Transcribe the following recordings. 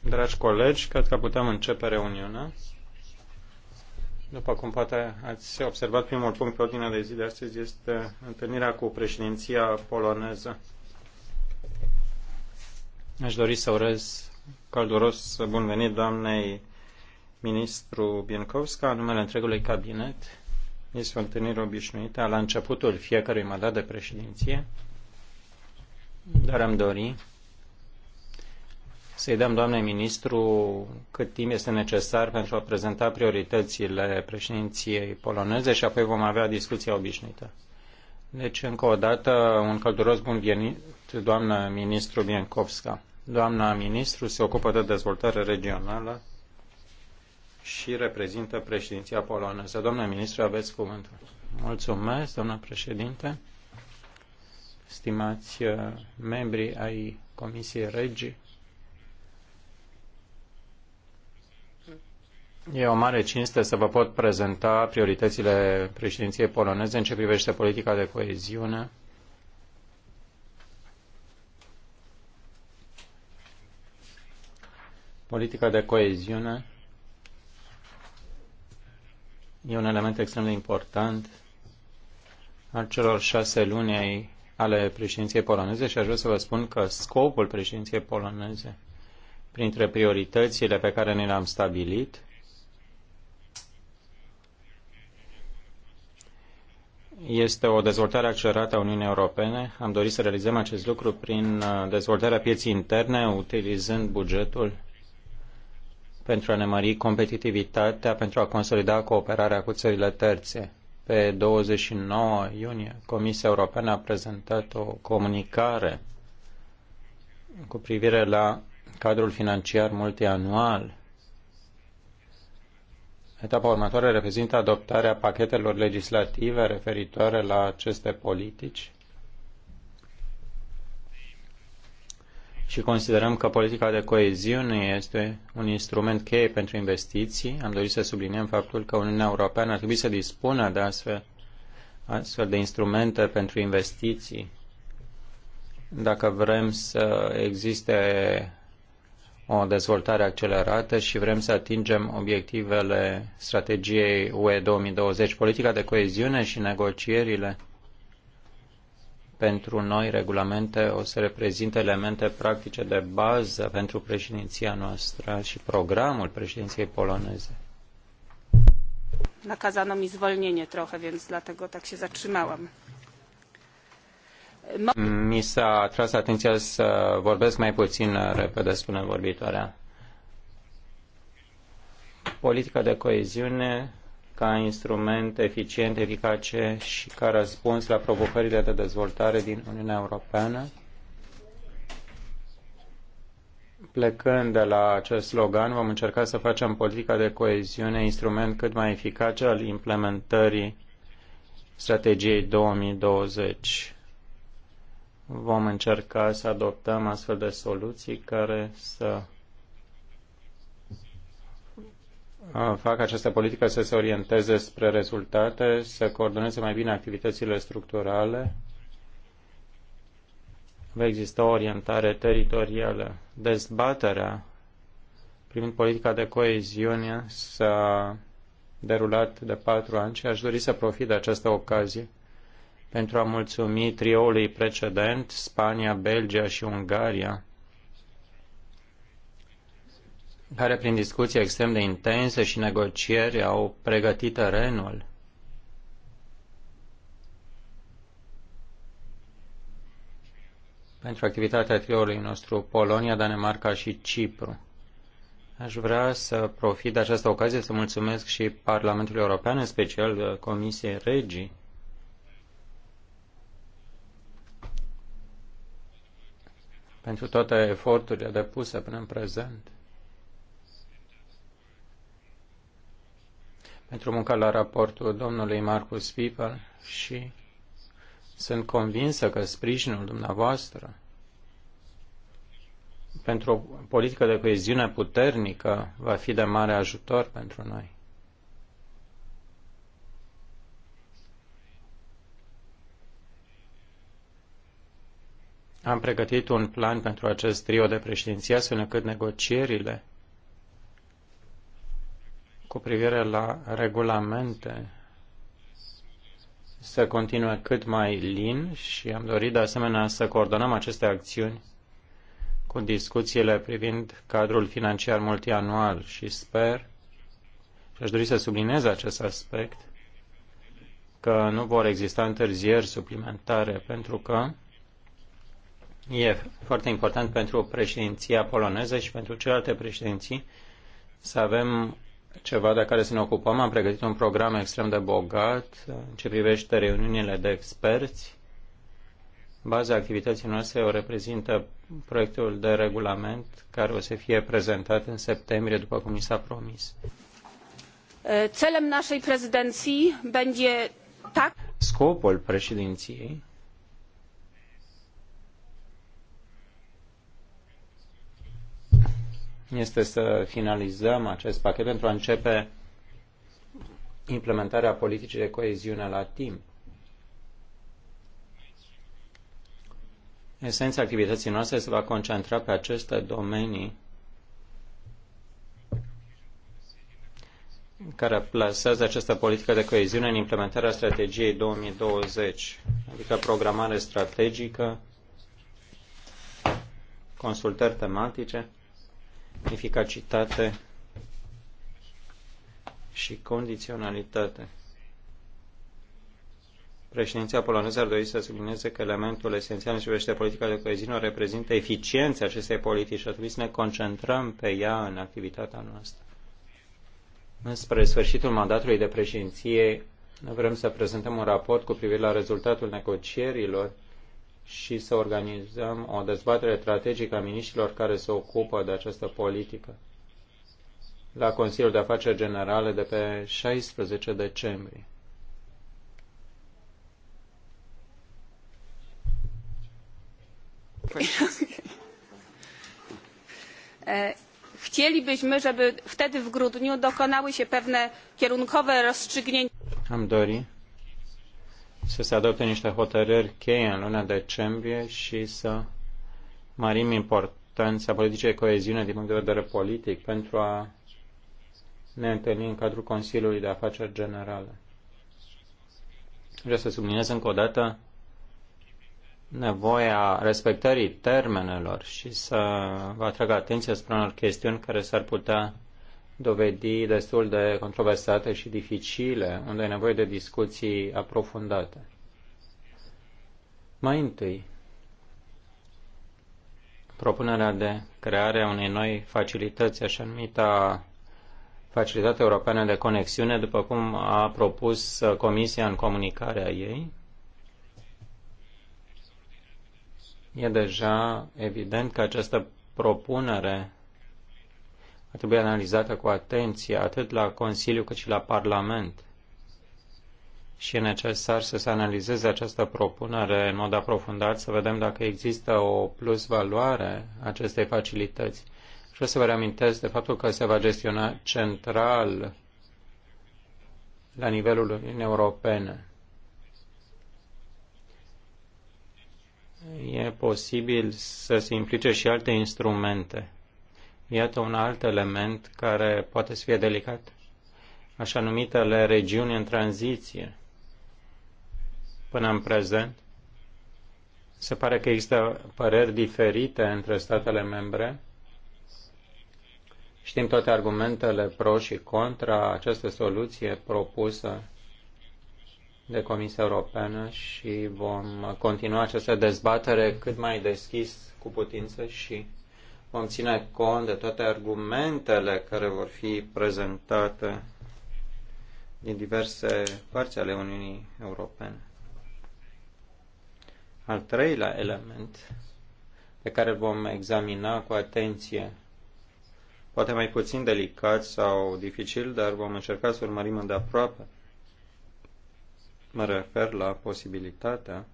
Dragi colegi, cred că putem începe reuniunea. După cum poate ați observat, primul punct pe ordinea de zi de astăzi este întâlnirea cu președinția poloneză. Aș dori să urez călduros bun venit doamnei ministru Biencovska, în numele întregului cabinet. Este o întâlnire obișnuită la începutul fiecărui mandat de președinție. Dar am dori să-i dăm, doamne ministru, cât timp este necesar pentru a prezenta prioritățile președinției poloneze și apoi vom avea discuția obișnuită. Deci, încă o dată, un călduros bun venit, doamna ministru Biencovska. Doamna ministru se ocupă de dezvoltare regională și reprezintă președinția poloneză. Doamna ministru, aveți cuvântul. Mulțumesc, doamna președinte stimați uh, membri ai Comisiei Regii. E o mare cinste să vă pot prezenta prioritățile președinției poloneze în ce privește politica de coeziune. Politica de coeziune e un element extrem de important al celor șase luni ai ale președinției poloneze și aș vrea să vă spun că scopul președinției poloneze, printre prioritățile pe care ne le-am stabilit, este o dezvoltare accelerată a Uniunii Europene. Am dorit să realizăm acest lucru prin uh, dezvoltarea pieții interne, utilizând bugetul pentru a ne mări competitivitatea, pentru a consolida cooperarea cu țările terțe. Pe 29 iunie, Comisia Europeană a prezentat o comunicare cu privire la cadrul financiar multianual. Etapa următoare reprezintă adoptarea pachetelor legislative referitoare la aceste politici și considerăm că politica de coeziune este un instrument cheie pentru investiții. Am dorit să subliniem faptul că Uniunea Europeană ar trebui să dispună de astfel, astfel de instrumente pentru investiții dacă vrem să existe o dezvoltare accelerată și vrem să atingem obiectivele strategiei UE 2020. Politica de coeziune și negocierile pentru noi regulamente o să reprezinte elemente practice de bază pentru președinția noastră și programul președinției poloneze. Nakazano mi zwolnienie trochę, więc dlatego tak się zatrzymałam. Mi s-a atras atenția să vorbesc mai puțin repede, spune vorbitoarea. Politica de coeziune ca instrument eficient, eficace și ca răspuns la provocările de dezvoltare din Uniunea Europeană. Plecând de la acest slogan, vom încerca să facem politica de coeziune instrument cât mai eficace al implementării strategiei 2020. Vom încerca să adoptăm astfel de soluții care să Ah, fac această politică să se orienteze spre rezultate, să coordoneze mai bine activitățile structurale. Va exista o orientare teritorială. Dezbaterea privind politica de coeziune s-a derulat de patru ani și aș dori să profit de această ocazie pentru a mulțumi trioului precedent, Spania, Belgia și Ungaria, care prin discuții extrem de intense și negocieri au pregătit terenul pentru activitatea triului nostru Polonia, Danemarca și Cipru. Aș vrea să profit de această ocazie să mulțumesc și Parlamentului European, în special uh, Comisiei Regii, pentru toate eforturile depuse până în prezent. pentru munca la raportul domnului Marcus Piper și sunt convinsă că sprijinul dumneavoastră pentru o politică de coeziune puternică va fi de mare ajutor pentru noi. Am pregătit un plan pentru acest trio de președinții astfel încât negocierile cu privire la regulamente să continue cât mai lin și am dorit de asemenea să coordonăm aceste acțiuni cu discuțiile privind cadrul financiar multianual și sper și aș dori să subliniez acest aspect că nu vor exista întârzieri suplimentare pentru că e foarte important pentru președinția poloneză și pentru celelalte președinții să avem ceva de care să ne ocupăm. Am pregătit un program extrem de bogat în ce privește reuniunile de experți. Baza activității noastre o reprezintă proiectul de regulament care o să fie prezentat în septembrie, după cum ni s-a promis. Celem naszej prezydencji będzie tak. Scopul președinției este să finalizăm acest pachet pentru a începe implementarea politicii de coeziune la timp. Esența activității noastre se va concentra pe aceste domenii care plasează această politică de coeziune în implementarea strategiei 2020, adică programare strategică, consultări tematice, eficacitate și condiționalitate. Președinția poloneză ar dori să sublinieze că elementul esențial în ce privește politica de coeziune reprezintă eficiența acestei politici și ar trebui să ne concentrăm pe ea în activitatea noastră. Înspre sfârșitul mandatului de președinție vrem să prezentăm un raport cu privire la rezultatul negocierilor și să organizăm o dezbatere strategică a miniștilor care se ocupă de această politică la Consiliul de Afaceri Generale de pe 16 decembrie. Chcielibyśmy, żeby wtedy w grudniu dokonały się pewne kierunkowe rozstrzygnięcia. Am dorit să se adopte niște hotărâri cheie în luna decembrie și să mărim importanța politicii de coeziune din punct de vedere politic pentru a ne întâlni în cadrul Consiliului de Afaceri Generale. Vreau să subliniez încă o dată nevoia respectării termenelor și să vă atrag atenția spre unor chestiuni care s-ar putea dovedi destul de controversate și dificile, unde e nevoie de discuții aprofundate. Mai întâi, propunerea de creare a unei noi facilități, așa numită Facilitatea Europeană de Conexiune, după cum a propus Comisia în comunicarea ei. E deja evident că această propunere ar analizată cu atenție atât la Consiliu cât și la Parlament. Și e necesar să se analizeze această propunere în mod aprofundat, să vedem dacă există o plus valoare acestei facilități. Și o să vă reamintesc de faptul că se va gestiona central la nivelul Uniunii Europene. E posibil să se implice și alte instrumente Iată un alt element care poate să fie delicat. Așa numitele regiuni în tranziție. Până în prezent, se pare că există păreri diferite între statele membre. Știm toate argumentele pro și contra această soluție propusă de Comisia Europeană și vom continua această dezbatere cât mai deschis cu putință și Vom ține cont de toate argumentele care vor fi prezentate din diverse părți ale Uniunii Europene. Al treilea element pe care îl vom examina cu atenție, poate mai puțin delicat sau dificil, dar vom încerca să urmărim îndeaproape. Mă refer la posibilitatea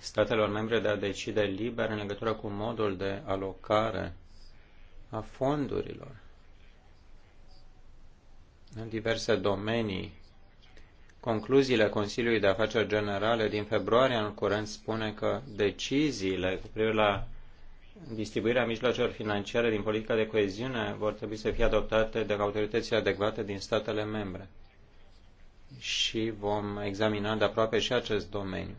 statelor membre de a decide liber în legătură cu modul de alocare a fondurilor în diverse domenii. Concluziile Consiliului de Afaceri Generale din februarie în curent spune că deciziile cu privire la distribuirea mijloacelor financiare din politica de coeziune vor trebui să fie adoptate de autoritățile adecvate din statele membre. Și vom examina de aproape și acest domeniu.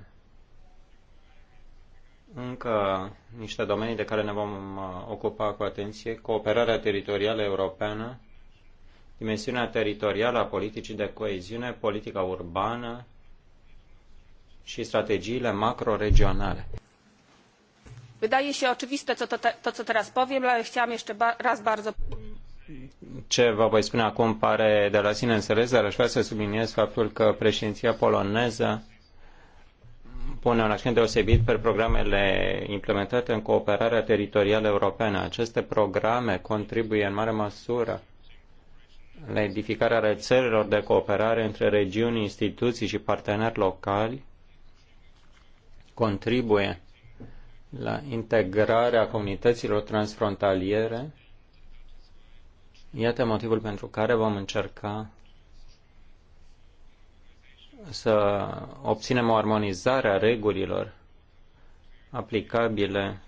Încă niște domenii de care ne vom uh, ocupa cu atenție, cooperarea teritorială europeană, dimensiunea teritorială a politicii de coeziune, politica urbană și strategiile makroregionale. Wydaje się oczywiste co to, te, to, co teraz powiem, ale chciałam jeszcze ba raz bardzo... Ce vă voi spune acum pare de la sine înțeles, dar aș vrea să subliniez faptul că președinția poloneză pune un accent deosebit pe programele implementate în cooperarea teritorială europeană. Aceste programe contribuie în mare măsură la edificarea rețelelor de cooperare între regiuni, instituții și parteneri locali, contribuie la integrarea comunităților transfrontaliere. Iată motivul pentru care vom încerca să obținem o armonizare a regulilor aplicabile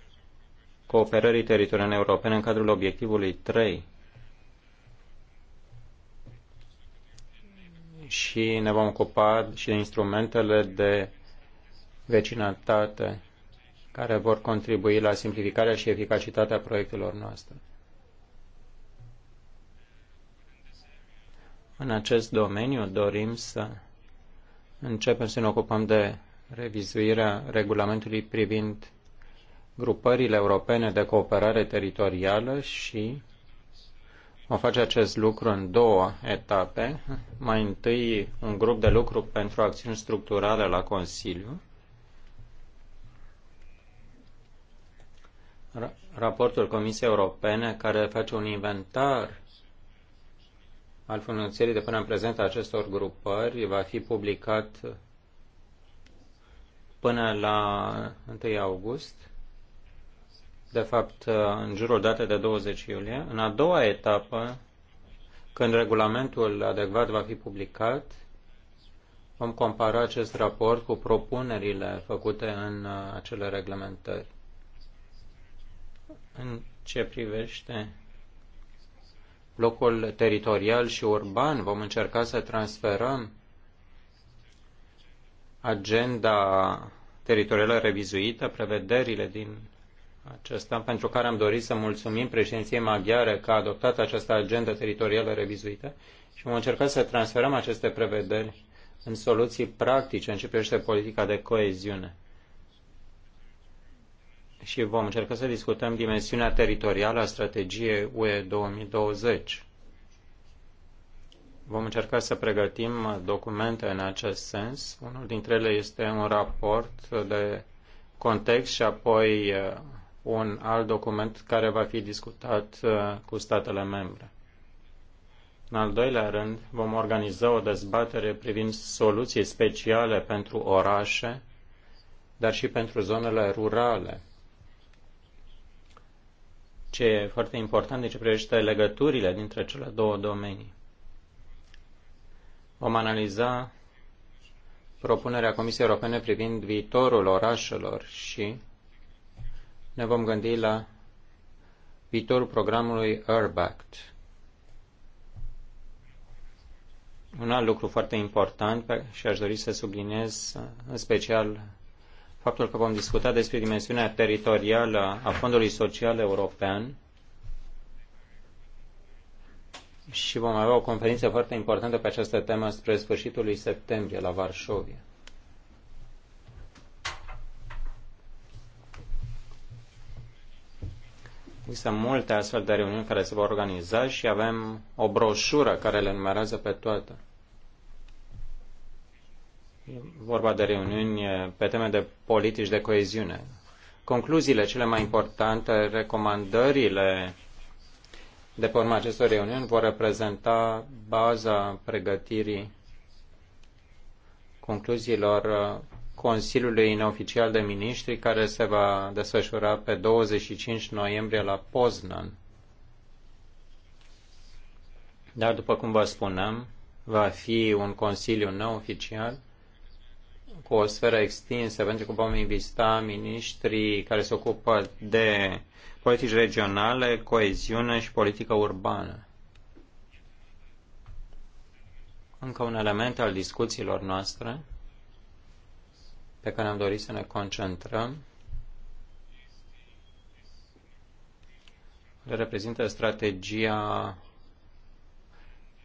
cooperării teritoriale europene în cadrul obiectivului 3 și ne vom ocupa și de instrumentele de vecinătate care vor contribui la simplificarea și eficacitatea proiectelor noastre. În acest domeniu dorim să începem să ne ocupăm de revizuirea regulamentului privind grupările europene de cooperare teritorială și vom face acest lucru în două etape. Mai întâi un grup de lucru pentru acțiuni structurale la Consiliu. Raportul Comisiei Europene care face un inventar al finanțării de până în prezent a acestor grupări va fi publicat până la 1 august, de fapt în jurul datei de 20 iulie. În a doua etapă, când regulamentul adecvat va fi publicat, vom compara acest raport cu propunerile făcute în acele reglementări. În ce privește blocul teritorial și urban. Vom încerca să transferăm agenda teritorială revizuită, prevederile din acesta, pentru care am dorit să mulțumim președinției maghiare că a adoptat această agendă teritorială revizuită și vom încerca să transferăm aceste prevederi în soluții practice în ce privește politica de coeziune și vom încerca să discutăm dimensiunea teritorială a strategiei UE 2020. Vom încerca să pregătim documente în acest sens. Unul dintre ele este un raport de context și apoi uh, un alt document care va fi discutat uh, cu statele membre. În al doilea rând, vom organiza o dezbatere privind soluții speciale pentru orașe, dar și pentru zonele rurale ce e foarte important de deci, ce privește legăturile dintre cele două domenii. Vom analiza propunerea Comisiei Europene privind viitorul orașelor și ne vom gândi la viitorul programului Urbact. Un alt lucru foarte important și aș dori să subliniez în special faptul că vom discuta despre dimensiunea teritorială a Fondului Social European și vom avea o conferință foarte importantă pe această temă spre sfârșitul lui septembrie la Varșovia. Există multe astfel de reuniuni care se vor organiza și avem o broșură care le numerează pe toate vorba de reuniuni pe teme de politici de coeziune. Concluziile cele mai importante, recomandările de pe urma acestor reuniuni vor reprezenta baza pregătirii concluziilor Consiliului Neoficial de Ministri care se va desfășura pe 25 noiembrie la Poznan. Dar, după cum vă spuneam, va fi un Consiliu neoficial cu o sferă extinsă, pentru că vom invita miniștrii care se ocupă de politici regionale, coeziune și politică urbană. Încă un element al discuțiilor noastre pe care am dorit să ne concentrăm le reprezintă strategia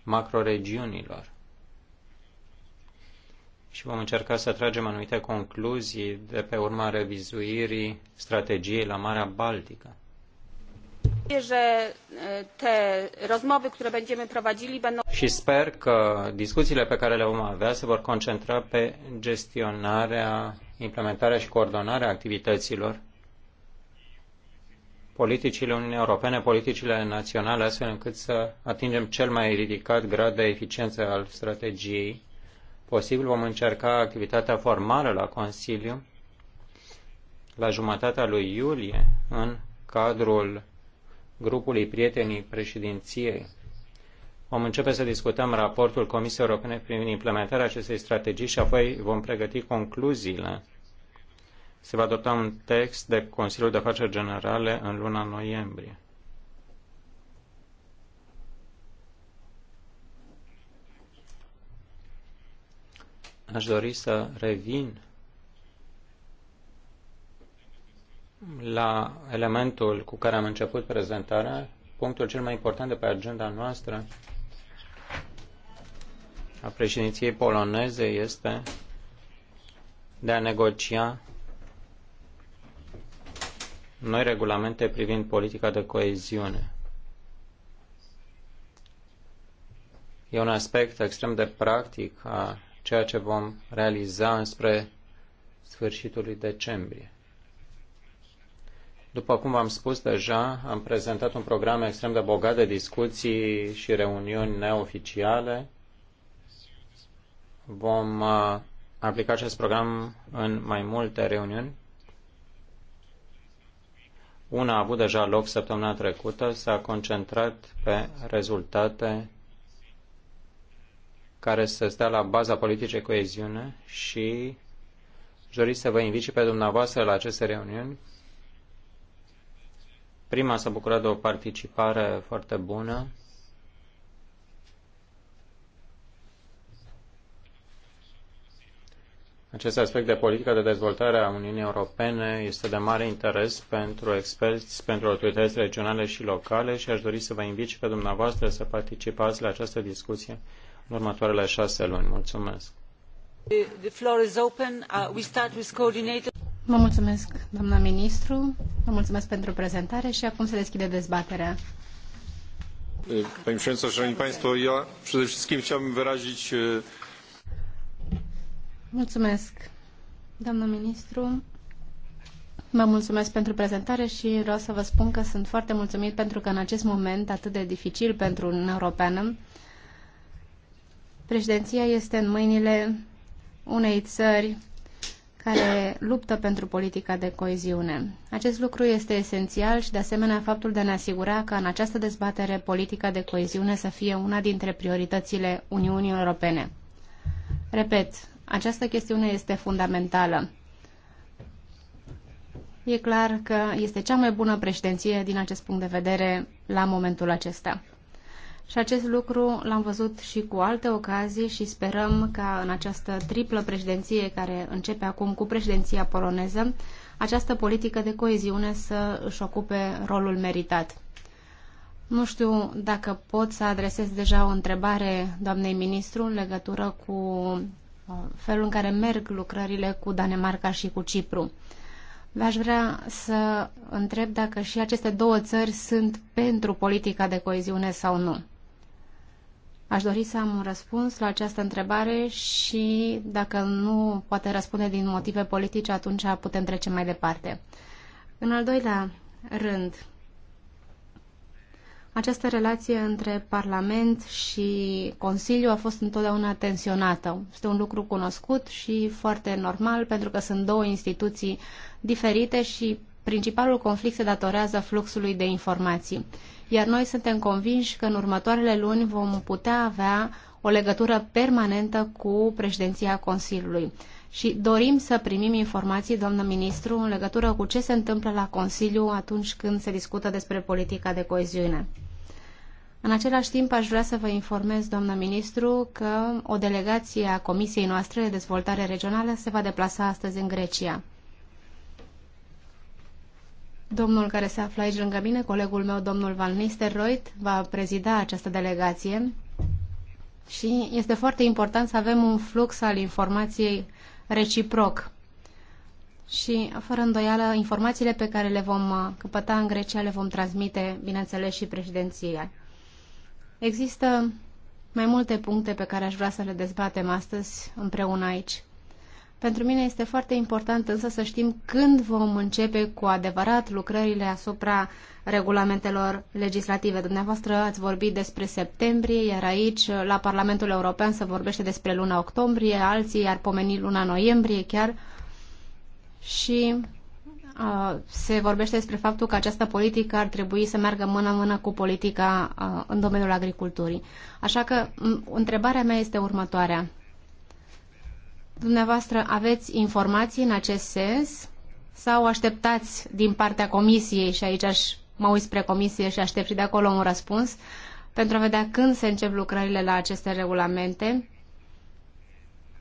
macroregiunilor și vom încerca să tragem anumite concluzii de pe urma revizuirii strategiei la Marea Baltică. Și sper că discuțiile pe care le vom avea se vor concentra pe gestionarea, implementarea și coordonarea activităților politicile Uniunii Europene, politicile naționale, astfel încât să atingem cel mai ridicat grad de eficiență al strategiei posibil vom încerca activitatea formală la Consiliu la jumătatea lui iulie în cadrul grupului prietenii președinției. Vom începe să discutăm raportul Comisiei Europene privind implementarea acestei strategii și apoi vom pregăti concluziile. Se va adopta un text de Consiliul de Afaceri Generale în luna noiembrie. Aș dori să revin la elementul cu care am început prezentarea, punctul cel mai important de pe agenda noastră a președinției poloneze este de a negocia noi regulamente privind politica de coeziune. E un aspect extrem de practic a ceea ce vom realiza înspre sfârșitul lui decembrie. După cum v-am spus deja, am prezentat un program extrem de bogat de discuții și reuniuni neoficiale. Vom uh, aplica acest program în mai multe reuniuni. Una a avut deja loc săptămâna trecută, s-a concentrat pe rezultate care să stea la baza politicii coeziune și aș dori să vă invit și pe dumneavoastră la aceste reuniuni. Prima s-a bucurat de o participare foarte bună. Acest aspect de politică de dezvoltare a Uniunii Europene este de mare interes pentru experți, pentru autorități regionale și locale și aș dori să vă invit și pe dumneavoastră să participați la această discuție în următoarele șase luni. Mulțumesc. The floor is open. Uh, we start with coordinator. Vă mulțumesc, doamna ministru. Vă mulțumesc pentru prezentare și acum se deschide dezbaterea. Pani Przewodnicząca, Szanowni Państwo, ja przede wszystkim chciałbym wyrazić... Mulțumesc, doamna ministru. Vă mulțumesc pentru prezentare și vreau să vă spun că sunt foarte mulțumit pentru că în acest moment atât de dificil pentru Uniunea Europeană, Președinția este în mâinile unei țări care luptă pentru politica de coeziune. Acest lucru este esențial și, de asemenea, faptul de a ne asigura că în această dezbatere politica de coeziune să fie una dintre prioritățile Uniunii Europene. Repet, această chestiune este fundamentală. E clar că este cea mai bună președinție din acest punct de vedere la momentul acesta. Și acest lucru l-am văzut și cu alte ocazii și sperăm ca în această triplă președinție care începe acum cu președinția poloneză, această politică de coeziune să își ocupe rolul meritat. Nu știu dacă pot să adresez deja o întrebare doamnei ministru în legătură cu uh, felul în care merg lucrările cu Danemarca și cu Cipru. V-aș vrea să întreb dacă și aceste două țări sunt pentru politica de coeziune sau nu. Aș dori să am un răspuns la această întrebare și dacă nu poate răspunde din motive politice, atunci putem trece mai departe. În al doilea rând, această relație între Parlament și Consiliu a fost întotdeauna tensionată. Este un lucru cunoscut și foarte normal pentru că sunt două instituții diferite și principalul conflict se datorează fluxului de informații iar noi suntem convinși că în următoarele luni vom putea avea o legătură permanentă cu președinția Consiliului. Și dorim să primim informații, doamnă ministru, în legătură cu ce se întâmplă la Consiliu atunci când se discută despre politica de coeziune. În același timp, aș vrea să vă informez, doamnă ministru, că o delegație a Comisiei noastre de dezvoltare regională se va deplasa astăzi în Grecia. Domnul care se află aici lângă mine, colegul meu, domnul Van Nistelrooy, va prezida această delegație și este foarte important să avem un flux al informației reciproc. Și, fără îndoială, informațiile pe care le vom uh, căpăta în Grecia le vom transmite, bineînțeles, și președinția. Există mai multe puncte pe care aș vrea să le dezbatem astăzi împreună aici. Pentru mine este foarte important însă să știm când vom începe cu adevărat lucrările asupra regulamentelor legislative. Dumneavoastră ați vorbit despre septembrie, iar aici, la Parlamentul European, se vorbește despre luna octombrie, alții ar pomeni luna noiembrie chiar. Și uh, se vorbește despre faptul că această politică ar trebui să meargă mână-mână cu politica uh, în domeniul agriculturii. Așa că întrebarea mea este următoarea Dumneavoastră aveți informații în acest sens sau așteptați din partea comisiei și aici aș, mă uit spre comisie și aștept și de acolo un răspuns pentru a vedea când se încep lucrările la aceste regulamente?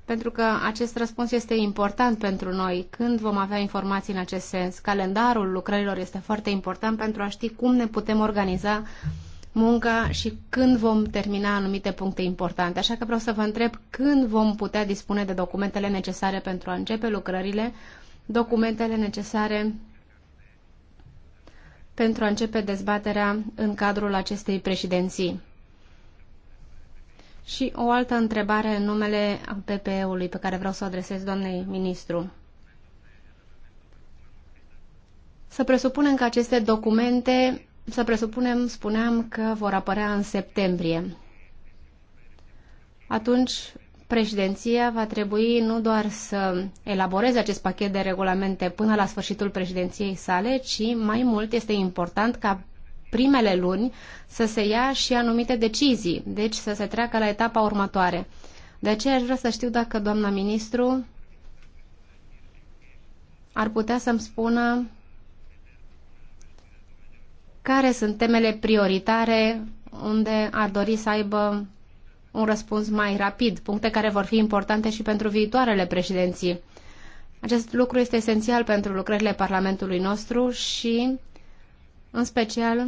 Pentru că acest răspuns este important pentru noi. Când vom avea informații în acest sens? Calendarul lucrărilor este foarte important pentru a ști cum ne putem organiza munca și când vom termina anumite puncte importante. Așa că vreau să vă întreb când vom putea dispune de documentele necesare pentru a începe lucrările, documentele necesare pentru a începe dezbaterea în cadrul acestei președinții. Și o altă întrebare în numele PPE-ului pe care vreau să o adresez doamnei ministru. Să presupunem că aceste documente să presupunem, spuneam că vor apărea în septembrie. Atunci, președinția va trebui nu doar să elaboreze acest pachet de regulamente până la sfârșitul președinției sale, ci mai mult este important ca primele luni să se ia și anumite decizii, deci să se treacă la etapa următoare. De aceea aș vrea să știu dacă doamna ministru ar putea să-mi spună care sunt temele prioritare unde ar dori să aibă un răspuns mai rapid, puncte care vor fi importante și pentru viitoarele președinții. Acest lucru este esențial pentru lucrările Parlamentului nostru și, în special,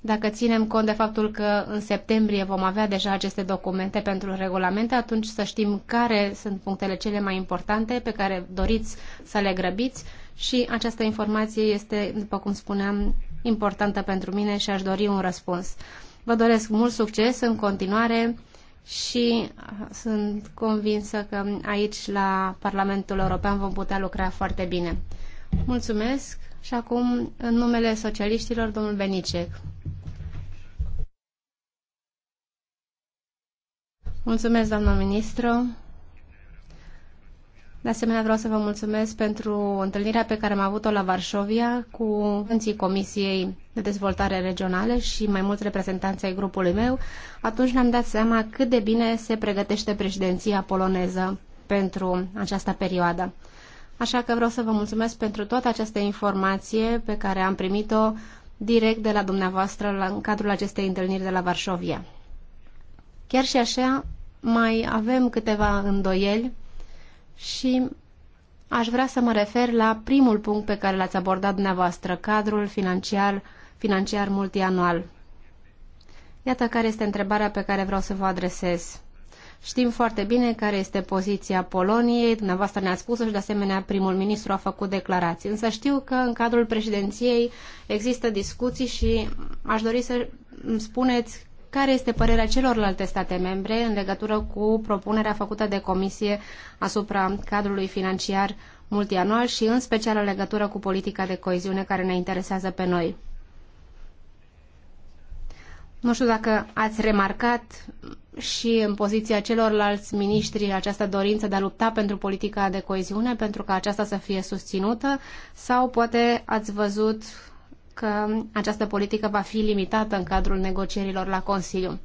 dacă ținem cont de faptul că în septembrie vom avea deja aceste documente pentru regulamente, atunci să știm care sunt punctele cele mai importante pe care doriți să le grăbiți și această informație este, după cum spuneam, importantă pentru mine și aș dori un răspuns. Vă doresc mult succes în continuare și sunt convinsă că aici, la Parlamentul European, vom putea lucra foarte bine. Mulțumesc și acum, în numele socialiștilor, domnul Benicec. Mulțumesc, doamnă ministru. De asemenea, vreau să vă mulțumesc pentru întâlnirea pe care am avut-o la Varșovia cu înții Comisiei de Dezvoltare Regională și mai mulți reprezentanți ai grupului meu. Atunci ne-am dat seama cât de bine se pregătește președinția poloneză pentru această perioadă. Așa că vreau să vă mulțumesc pentru toată această informație pe care am primit-o direct de la dumneavoastră la, în cadrul acestei întâlniri de la Varșovia. Chiar și așa, mai avem câteva îndoieli și aș vrea să mă refer la primul punct pe care l-ați abordat dumneavoastră, cadrul financiar, financiar multianual. Iată care este întrebarea pe care vreau să vă adresez. Știm foarte bine care este poziția Poloniei, dumneavoastră ne a spus și de asemenea primul ministru a făcut declarații. Însă știu că în cadrul președinției există discuții și aș dori să îmi spuneți care este părerea celorlalte state membre în legătură cu propunerea făcută de Comisie asupra cadrului financiar multianual și în special în legătură cu politica de coeziune care ne interesează pe noi. Nu știu dacă ați remarcat și în poziția celorlalți miniștri această dorință de a lupta pentru politica de coeziune, pentru ca aceasta să fie susținută, sau poate ați văzut că această politică va fi limitată în cadrul negocierilor la Consiliu.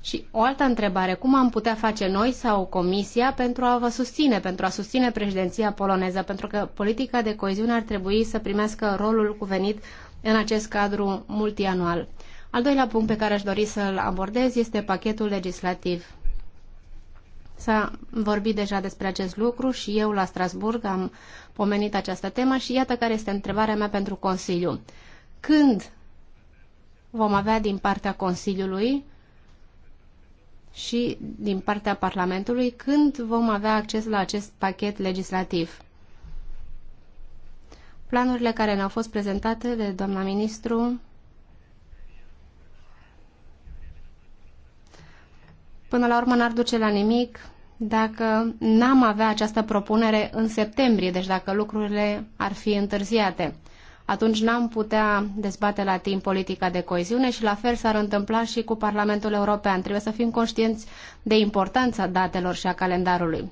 Și o altă întrebare, cum am putea face noi sau Comisia pentru a vă susține, pentru a susține președinția poloneză, pentru că politica de coeziune ar trebui să primească rolul cuvenit în acest cadru multianual. Al doilea punct pe care aș dori să-l abordez este pachetul legislativ. S-a vorbit deja despre acest lucru și eu la Strasburg am pomenit această temă și iată care este întrebarea mea pentru Consiliu când vom avea din partea Consiliului și din partea Parlamentului când vom avea acces la acest pachet legislativ. Planurile care ne-au fost prezentate de doamna ministru până la urmă n-ar duce la nimic dacă n-am avea această propunere în septembrie, deci dacă lucrurile ar fi întârziate atunci n-am putea dezbate la timp politica de coeziune și la fel s-ar întâmpla și cu Parlamentul European. Trebuie să fim conștienți de importanța datelor și a calendarului.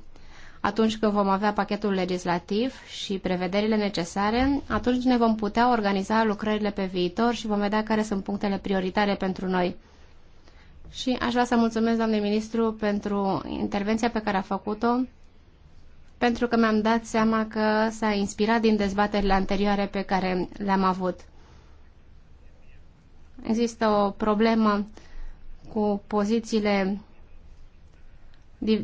Atunci când vom avea pachetul legislativ și prevederile necesare, atunci ne vom putea organiza lucrările pe viitor și vom vedea care sunt punctele prioritare pentru noi. Și aș vrea să mulțumesc, doamne ministru, pentru intervenția pe care a făcut-o pentru că mi-am dat seama că s-a inspirat din dezbaterile anterioare pe care le-am avut. Există o problemă cu pozițiile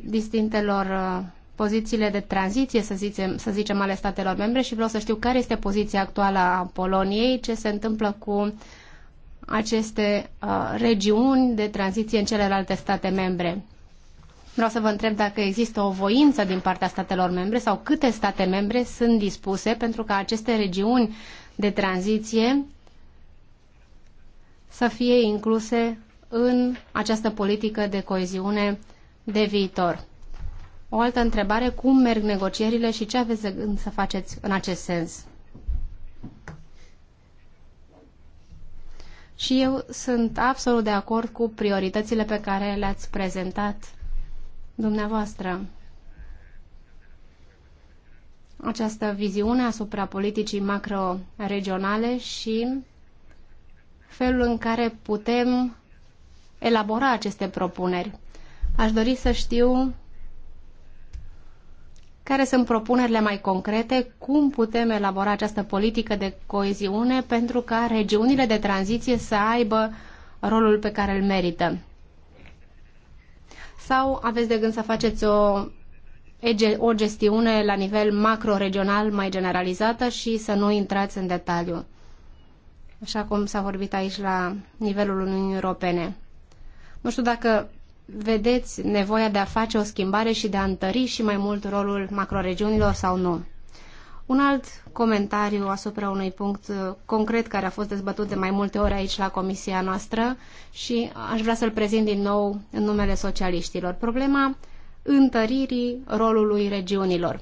distintelor uh, pozițiile de tranziție, să zicem, să zicem, ale statelor membre și vreau să știu care este poziția actuală a Poloniei, ce se întâmplă cu aceste uh, regiuni de tranziție în celelalte state membre. Vreau să vă întreb dacă există o voință din partea statelor membre sau câte state membre sunt dispuse pentru ca aceste regiuni de tranziție să fie incluse în această politică de coeziune de viitor. O altă întrebare, cum merg negocierile și ce aveți de gând să faceți în acest sens? Și eu sunt absolut de acord cu prioritățile pe care le-ați prezentat dumneavoastră. Această viziune asupra politicii macro-regionale și felul în care putem elabora aceste propuneri. Aș dori să știu care sunt propunerile mai concrete, cum putem elabora această politică de coeziune pentru ca regiunile de tranziție să aibă rolul pe care îl merită sau aveți de gând să faceți o, o gestiune la nivel macro-regional mai generalizată și să nu intrați în detaliu, așa cum s-a vorbit aici la nivelul Uniunii Europene. Nu știu dacă vedeți nevoia de a face o schimbare și de a întări și mai mult rolul macroregiunilor sau nu. Un alt comentariu asupra unui punct uh, concret care a fost dezbătut de mai multe ori aici la comisia noastră și aș vrea să-l prezint din nou în numele socialiștilor. Problema întăririi rolului regiunilor.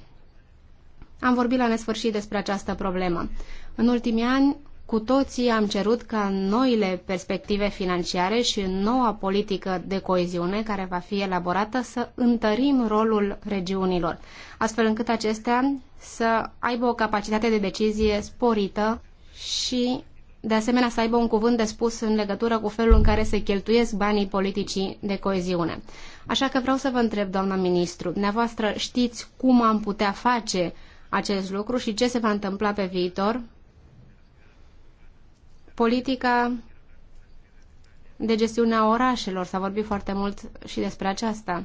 Am vorbit la nesfârșit despre această problemă. În ultimii ani, cu toții am cerut ca noile perspective financiare și noua politică de coeziune care va fi elaborată să întărim rolul regiunilor, astfel încât acestea să aibă o capacitate de decizie sporită și, de asemenea, să aibă un cuvânt de spus în legătură cu felul în care se cheltuiesc banii politicii de coeziune. Așa că vreau să vă întreb, doamna ministru, dumneavoastră știți cum am putea face acest lucru și ce se va întâmpla pe viitor? Politica de gestiunea orașelor, s-a vorbit foarte mult și despre aceasta.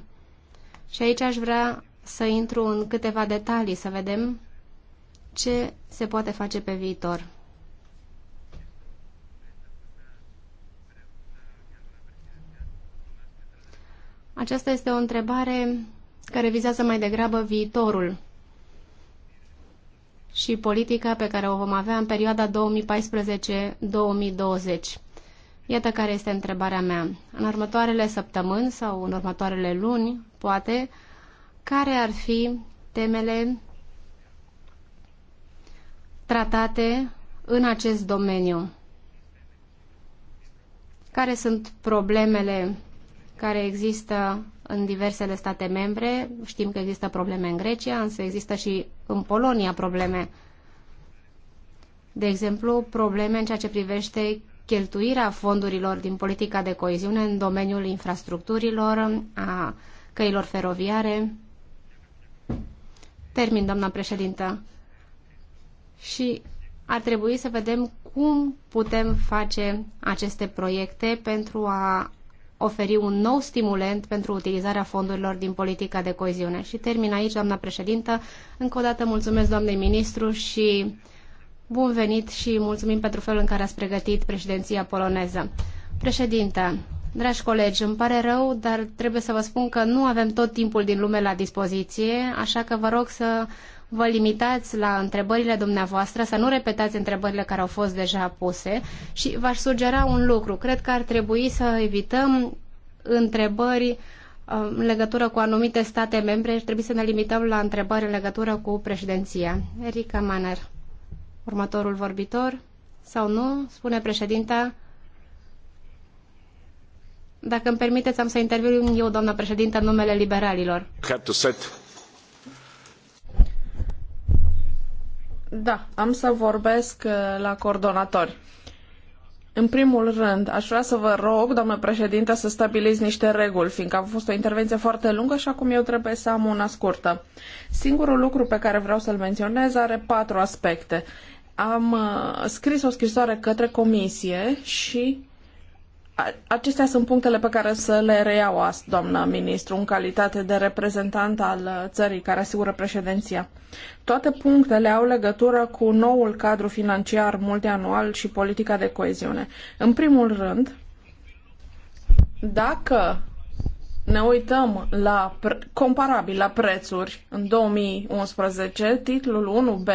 Și aici aș vrea să intru în câteva detalii, să vedem ce se poate face pe viitor. Aceasta este o întrebare care vizează mai degrabă viitorul și politica pe care o vom avea în perioada 2014-2020. Iată care este întrebarea mea. În următoarele săptămâni sau în următoarele luni, poate, care ar fi temele tratate în acest domeniu. Care sunt problemele care există în diversele state membre? Știm că există probleme în Grecia, însă există și în Polonia probleme. De exemplu, probleme în ceea ce privește cheltuirea fondurilor din politica de coeziune în domeniul infrastructurilor, a căilor feroviare. Termin, doamna președintă. Și ar trebui să vedem cum putem face aceste proiecte pentru a oferi un nou stimulent pentru utilizarea fondurilor din politica de coeziune. Și termin aici, doamna președintă. Încă o dată mulțumesc doamnei ministru și bun venit și mulțumim pentru felul în care ați pregătit președinția poloneză. Președinte, Dragi colegi, îmi pare rău, dar trebuie să vă spun că nu avem tot timpul din lume la dispoziție, așa că vă rog să vă limitați la întrebările dumneavoastră, să nu repetați întrebările care au fost deja puse și v-aș sugera un lucru. Cred că ar trebui să evităm întrebări uh, în legătură cu anumite state membre și trebuie să ne limităm la întrebări în legătură cu președinția. Erika Manner, următorul vorbitor, sau nu, spune președinta, dacă îmi permiteți, am să interviu eu, doamnă președintă, în numele liberalilor. Da, am să vorbesc uh, la coordonatori. În primul rând, aș vrea să vă rog, doamnă președinte, să stabiliți niște reguli, fiindcă a fost o intervenție foarte lungă și acum eu trebuie să am una scurtă. Singurul lucru pe care vreau să-l menționez are patru aspecte. Am uh, scris o scrisoare către comisie și Acestea sunt punctele pe care să le reiau azi, doamna ministru, în calitate de reprezentant al uh, țării care asigură președinția. Toate punctele au legătură cu noul cadru financiar multianual și politica de coeziune. În primul rând, dacă ne uităm la comparabil la prețuri în 2011, titlul 1B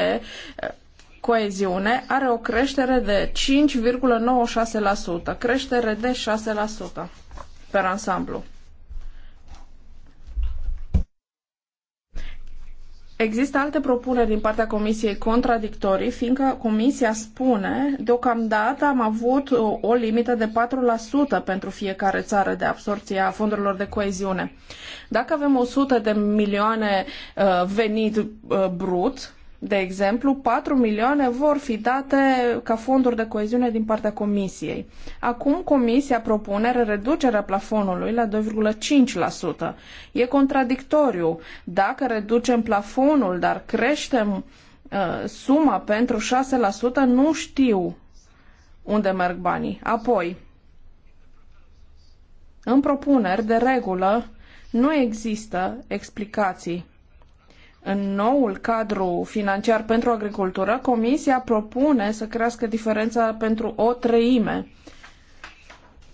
coeziune are o creștere de 5,96%, creștere de 6% per ansamblu. Există alte propuneri din partea Comisiei contradictorii, fiindcă Comisia spune, deocamdată am avut o, o limită de 4% pentru fiecare țară de absorție a fondurilor de coeziune. Dacă avem 100 de milioane uh, venit uh, brut, de exemplu, 4 milioane vor fi date ca fonduri de coeziune din partea Comisiei. Acum Comisia propune reducerea plafonului la 2,5%. E contradictoriu. Dacă reducem plafonul, dar creștem uh, suma pentru 6%, nu știu unde merg banii. Apoi, în propuneri, de regulă, nu există explicații în noul cadru financiar pentru agricultură, Comisia propune să crească diferența pentru o treime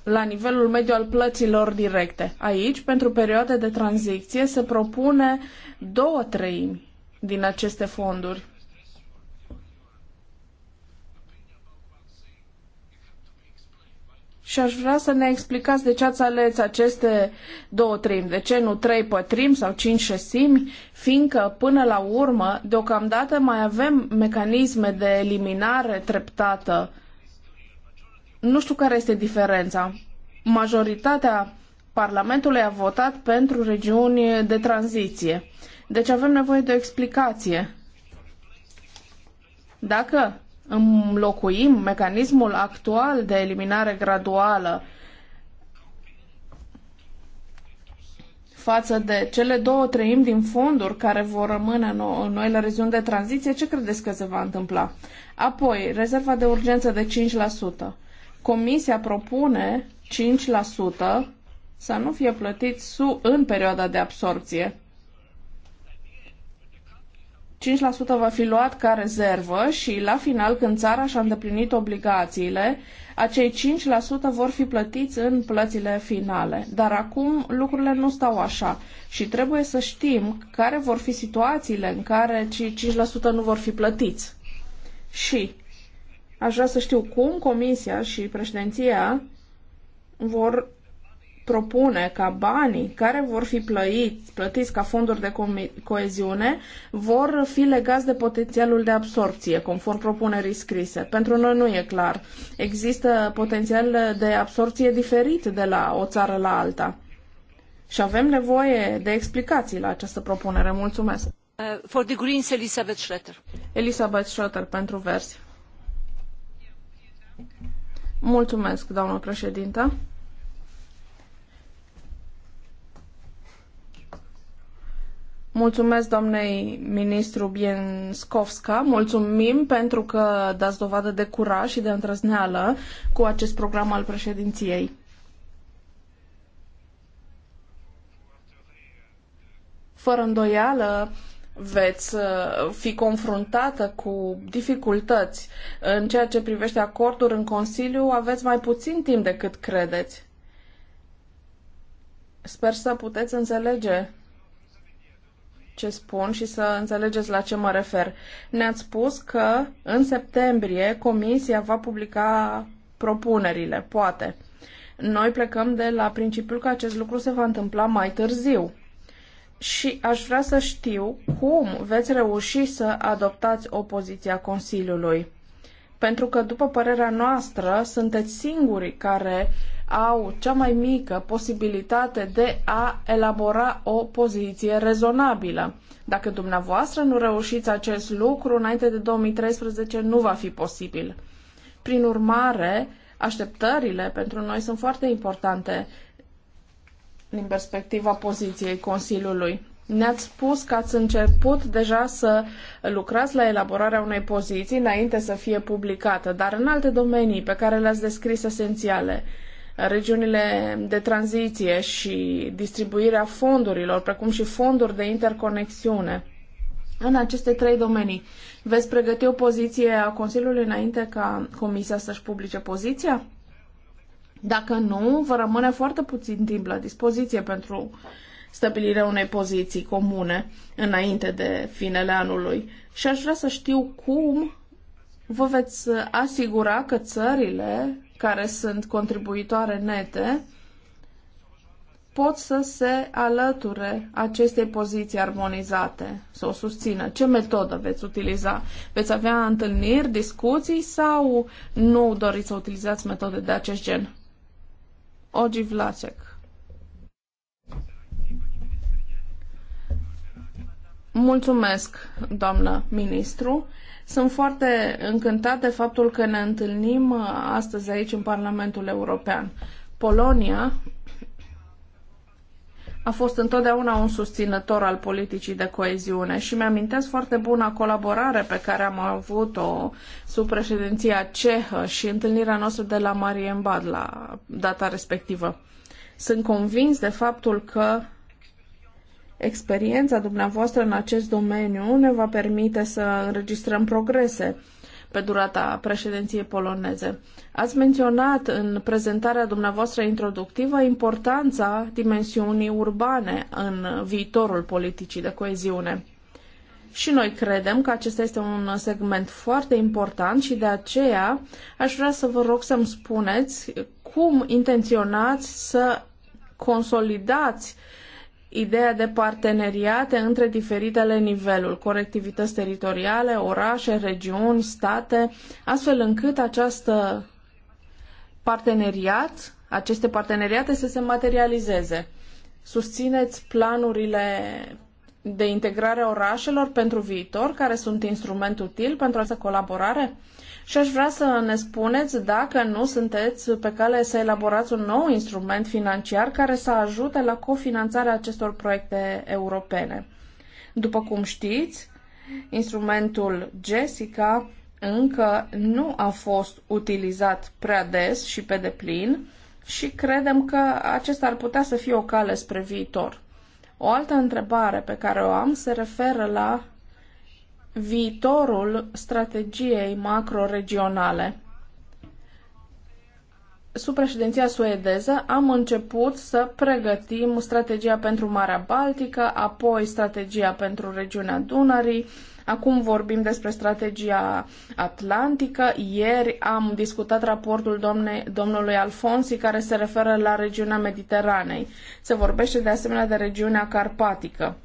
la nivelul mediu al plăților directe. Aici, pentru perioade de tranziție, se propune două treimi din aceste fonduri. Și aș vrea să ne explicați de ce ați ales aceste două trimi, de ce nu trei pătrimi sau cinci șesimi, fiindcă până la urmă, deocamdată mai avem mecanisme de eliminare treptată. Nu știu care este diferența. Majoritatea Parlamentului a votat pentru regiuni de tranziție. Deci avem nevoie de o explicație. Dacă înlocuim mecanismul actual de eliminare graduală față de cele două treimi din fonduri care vor rămâne în noile regiuni de tranziție, ce credeți că se va întâmpla? Apoi, rezerva de urgență de 5%. Comisia propune 5% să nu fie plătit în perioada de absorpție. 5% va fi luat ca rezervă și la final, când țara și-a îndeplinit obligațiile, acei 5% vor fi plătiți în plățile finale. Dar acum lucrurile nu stau așa și trebuie să știm care vor fi situațiile în care cei 5% nu vor fi plătiți. Și aș vrea să știu cum Comisia și președinția vor propune ca banii care vor fi plăiți, plătiți ca fonduri de coeziune vor fi legați de potențialul de absorpție, conform propunerii scrise. Pentru noi nu e clar. Există potențial de absorpție diferit de la o țară la alta. Și avem nevoie de explicații la această propunere. Mulțumesc. Uh, for the Greens, Elizabeth Schroeter. Elizabeth Schroeter pentru versi. Mulțumesc, doamnă președintă. Mulțumesc doamnei ministru Bienskovska, mulțumim pentru că dați dovadă de curaj și de îndrăzneală cu acest program al președinției. Fără îndoială, veți uh, fi confruntată cu dificultăți în ceea ce privește acorduri în Consiliu, aveți mai puțin timp decât credeți. Sper să puteți înțelege ce spun și să înțelegeți la ce mă refer. Ne-ați spus că în septembrie Comisia va publica propunerile, poate. Noi plecăm de la principiul că acest lucru se va întâmpla mai târziu. Și aș vrea să știu cum veți reuși să adoptați opoziția Consiliului. Pentru că, după părerea noastră, sunteți singurii care uh, au cea mai mică posibilitate de a elabora o poziție rezonabilă. Dacă dumneavoastră nu reușiți acest lucru, înainte de 2013 nu va fi posibil. Prin urmare, așteptările pentru noi sunt foarte importante din perspectiva poziției Consiliului. Ne-ați spus că ați început deja să lucrați la elaborarea unei poziții înainte să fie publicată, dar în alte domenii pe care le-ați descris esențiale regiunile de tranziție și distribuirea fondurilor, precum și fonduri de interconexiune în aceste trei domenii. Veți pregăti o poziție a Consiliului înainte ca Comisia să-și publice poziția? Dacă nu, vă rămâne foarte puțin timp la dispoziție pentru stabilirea unei poziții comune înainte de finele anului. Și aș vrea să știu cum vă veți asigura că țările care sunt contribuitoare nete pot să se alăture acestei poziții armonizate, să o susțină? Ce metodă veți utiliza? Veți avea întâlniri, discuții sau nu doriți să utilizați metode de acest gen? Ogi Vlacek. Mulțumesc, doamnă ministru. Sunt foarte încântat de faptul că ne întâlnim uh, astăzi aici în Parlamentul European. Polonia a fost întotdeauna un susținător al politicii de coeziune și mi-amintesc foarte bună colaborare pe care am avut-o sub președinția cehă și întâlnirea noastră de la Marienbad la data respectivă. Sunt convins de faptul că Experiența dumneavoastră în acest domeniu ne va permite să înregistrăm progrese pe durata președinției poloneze. Ați menționat în prezentarea dumneavoastră introductivă importanța dimensiunii urbane în viitorul politicii de coeziune. Și noi credem că acesta este un segment foarte important și de aceea aș vrea să vă rog să-mi spuneți cum intenționați să consolidați uh, ideea de parteneriate între diferitele niveluri, colectivități teritoriale, orașe, regiuni, state, astfel încât această parteneriat, aceste parteneriate să se materializeze. Susțineți planurile de integrare a orașelor pentru viitor, care sunt instrument util pentru această colaborare? Și aș vrea să ne spuneți dacă nu sunteți pe cale să elaborați un nou instrument financiar care să ajute la cofinanțarea acestor proiecte europene. După cum știți, instrumentul Jessica încă nu a fost utilizat prea des și pe deplin și credem că acesta ar putea să fie o cale spre viitor. O altă întrebare pe care o am se referă la viitorul strategiei macroregionale. Sub președinția suedeză am început să pregătim strategia pentru Marea Baltică, apoi strategia pentru regiunea Dunării, Acum vorbim despre strategia atlantică. Ieri am discutat raportul domne, domnului Alfonsi care se referă la regiunea Mediteranei. Se vorbește de asemenea de regiunea carpatică.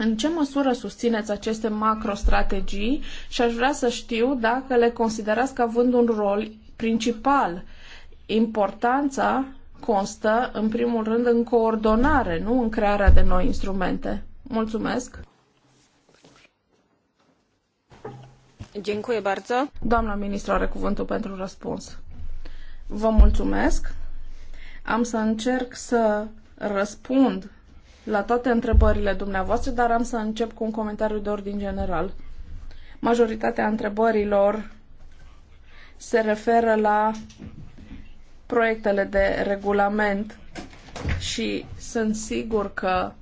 În ce măsură susțineți aceste macrostrategii și aș vrea să știu dacă le considerați ca având un rol principal. Importanța constă, în primul rând, în coordonare, nu în crearea de noi instrumente. Mulțumesc! Dziękuję bardzo. Doamna ministru are cuvântul pentru răspuns. Vă mulțumesc. Am să încerc să răspund la toate întrebările dumneavoastră, dar am să încep cu un comentariu de ordin general. Majoritatea întrebărilor se referă la proiectele de regulament și sunt sigur că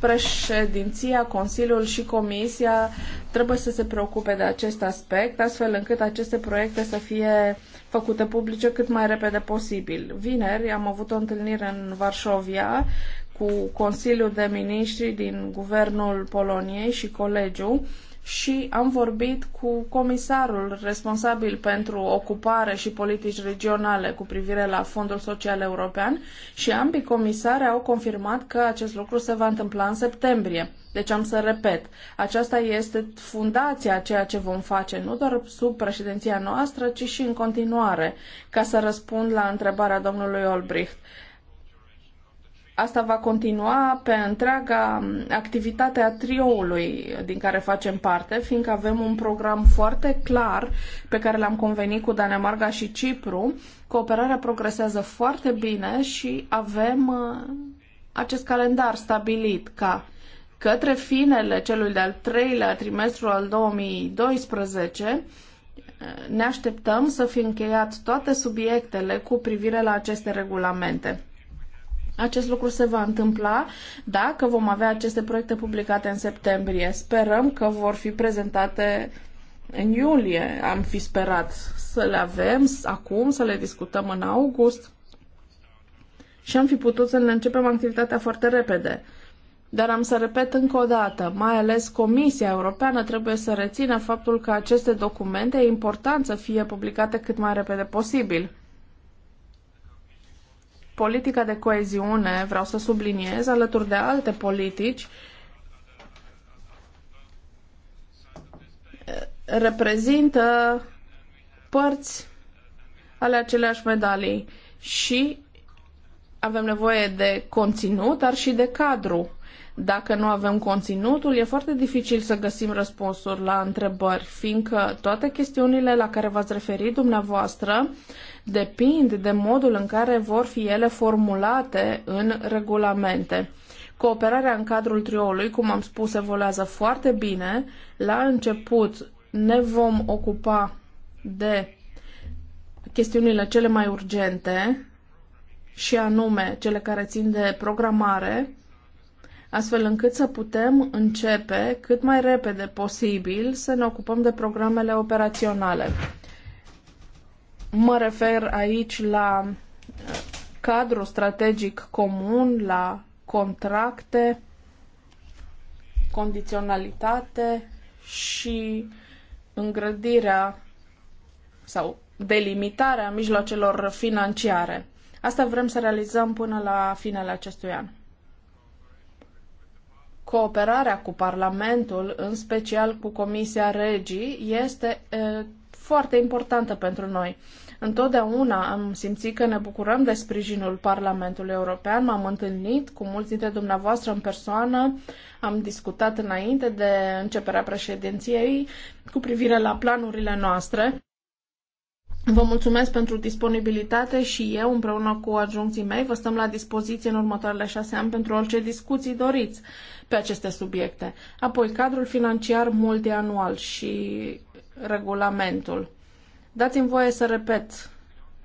președinția, Consiliul și Comisia trebuie să se preocupe de acest aspect, astfel încât aceste proiecte să fie făcute publice cât mai repede posibil. Vineri am avut o întâlnire în Varșovia cu Consiliul de Miniștri din Guvernul Poloniei și Colegiul și am vorbit cu comisarul responsabil pentru ocupare și politici regionale cu privire la Fondul Social European și ambii comisari au confirmat că acest lucru se va întâmpla în septembrie. Deci am să repet, aceasta este fundația a ceea ce vom face, nu doar sub președinția noastră, ci și în continuare, ca să răspund la întrebarea domnului Olbricht. Asta va continua pe întreaga activitate a trioului din care facem parte, fiindcă avem un program foarte clar pe care l-am convenit cu Danemarca și Cipru. Cooperarea progresează foarte bine și avem uh, acest calendar stabilit ca către finele celui de-al treilea trimestru al 2012 uh, ne așteptăm să fi încheiat toate subiectele cu privire la aceste regulamente. Acest lucru se va întâmpla dacă vom avea aceste proiecte publicate în septembrie. Sperăm că vor fi prezentate în iulie. Am fi sperat să le avem acum, să le discutăm în august și am fi putut să ne începem activitatea foarte repede. Dar am să repet încă o dată, mai ales Comisia Europeană trebuie să rețină faptul că aceste documente e important să fie publicate cât mai repede posibil politica de coeziune, vreau să subliniez, alături de alte politici, reprezintă părți ale aceleași medalii și avem nevoie de conținut, dar și de cadru. Dacă nu avem conținutul, e foarte dificil să găsim răspunsuri la întrebări, fiindcă toate chestiunile la care v-ați referit dumneavoastră depind de modul în care vor fi ele formulate în regulamente. Cooperarea în cadrul trioului, cum am spus, evoluează foarte bine. La început ne vom ocupa de chestiunile cele mai urgente și anume cele care țin de programare, astfel încât să putem începe cât mai repede posibil să ne ocupăm de programele operaționale. Mă refer aici la uh, cadru strategic comun, la contracte, condiționalitate și îngrădirea sau delimitarea mijloacelor financiare. Asta vrem să realizăm până la finele acestui an. Cooperarea cu Parlamentul, în special cu Comisia Regii, este uh, foarte importantă pentru noi. Întotdeauna am simțit că ne bucurăm de sprijinul Parlamentului European, m-am întâlnit cu mulți dintre dumneavoastră în persoană, am discutat înainte de începerea președinției cu privire la planurile noastre. Vă mulțumesc pentru disponibilitate și eu, împreună cu adjuncții mei, vă stăm la dispoziție în următoarele șase ani pentru orice discuții doriți pe aceste subiecte. Apoi, cadrul financiar multianual și regulamentul. Dați-mi voie să repet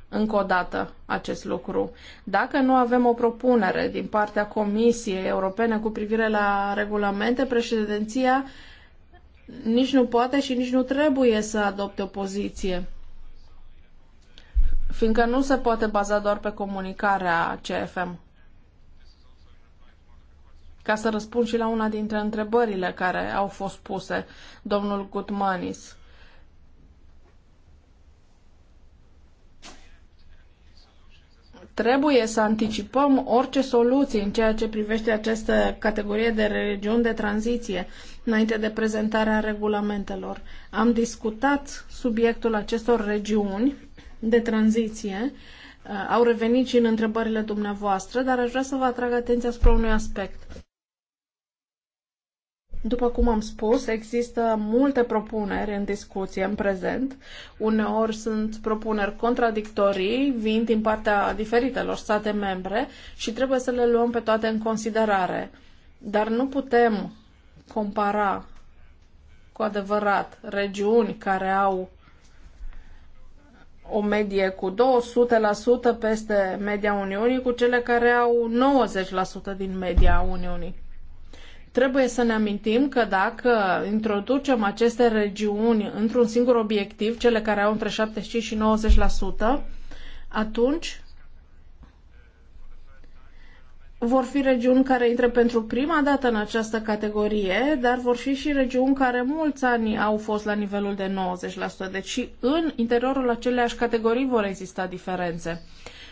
încă o dată acest lucru. Dacă nu avem o propunere din partea Comisiei Europene cu privire la regulamente, președinția nici nu poate și nici nu trebuie să adopte o poziție. Fiindcă nu se poate baza doar pe comunicarea CFM. Ca să răspund și la una dintre întrebările care au fost puse, domnul Gutmanis trebuie să anticipăm orice soluții în ceea ce privește această categorie de regiuni de tranziție înainte de prezentarea regulamentelor. Am discutat subiectul acestor regiuni de tranziție. Uh, au revenit și în întrebările dumneavoastră, dar aș vrea să vă atrag atenția asupra unui aspect. După cum am spus, există multe propuneri în discuție în prezent. Uneori sunt propuneri contradictorii, vin din partea diferitelor state membre și trebuie să le luăm pe toate în considerare. Dar nu putem compara cu adevărat regiuni care au o medie cu 200% peste media Uniunii cu cele care au 90% din media Uniunii. Trebuie să ne amintim că dacă introducem aceste regiuni într-un singur obiectiv, cele care au între 75 și 90%, atunci vor fi regiuni care intră pentru prima dată în această categorie, dar vor fi și regiuni care mulți ani au fost la nivelul de 90%. Deci și în interiorul aceleași categorii vor exista diferențe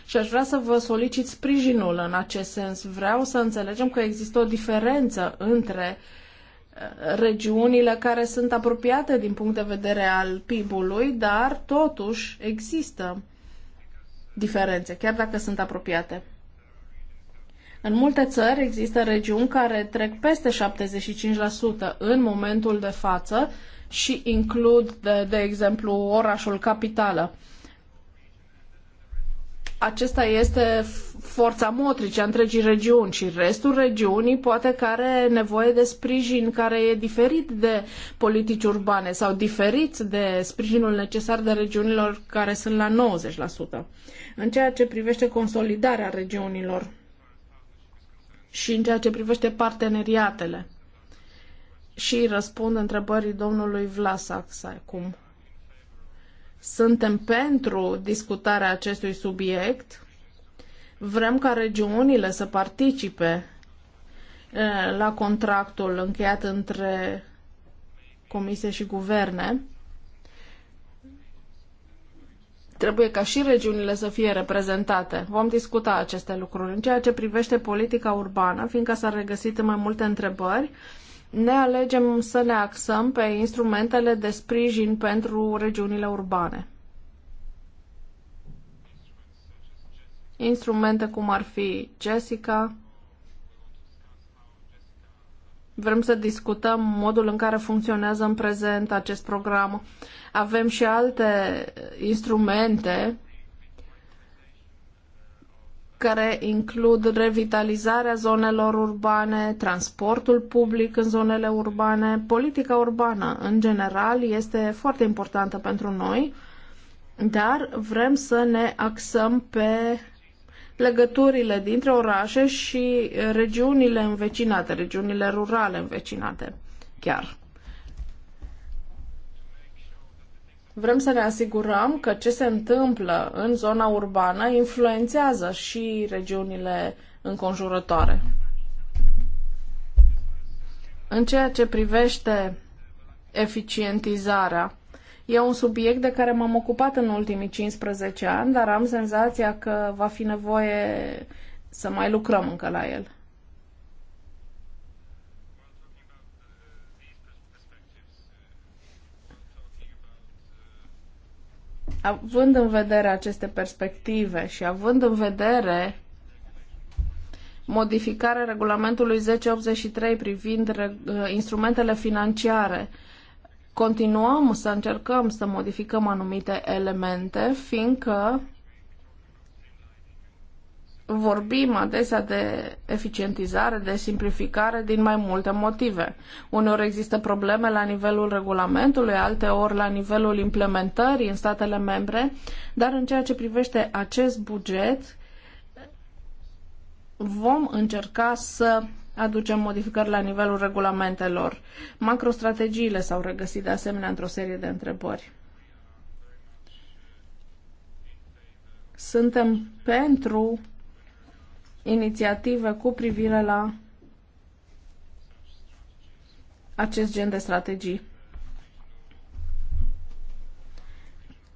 și aș vrea să vă solicit sprijinul în acest sens. Vreau să înțelegem că există o diferență între uh, regiunile care sunt apropiate din punct de vedere al PIB-ului, dar totuși există diferențe, chiar dacă sunt apropiate. În multe țări există regiuni care trec peste 75% în momentul de față și includ, de, de exemplu, orașul capitală acesta este forța motrice a întregii regiuni și restul regiunii poate că are nevoie de sprijin care e diferit de politici urbane sau diferit de sprijinul necesar de regiunilor care sunt la 90%. În ceea ce privește consolidarea regiunilor și în ceea ce privește parteneriatele. Și răspund întrebării domnului Vlasax acum. Suntem pentru discutarea acestui subiect. Vrem ca regiunile să participe la contractul încheiat între comisie și guverne. Trebuie ca și regiunile să fie reprezentate. Vom discuta aceste lucruri. În ceea ce privește politica urbană, fiindcă s au regăsit mai multe întrebări, ne alegem să ne axăm pe instrumentele de sprijin pentru regiunile urbane. Instrumente cum ar fi Jessica. Vrem să discutăm modul în care funcționează în prezent acest program. Avem și alte instrumente care includ revitalizarea zonelor urbane, transportul public în zonele urbane, politica urbană în general este foarte importantă pentru noi, dar vrem să ne axăm pe legăturile dintre orașe și regiunile învecinate, regiunile rurale învecinate chiar. Vrem să ne asigurăm că ce se întâmplă în zona urbană influențează și regiunile înconjurătoare. În ceea ce privește eficientizarea, e un subiect de care m-am ocupat în ultimii 15 ani, dar am senzația că va fi nevoie să mai lucrăm încă la el. Având în vedere aceste perspective și având în vedere modificarea regulamentului 1083 privind uh, instrumentele financiare, continuăm să încercăm să modificăm anumite elemente, fiindcă vorbim adesea de eficientizare, de simplificare din mai multe motive. Uneori există probleme la nivelul regulamentului, alteori la nivelul implementării în statele membre, dar în ceea ce privește acest buget vom încerca să aducem modificări la nivelul regulamentelor. Macrostrategiile s-au regăsit de asemenea într-o serie de întrebări. Suntem pentru inițiative cu privire la acest gen de strategii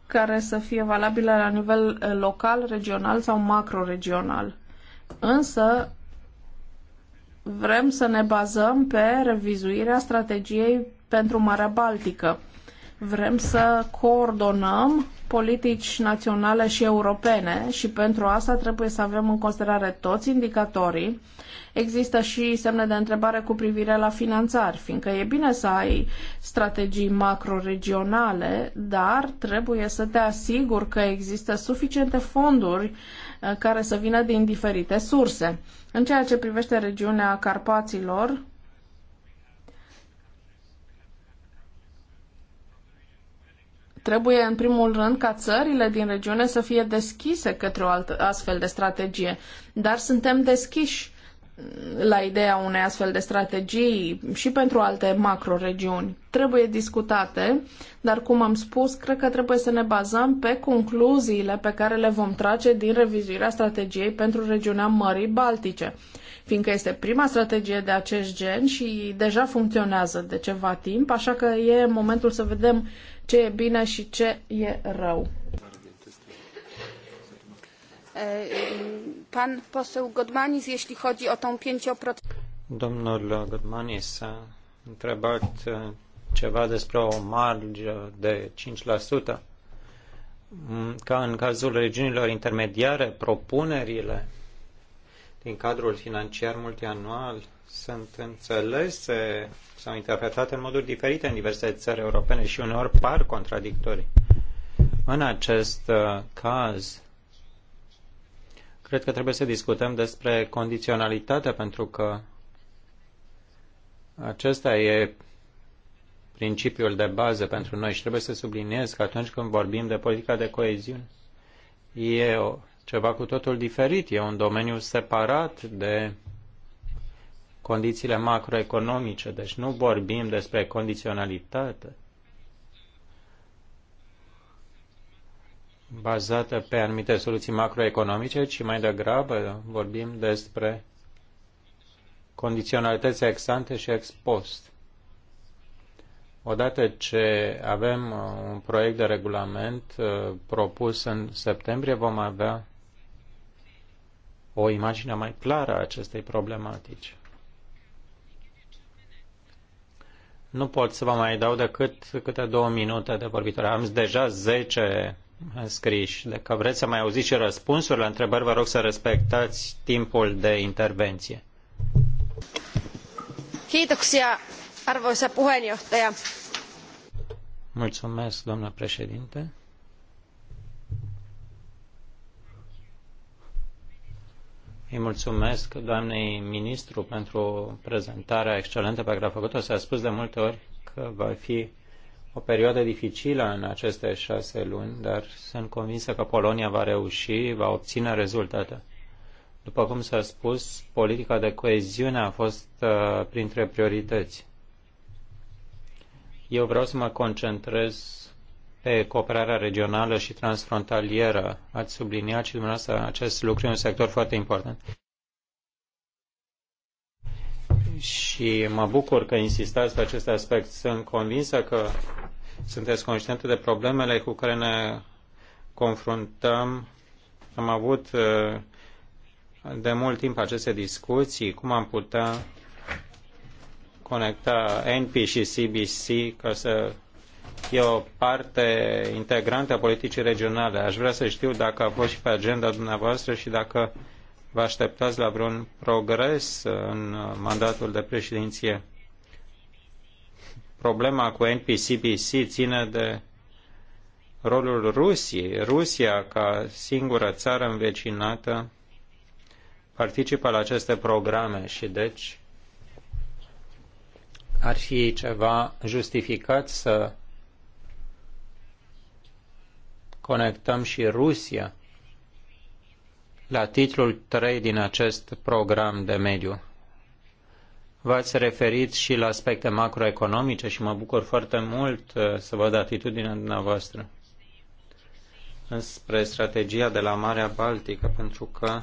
care să fie valabile la nivel eh, local, regional sau macroregional. Însă vrem să ne bazăm pe revizuirea strategiei pentru Marea Baltică Vrem să coordonăm politici naționale și europene și pentru asta trebuie să avem în considerare toți indicatorii. Există și semne de întrebare cu privire la finanțari, fiindcă e bine să ai strategii macroregionale, dar trebuie să te asiguri că există suficiente fonduri uh, care să vină din diferite surse. În ceea ce privește regiunea Carpaților, Trebuie, în primul rând, ca țările din regiune să fie deschise către o altă, astfel de strategie. Dar suntem deschiși la ideea unei astfel de strategii și pentru alte macroregiuni. Trebuie discutate, dar cum am spus, cred că trebuie să ne bazăm pe concluziile pe care le vom trage din revizuirea strategiei pentru regiunea Mării Baltice, fiindcă este prima strategie de acest gen și deja funcționează de ceva timp, așa că e momentul să vedem ce e bine și ce e rău. Pan poseł Godmanis, jeśli chodzi o tą 5%. Domnul Godmanis a întrebat ceva despre o marge de 5%. Mm, ca în cazul regiunilor intermediare, propunerile din cadrul financiar multianual sunt înțelese s-au interpretat în moduri diferite în diverse țări europene și uneori par contradictorii. În acest uh, caz, cred că trebuie să discutăm despre condiționalitate, pentru că acesta e principiul de bază pentru noi și trebuie să subliniez că atunci când vorbim de politica de coeziune, e ceva cu totul diferit, e un domeniu separat de condițiile macroeconomice, deci nu vorbim despre condiționalitate bazată pe anumite soluții macroeconomice, ci mai degrabă vorbim despre condiționalități ex ante și ex post. Odată ce avem un proiect de regulament uh, propus în septembrie, vom avea o imagine mai clară a acestei problematici. Nu pot să vă mai dau decât câte două minute de vorbitoare. Am deja zece scriși. Dacă vreți să mai auziți și răspunsuri la întrebări, vă rog să respectați timpul de intervenție. Kiitoksia, arvoisa puheenjohtaja. Mulțumesc, doamnă președinte. Îi mulțumesc doamnei ministru pentru prezentarea excelentă pe care a făcut-o. S-a spus de multe ori că va fi o perioadă dificilă în aceste șase luni, dar sunt convinsă că Polonia va reuși, va obține rezultate. După cum s-a spus, politica de coeziune a fost uh, printre priorități. Eu vreau să mă concentrez pe cooperarea regională și transfrontalieră. Ați subliniat și dumneavoastră acest lucru, e un sector foarte important. Și mă bucur că insistați pe acest aspect. Sunt convinsă că sunteți conștiente de problemele cu care ne confruntăm. Am avut uh, de mult timp aceste discuții, cum am putea conecta NP și CBC ca să e o parte integrantă a politicii regionale. Aș vrea să știu dacă a fost și pe agenda dumneavoastră și dacă vă așteptați la vreun progres în mandatul de președinție. Problema cu NPCBC ține de rolul Rusiei. Rusia, ca singură țară învecinată, participă la aceste programe și deci ar fi ceva justificat să conectăm și Rusia la titlul 3 din acest program de mediu. V-ați referit și la aspecte macroeconomice și mă bucur foarte mult uh, să văd atitudinea dumneavoastră înspre strategia de la Marea Baltică, pentru că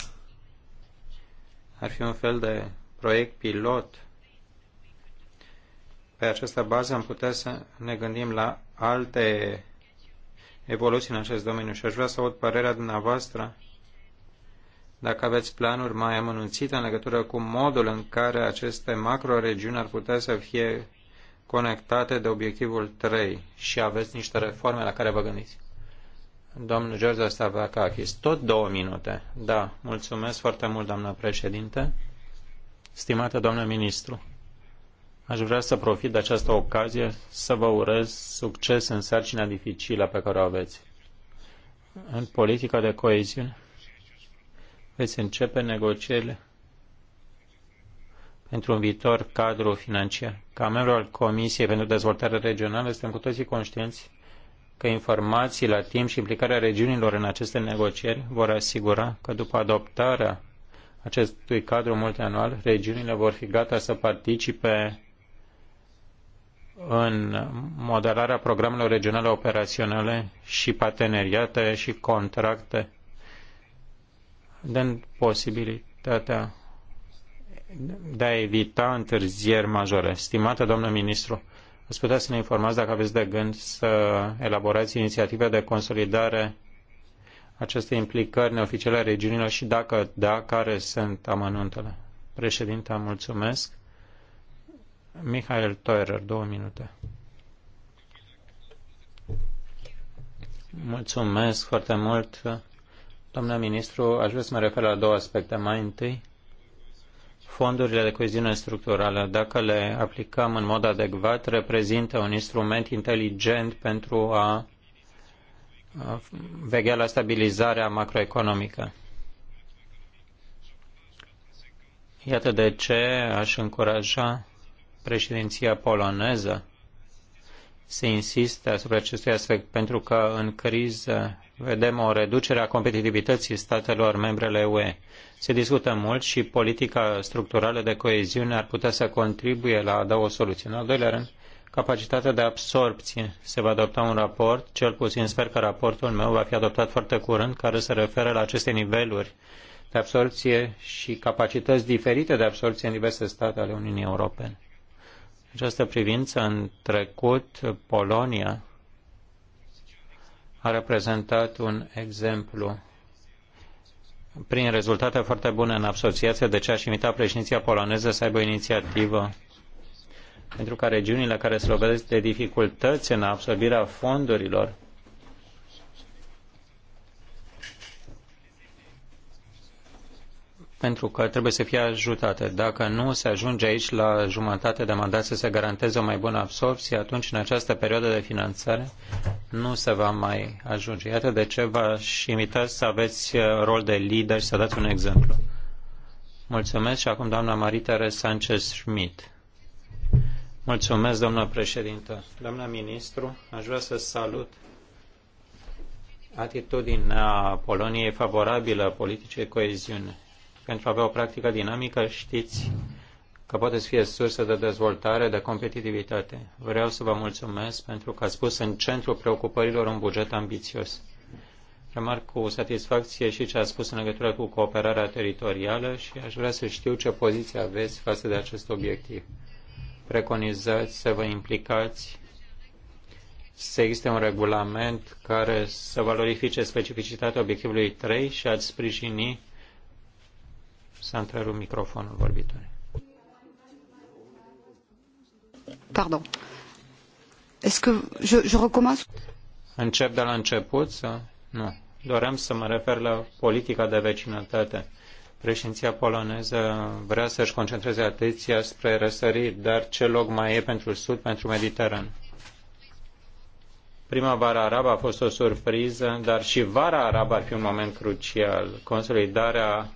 ar fi un fel de proiect pilot. Pe această bază am putea să ne gândim la alte evoluții în acest domeniu și aș vrea să aud părerea dumneavoastră dacă aveți planuri mai amănunțite în legătură cu modul în care aceste macroregiuni ar putea să fie conectate de obiectivul 3 și aveți niște reforme la care vă gândiți. Domnul George Stavakakis, tot două minute. Da, mulțumesc foarte mult, doamnă președinte. Stimată doamnă ministru, Aș vrea să profit de această ocazie să vă urez succes în sarcina dificilă pe care o aveți. În politica de coeziune veți începe negocierile pentru un viitor cadru financiar. Ca membru al Comisiei pentru Dezvoltare Regională, suntem cu toții conștienți că informații la timp și implicarea regiunilor în aceste negocieri vor asigura că după adoptarea acestui cadru multianual, regiunile vor fi gata să participe în modelarea programelor regionale operaționale și parteneriate și contracte, dând posibilitatea de a evita întârzieri majore. Stimată doamnă ministru, ați putea să ne informați dacă aveți de gând să elaborați inițiative de consolidare aceste implicări neoficiale a regiunilor și dacă da, care sunt amănuntele. Președinte, mulțumesc. Michael Teurer, două minute. Mulțumesc foarte mult, domnule ministru. Aș vrea să mă refer la două aspecte. Mai întâi, fondurile de coeziune structurală, dacă le aplicăm în mod adecvat, reprezintă un instrument inteligent pentru a veghea la stabilizarea macroeconomică. Iată de ce aș încuraja președinția poloneză se insistă asupra acestui aspect pentru că în criză vedem o reducere a competitivității statelor membrele UE. Se discută mult și politica structurală de coeziune ar putea să contribuie la a da o soluție. În al doilea rând, capacitatea de absorpție. Se va adopta un raport, cel puțin sper că raportul meu va fi adoptat foarte curând, care se referă la aceste niveluri de absorpție și capacități diferite de absorpție în diverse state ale Uniunii Europene această privință, în trecut, Polonia a reprezentat un exemplu prin rezultate foarte bune în asociație, de ce aș invita președinția poloneză să aibă o inițiativă pentru ca regiunile care se lovesc de dificultăți în absorbirea fondurilor pentru că trebuie să fie ajutate. Dacă nu se ajunge aici la jumătate de mandat să se garanteze o mai bună absorpție, atunci în această perioadă de finanțare nu se va mai ajunge. Iată de ce v-aș imita să aveți uh, rol de lider și să dați un exemplu. Mulțumesc și acum doamna Maritere Sanchez-Schmidt. Mulțumesc, doamna președintă. Doamna ministru, aș vrea să salut atitudinea Poloniei favorabilă politicii coeziune pentru a avea o practică dinamică, știți că poate să fie sursă de dezvoltare, de competitivitate. Vreau să vă mulțumesc pentru că ați pus în centrul preocupărilor un buget ambițios. Remarc cu satisfacție și ce a spus în legătură cu cooperarea teritorială și aș vrea să știu ce poziție aveți față de acest obiectiv. Preconizați să vă implicați să existe un regulament care să valorifice specificitatea obiectivului 3 și ați sprijini S-a întrerupt microfonul vorbitorului. Pardon. Est-ce que je, je recommence? Încep de la început? Să... Nu. Doream să mă refer la politica de vecinătate. Președinția poloneză vrea să-și concentreze atenția spre răsărit, dar ce loc mai e pentru Sud, pentru Mediteran? Primăvara arabă a fost o surpriză, dar și vara arabă ar fi un moment crucial. Consolidarea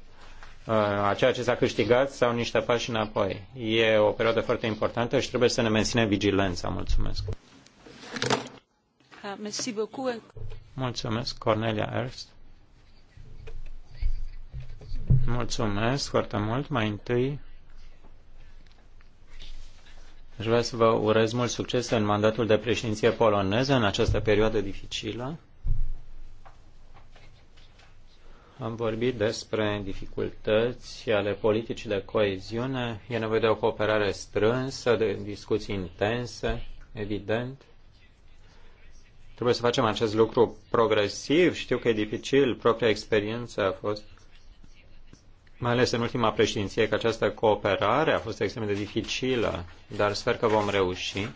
Uh, a ceea ce s-a câștigat sau niște pași înapoi. E o perioadă foarte importantă și trebuie să ne menținem vigilența. Mulțumesc. Uh, Mulțumesc, Cornelia Ernst. Mulțumesc foarte mult. Mai întâi aș vrea să vă urez mult succes în mandatul de președinție poloneză în această perioadă dificilă. Am vorbit despre dificultăți ale politicii de coeziune. E nevoie de o cooperare strânsă, de discuții intense, evident. Trebuie să facem acest lucru progresiv. Știu că e dificil. Propria experiență a fost, mai ales în ultima președinție, că această cooperare a fost extrem de dificilă, dar sper că vom reuși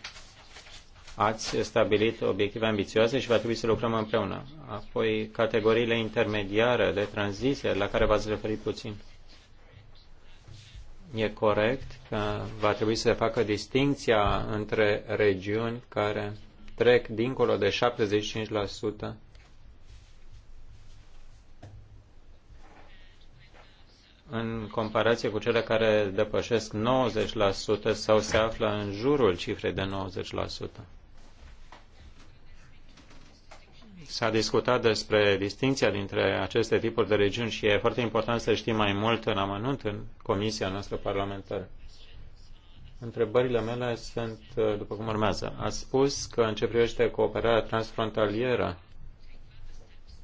Ați stabilit obiective ambițioase și va trebui să lucrăm împreună. Apoi, categoriile intermediare de tranziție, la care v-ați referit puțin. E corect că va trebui să se facă distinția între regiuni care trec dincolo de 75% în comparație cu cele care depășesc 90% sau se află în jurul cifrei de 90%. S-a discutat despre distinția dintre aceste tipuri de regiuni și e foarte important să știm mai mult în amănunt în comisia noastră parlamentară. Întrebările mele sunt după cum urmează. A spus că în ce privește cooperarea transfrontalieră,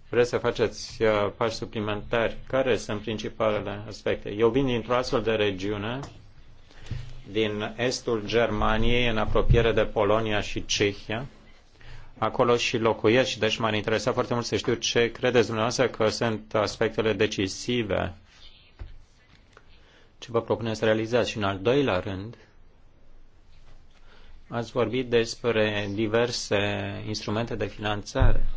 vreți să faceți uh, pași suplimentari. Care sunt principalele aspecte? Eu vin dintr-o astfel de regiune, din estul Germaniei, în apropiere de Polonia și Cehia, acolo și locuiesc și deci m-ar interesa foarte mult să știu ce credeți dumneavoastră că sunt aspectele decisive ce vă propuneți să realizați. Și în al doilea rând, ați vorbit despre diverse instrumente de finanțare.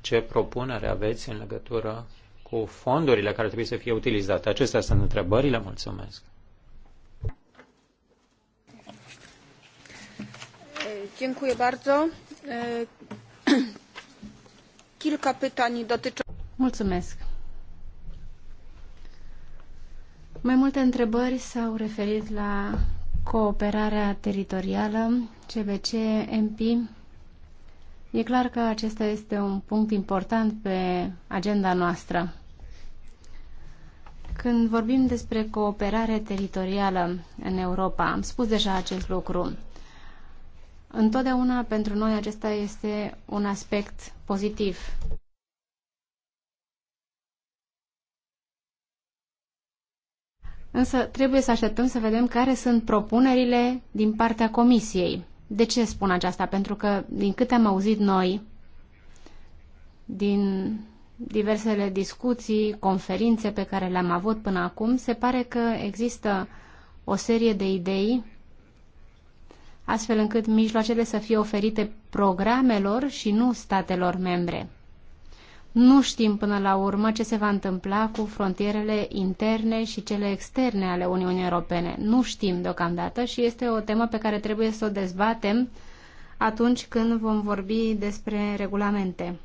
Ce propunere aveți în legătură cu fondurile care trebuie să fie utilizate? Acestea sunt întrebările. Mulțumesc. Kilka pytań dotyczących. Mulțumesc. Mai multe întrebări s-au referit la cooperarea teritorială, CBC, MP. E clar că acesta este un punct important pe agenda noastră. Când vorbim despre cooperare teritorială în Europa, am spus deja acest lucru. Întotdeauna pentru noi acesta este un aspect pozitiv. Însă trebuie să așteptăm să vedem care sunt propunerile din partea Comisiei. De ce spun aceasta? Pentru că, din câte am auzit noi, din diversele discuții, conferințe pe care le-am avut până acum, se pare că există o serie de idei astfel încât mijloacele să fie oferite programelor și nu statelor membre. Nu știm până la urmă ce se va întâmpla cu frontierele interne și cele externe ale Uniunii Europene. Nu știm deocamdată și este o temă pe care trebuie să o dezbatem atunci când vom vorbi despre regulamente.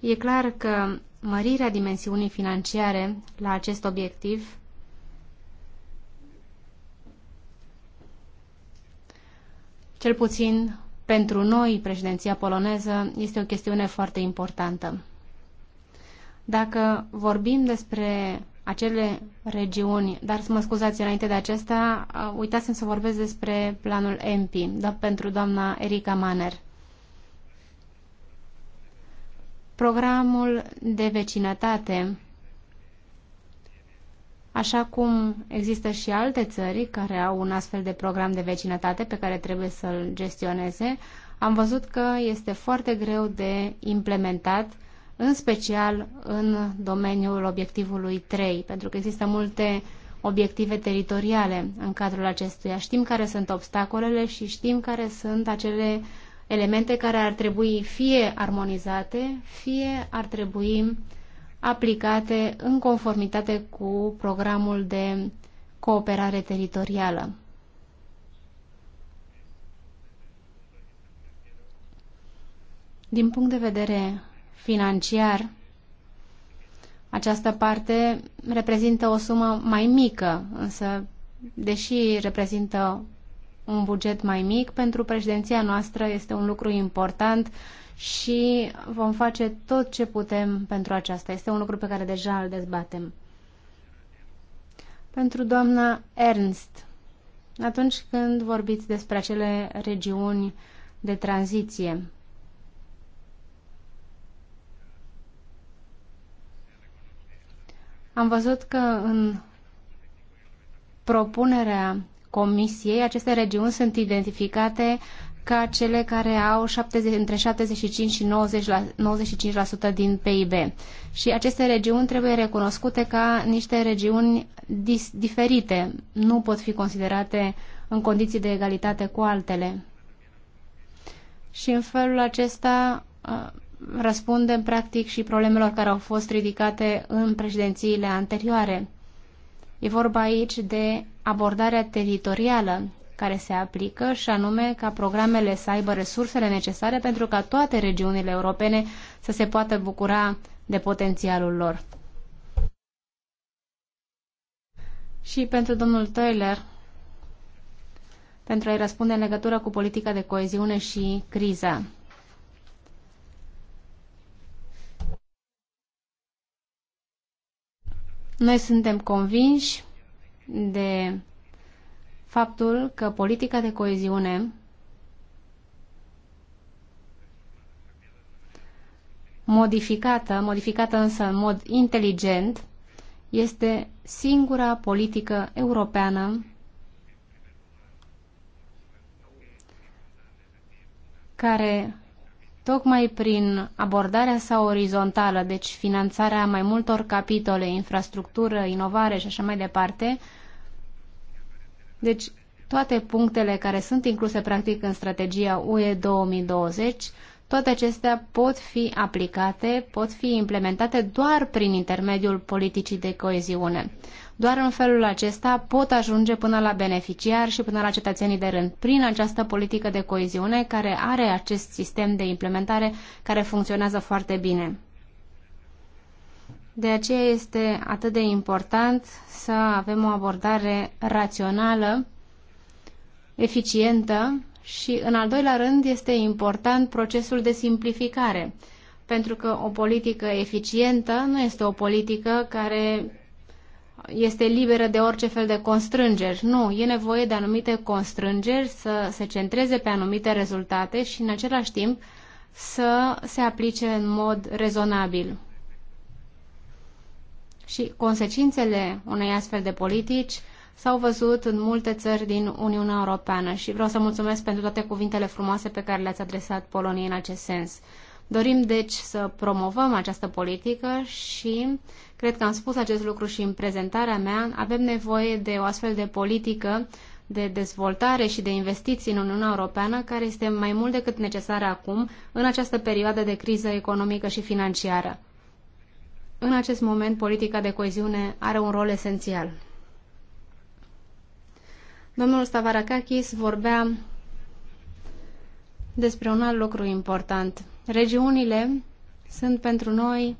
E clar că mărirea dimensiunii financiare la acest obiectiv Cel puțin pentru noi, președinția poloneză, este o chestiune foarte importantă. Dacă vorbim despre acele regiuni, dar să mă scuzați înainte de acesta, uitați să vorbesc despre planul EMPI, dar pentru doamna Erika Maner. Programul de vecinătate așa cum există și alte țări care au un astfel de program de vecinătate pe care trebuie să-l gestioneze, am văzut că este foarte greu de implementat, în special în domeniul obiectivului 3, pentru că există multe obiective teritoriale în cadrul acestuia. Știm care sunt obstacolele și știm care sunt acele elemente care ar trebui fie armonizate, fie ar trebui aplicate în conformitate cu programul de cooperare teritorială. Din punct de vedere financiar, această parte reprezintă o sumă mai mică, însă, deși reprezintă un buget mai mic. Pentru președinția noastră este un lucru important și vom face tot ce putem pentru aceasta. Este un lucru pe care deja îl dezbatem. Pentru doamna Ernst, atunci când vorbiți despre acele regiuni de tranziție, am văzut că în propunerea Comisiei, aceste regiuni sunt identificate ca cele care au 70, între 75 și 90 la, 95% din PIB. Și aceste regiuni trebuie recunoscute ca niște regiuni dis, diferite, nu pot fi considerate în condiții de egalitate cu altele. Și în felul acesta răspundem practic și problemelor care au fost ridicate în președințiile anterioare. E vorba aici de abordarea teritorială care se aplică și anume ca programele să aibă resursele necesare pentru ca toate regiunile europene să se poată bucura de potențialul lor. Și pentru domnul Toiler, pentru a-i răspunde în legătură cu politica de coeziune și criza. Noi suntem convinși de faptul că politica de coeziune modificată, modificată însă în mod inteligent, este singura politică europeană care, tocmai prin abordarea sa orizontală, deci finanțarea mai multor capitole, infrastructură, inovare și așa mai departe, deci, toate punctele care sunt incluse practic în strategia UE 2020, toate acestea pot fi aplicate, pot fi implementate doar prin intermediul politicii de coeziune. Doar în felul acesta pot ajunge până la beneficiari și până la cetățenii de rând, prin această politică de coeziune care are acest sistem de implementare care funcționează foarte bine. De aceea este atât de important să avem o abordare rațională, eficientă și, în al doilea rând, este important procesul de simplificare, pentru că o politică eficientă nu este o politică care este liberă de orice fel de constrângeri. Nu, e nevoie de anumite constrângeri să se centreze pe anumite rezultate și, în același timp, să se aplice în mod rezonabil și consecințele unei astfel de politici s-au văzut în multe țări din Uniunea Europeană și vreau să mulțumesc pentru toate cuvintele frumoase pe care le-ați adresat Poloniei în acest sens. Dorim deci să promovăm această politică și cred că am spus acest lucru și în prezentarea mea, avem nevoie de o astfel de politică de dezvoltare și de investiții în Uniunea Europeană, care este mai mult decât necesară acum, în această perioadă de criză economică și financiară în acest moment politica de coeziune are un rol esențial. Domnul Stavarakakis vorbea despre un alt lucru important. Regiunile sunt pentru noi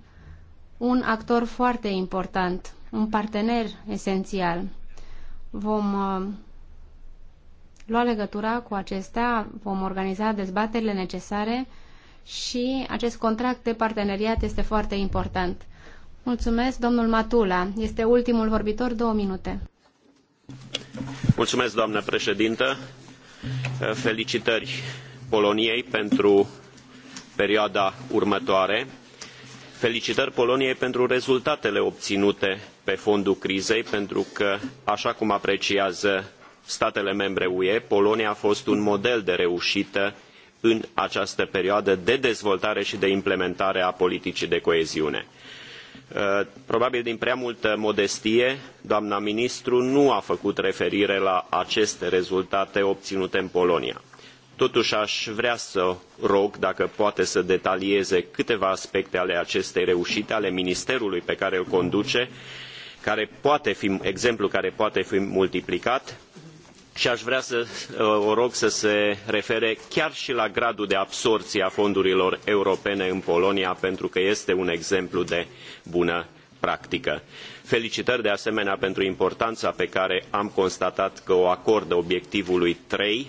un actor foarte important, un partener esențial. Vom uh, lua legătura cu acestea, vom organiza dezbaterile necesare și acest contract de parteneriat este foarte important. Mulțumesc, domnul Matula. Este ultimul vorbitor, două minute. Mulțumesc, doamnă președintă. Felicitări Poloniei pentru perioada următoare. Felicitări Poloniei pentru rezultatele obținute pe fondul crizei, pentru că, așa cum apreciază statele membre ue polonia a fost un model de reuită în această perioadă de dezvoltare i de implementare a politicii de coeziune. Eh, probabil din prea multă modestie, doamna ministru nu a făcut referire la aceste rezultate obținute în Polonia. Totuși aș vrea să rog dacă poate să detalieze câteva aspecte ale acestei reușite, ale ministerului pe care îl conduce, care poate fi, exemplu care poate fi multiplicat și aș vrea să uh, o rog să se refere chiar și la gradul de absorție a fondurilor europene în Polonia, pentru că este un exemplu de bună practică. Felicitări de asemenea pentru importanța pe care am constatat că o acordă obiectivului 3,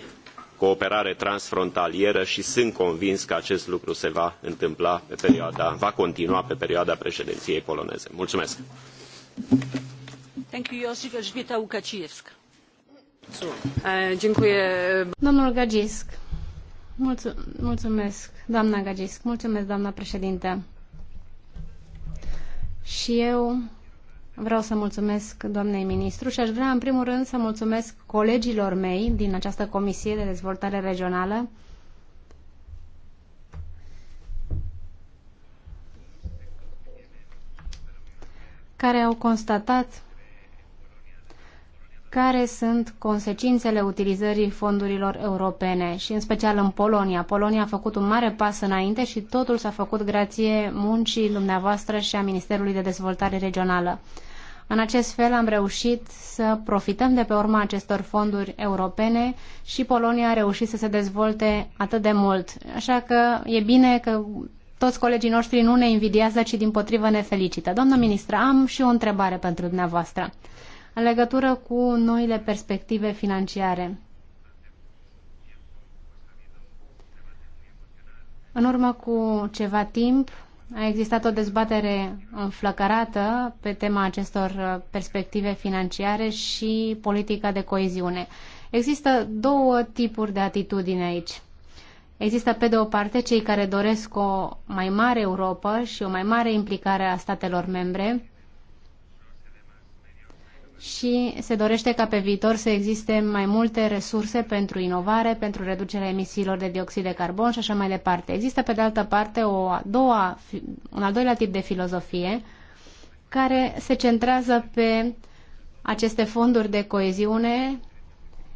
cooperare transfrontalieră și sunt convins că acest lucru se va întâmpla pe perioada, va continua pe perioada președinției poloneze. Mulțumesc! Thank you, Eh, Domnul Gagisc. Mulțu mulțumesc, doamna Gagisc. Mulțumesc, doamna președinte. Și eu vreau să mulțumesc doamnei ministru și aș vrea, în primul rând, să mulțumesc colegilor mei din această Comisie de Dezvoltare Regională care au constatat care sunt consecințele utilizării fondurilor europene și în special în Polonia. Polonia a făcut un mare pas înainte și totul s-a făcut grație muncii dumneavoastră și a Ministerului de Dezvoltare Regională. În acest fel am reușit să profităm de pe urma acestor fonduri europene și Polonia a reușit să se dezvolte atât de mult. Așa că e bine că toți colegii noștri nu ne invidiază, ci din potrivă ne felicită. Doamnă ministră, am și o întrebare pentru dumneavoastră în legătură cu noile perspective financiare. În urmă cu ceva timp a existat o dezbatere înflăcărată pe tema acestor perspective financiare și politica de coeziune. Există două tipuri de atitudine aici. Există, pe de o parte, cei care doresc o mai mare Europa și o mai mare implicare a statelor membre și se dorește ca pe viitor să existe mai multe resurse pentru inovare, pentru reducerea emisiilor de dioxid de carbon și așa mai departe. Există, pe de altă parte, o a doua, un al doilea tip de filozofie care se centrează pe aceste fonduri de coeziune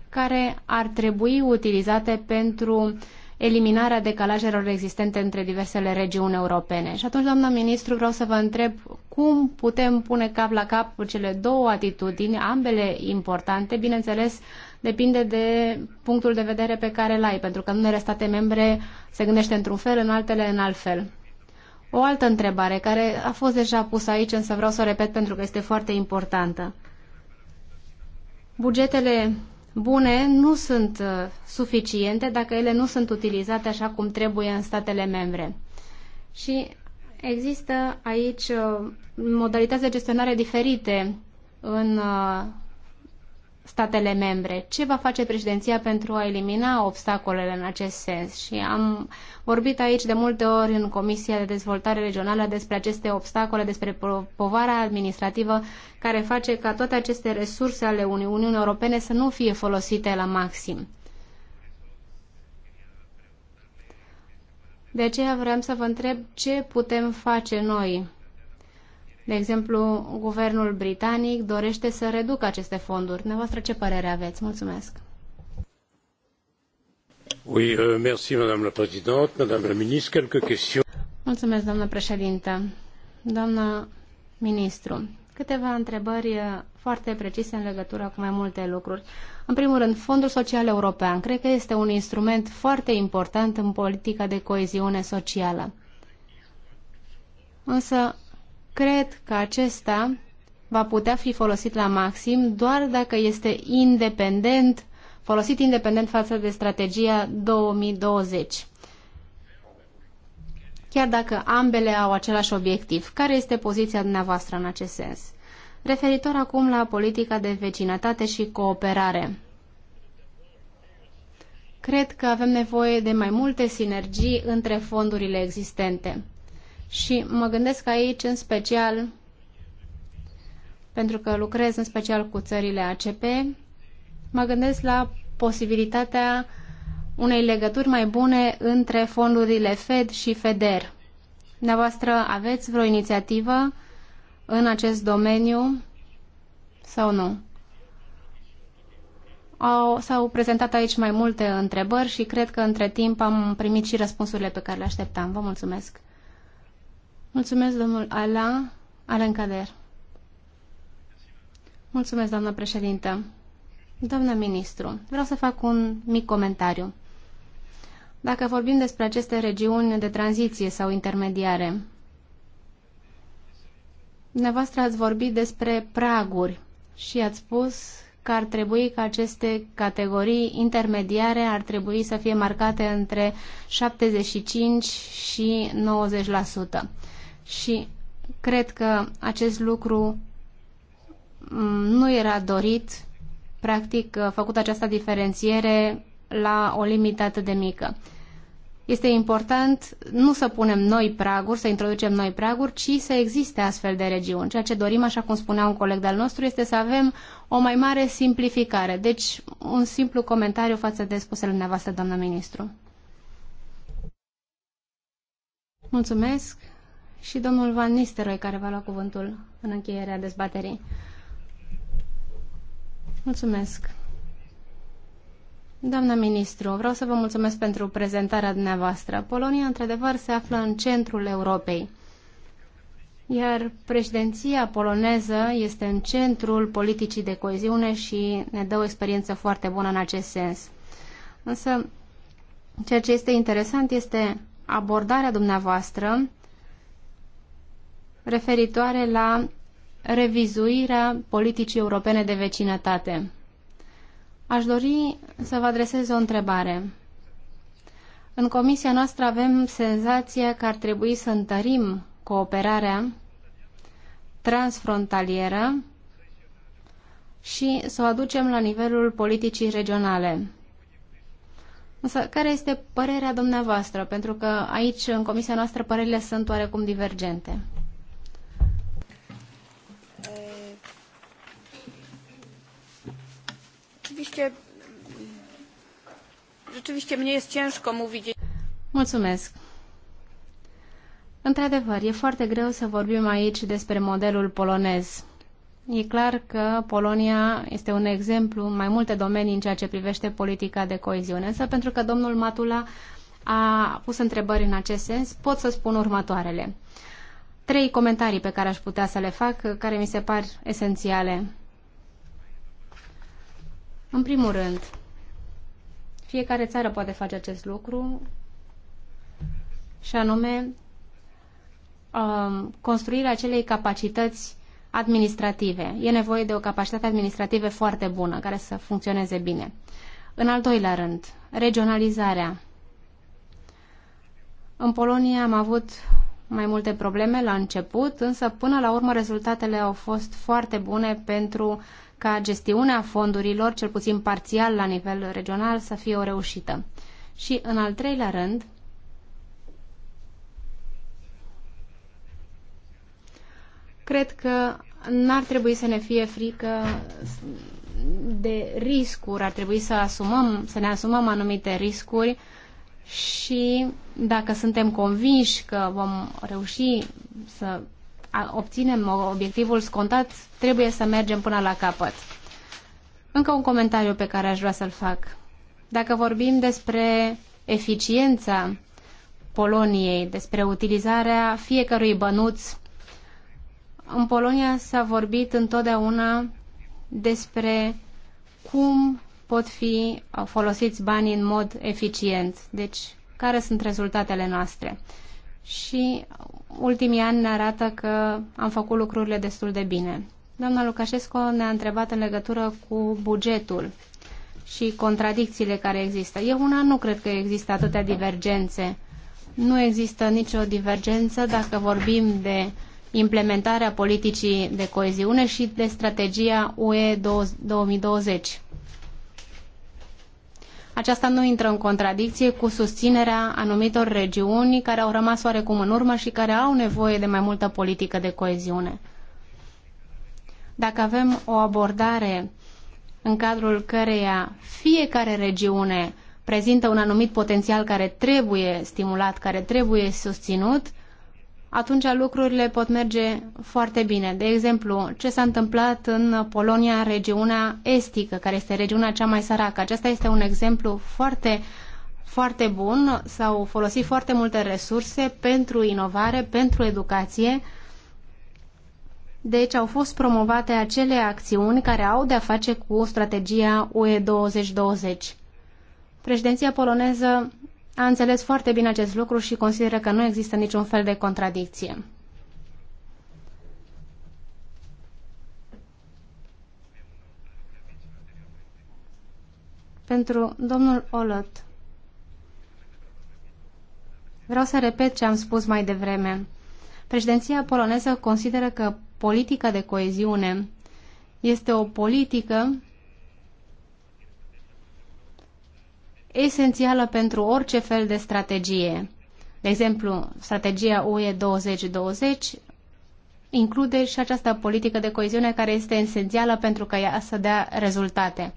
care ar trebui utilizate pentru eliminarea decalajelor existente între diversele regiuni europene. Și atunci, doamna ministru, vreau să vă întreb cum putem pune cap la cap cele două atitudini, ambele importante, bineînțeles, depinde de punctul de vedere pe care îl ai, pentru că în unele state membre se gândește într-un fel, în altele în alt fel. O altă întrebare care a fost deja pusă aici, însă vreau să o repet pentru că este foarte importantă. Bugetele bune nu sunt uh, suficiente dacă ele nu sunt utilizate așa cum trebuie în statele membre. Și există aici uh, modalități de gestionare diferite în uh, statele membre. Ce va face președinția pentru a elimina obstacolele în acest sens? Și am vorbit aici de multe ori în Comisia de Dezvoltare Regională despre aceste obstacole, despre povara administrativă care face ca toate aceste resurse ale Uniunii Europene să nu fie folosite la maxim. De aceea vreau să vă întreb ce putem face noi de exemplu, guvernul britanic dorește să reducă aceste fonduri. Dumneavoastră, ce părere aveți? Mulțumesc! Oui, euh, merci, madame la présidente, madame la ministre, quelques questions. Mulțumesc, doamnă președintă. Doamnă ministru, câteva întrebări uh, foarte precise în legătură cu mai multe lucruri. În primul rând, Fondul Social European. Cred că este un instrument foarte important în politica de coeziune socială. Însă, Cred că acesta va putea fi folosit la maxim doar dacă este independent, folosit independent față de strategia 2020. Chiar dacă ambele au același obiectiv, care este poziția dumneavoastră în acest sens? Referitor acum la politica de vecinătate și cooperare. Cred că avem nevoie de mai multe sinergii între fondurile existente. Și mă gândesc aici în special, pentru că lucrez în special cu țările ACP, mă gândesc la posibilitatea unei legături mai bune între fondurile FED și FEDER. Dumneavoastră aveți vreo inițiativă în acest domeniu sau nu? Au, s-au prezentat aici mai multe întrebări și cred că între timp am primit și răspunsurile pe care le așteptam. Vă mulțumesc! Mulțumesc, domnul Alain, Alain Mulțumesc, doamnă președintă. Doamnă ministru, vreau să fac un mic comentariu. Dacă vorbim despre aceste regiuni de tranziție sau intermediare, dumneavoastră ați vorbit despre praguri și ați spus că ar trebui ca aceste categorii intermediare ar trebui să fie marcate între 75 și 90% și cred că acest lucru mm, nu era dorit, practic uh, făcut această diferențiere la o limită atât de mică. Este important nu să punem noi praguri, să introducem noi praguri, ci să existe astfel de regiuni. Ceea ce dorim, așa cum spunea un coleg de-al nostru, este să avem o mai mare simplificare. Deci, un simplu comentariu față de spusele dumneavoastră, doamnă ministru. Mulțumesc și domnul Van Nistelrooy, care va lua cuvântul în încheierea dezbaterii. Mulțumesc. Doamna ministru, vreau să vă mulțumesc pentru prezentarea dumneavoastră. Polonia, într-adevăr, se află în centrul Europei, iar președinția poloneză este în centrul politicii de coeziune și ne dă o experiență foarte bună în acest sens. Însă, ceea ce este interesant este abordarea dumneavoastră referitoare la revizuirea politicii europene de vecinătate. Aș dori să vă adresez o întrebare. În comisia noastră avem senzația că ar trebui să întărim cooperarea transfrontalieră și să o aducem la nivelul politicii regionale. Însă, care este părerea dumneavoastră? Pentru că aici, în comisia noastră, părerile sunt oarecum divergente. rzeczywiście, rzeczywiście mnie jest ciężko mówić. Mulțumesc. Într-adevăr, e foarte greu să vorbim aici despre modelul polonez. E clar că Polonia este un exemplu în mai multe domenii în ceea ce privește politica de coeziune, însă pentru că domnul Matula a pus întrebări în acest sens, pot să spun următoarele. Trei comentarii pe care aș putea să le fac, care mi se par esențiale. În primul rând, fiecare țară poate face acest lucru și anume um, construirea acelei capacități administrative. E nevoie de o capacitate administrativă foarte bună, care să funcționeze bine. În al doilea rând, regionalizarea. În Polonia am avut mai multe probleme la început, însă până la urmă rezultatele au fost foarte bune pentru ca gestiunea fondurilor, cel puțin parțial la nivel regional, să fie o reușită. Și în al treilea rând, cred că n-ar trebui să ne fie frică de riscuri, ar trebui să asumăm, să ne asumăm anumite riscuri și dacă suntem convinși că vom reuși să obținem obiectivul scontat, trebuie să mergem până la capăt. Încă un comentariu pe care aș vrea să-l fac. Dacă vorbim despre eficiența Poloniei, despre utilizarea fiecărui bănuț, în Polonia s-a vorbit întotdeauna despre cum pot fi uh, folosiți banii în mod eficient. Deci, care sunt rezultatele noastre? și ultimii ani ne arată că am făcut lucrurile destul de bine. Doamna Lucașescu ne-a întrebat în legătură cu bugetul și contradicțiile care există. Eu una nu cred că există atâtea divergențe. Nu există nicio divergență dacă vorbim de implementarea politicii de coeziune și de strategia UE 2020. Aceasta nu intră în contradicție cu susținerea anumitor regiuni care au rămas oarecum în urmă și care au nevoie de mai multă politică de coeziune. Dacă avem o abordare în cadrul căreia fiecare regiune prezintă un anumit potențial care trebuie stimulat, care trebuie susținut, atunci lucrurile pot merge foarte bine. De exemplu, ce s-a întâmplat în Polonia, regiunea estică, care este regiunea cea mai săracă. Acesta este un exemplu foarte foarte bun, s-au folosit foarte multe resurse pentru inovare, pentru educație. Deci au fost promovate acele acțiuni care au de-a face cu strategia UE 2020. Președinția poloneză a înțeles foarte bine acest lucru și consideră că nu există niciun fel de contradicție. Pentru domnul Olot, vreau să repet ce am spus mai devreme. Președinția poloneză consideră că politica de coeziune este o politică esențială pentru orice fel de strategie. De exemplu, strategia UE 2020 include și această politică de coeziune care este esențială pentru ca ea să dea rezultate.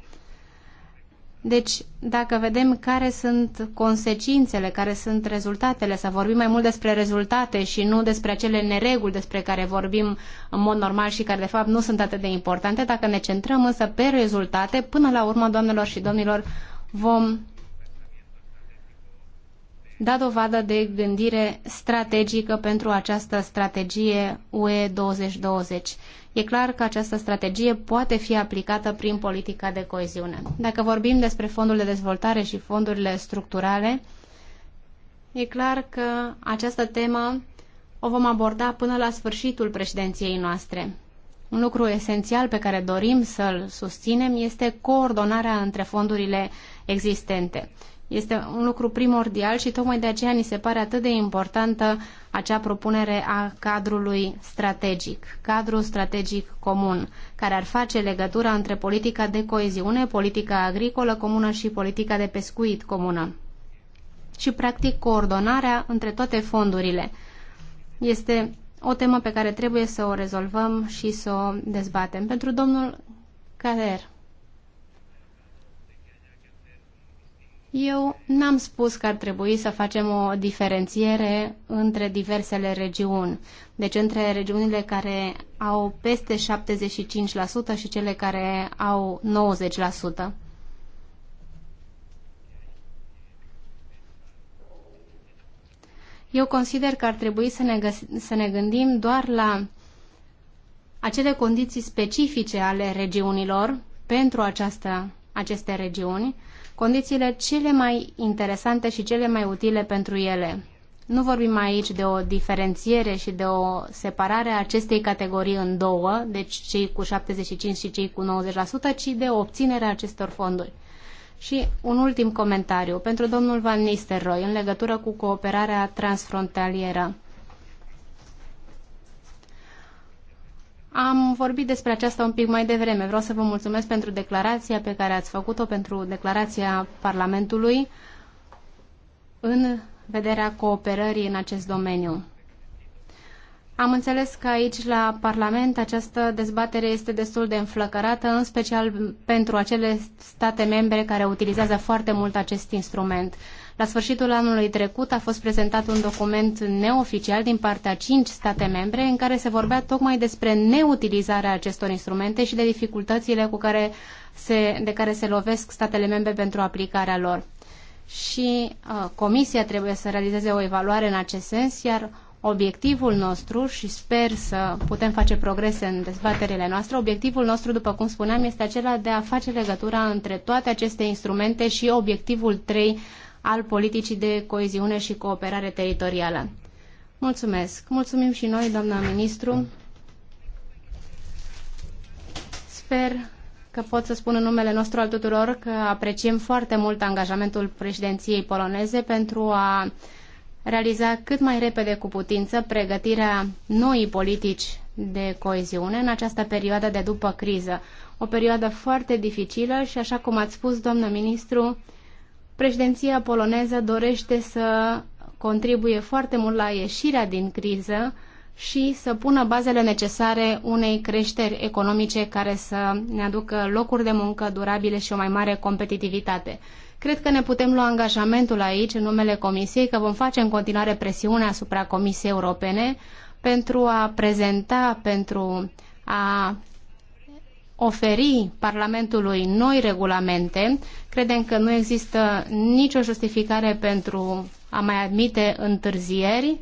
Deci, dacă vedem care sunt consecințele, care sunt rezultatele, să vorbim mai mult despre rezultate și nu despre acele nereguli despre care vorbim în mod normal și care, de fapt, nu sunt atât de importante, dacă ne centrăm însă pe rezultate, până la urmă, doamnelor și domnilor, vom da dovadă de gândire strategică pentru această strategie UE 2020. E clar că această strategie poate fi aplicată prin politica de coeziune. Dacă vorbim despre fondurile de dezvoltare și fondurile structurale, e clar că această temă o vom aborda până la sfârșitul președinției noastre. Un lucru esențial pe care dorim să-l susținem este coordonarea între fondurile existente. Este un lucru primordial și tocmai de aceea ni se pare atât de importantă acea propunere a cadrului strategic, cadrul strategic comun, care ar face legătura între politica de coeziune, politica agricolă comună și politica de pescuit comună. Și, practic, coordonarea între toate fondurile. Este o temă pe care trebuie să o rezolvăm și să o dezbatem. Pentru domnul Cader. Eu n-am spus că ar trebui să facem o diferențiere între diversele regiuni, deci între regiunile care au peste 75% și cele care au 90%. Eu consider că ar trebui să ne, să ne gândim doar la acele condiții specifice ale regiunilor pentru această, aceste regiuni condițiile cele mai interesante și cele mai utile pentru ele. Nu vorbim aici de o diferențiere și de o separare a acestei categorii în două, deci cei cu 75 și cei cu 90%, ci de obținerea acestor fonduri. Și un ultim comentariu pentru domnul Van Nistelrooy în legătură cu cooperarea transfrontalieră. Am vorbit despre aceasta un pic mai devreme. Vreau să vă mulțumesc pentru declarația pe care ați făcut-o, pentru declarația Parlamentului în vederea cooperării în acest domeniu. Am înțeles că aici la Parlament această dezbatere este destul de înflăcărată, în special pentru acele state membre care utilizează foarte mult acest instrument. La sfârșitul anului trecut a fost prezentat un document neoficial din partea cinci state membre în care se vorbea tocmai despre neutilizarea acestor instrumente și de dificultățile cu care se, de care se lovesc statele membre pentru aplicarea lor. Și uh, Comisia trebuie să realizeze o evaluare în acest sens, iar obiectivul nostru și sper să putem face progrese în dezbaterile noastre, obiectivul nostru, după cum spuneam, este acela de a face legătura între toate aceste instrumente și obiectivul 3 al politicii de coeziune și cooperare teritorială. Mulțumesc. Mulțumim și noi, doamna ministru. Sper că pot să spun în numele nostru al tuturor că apreciem foarte mult angajamentul președinției poloneze pentru a realiza cât mai repede cu putință pregătirea noii politici de coeziune în această perioadă de după criză. O perioadă foarte dificilă și, așa cum ați spus, doamnă ministru, Președinția poloneză dorește să contribuie foarte mult la ieșirea din criză și să pună bazele necesare unei creșteri economice care să ne aducă locuri de muncă durabile și o mai mare competitivitate. Cred că ne putem lua angajamentul aici, în numele Comisiei, că vom face în continuare presiune asupra Comisiei Europene pentru a prezenta, pentru a oferi Parlamentului noi regulamente, credem că nu există nicio justificare pentru a mai admite întârzieri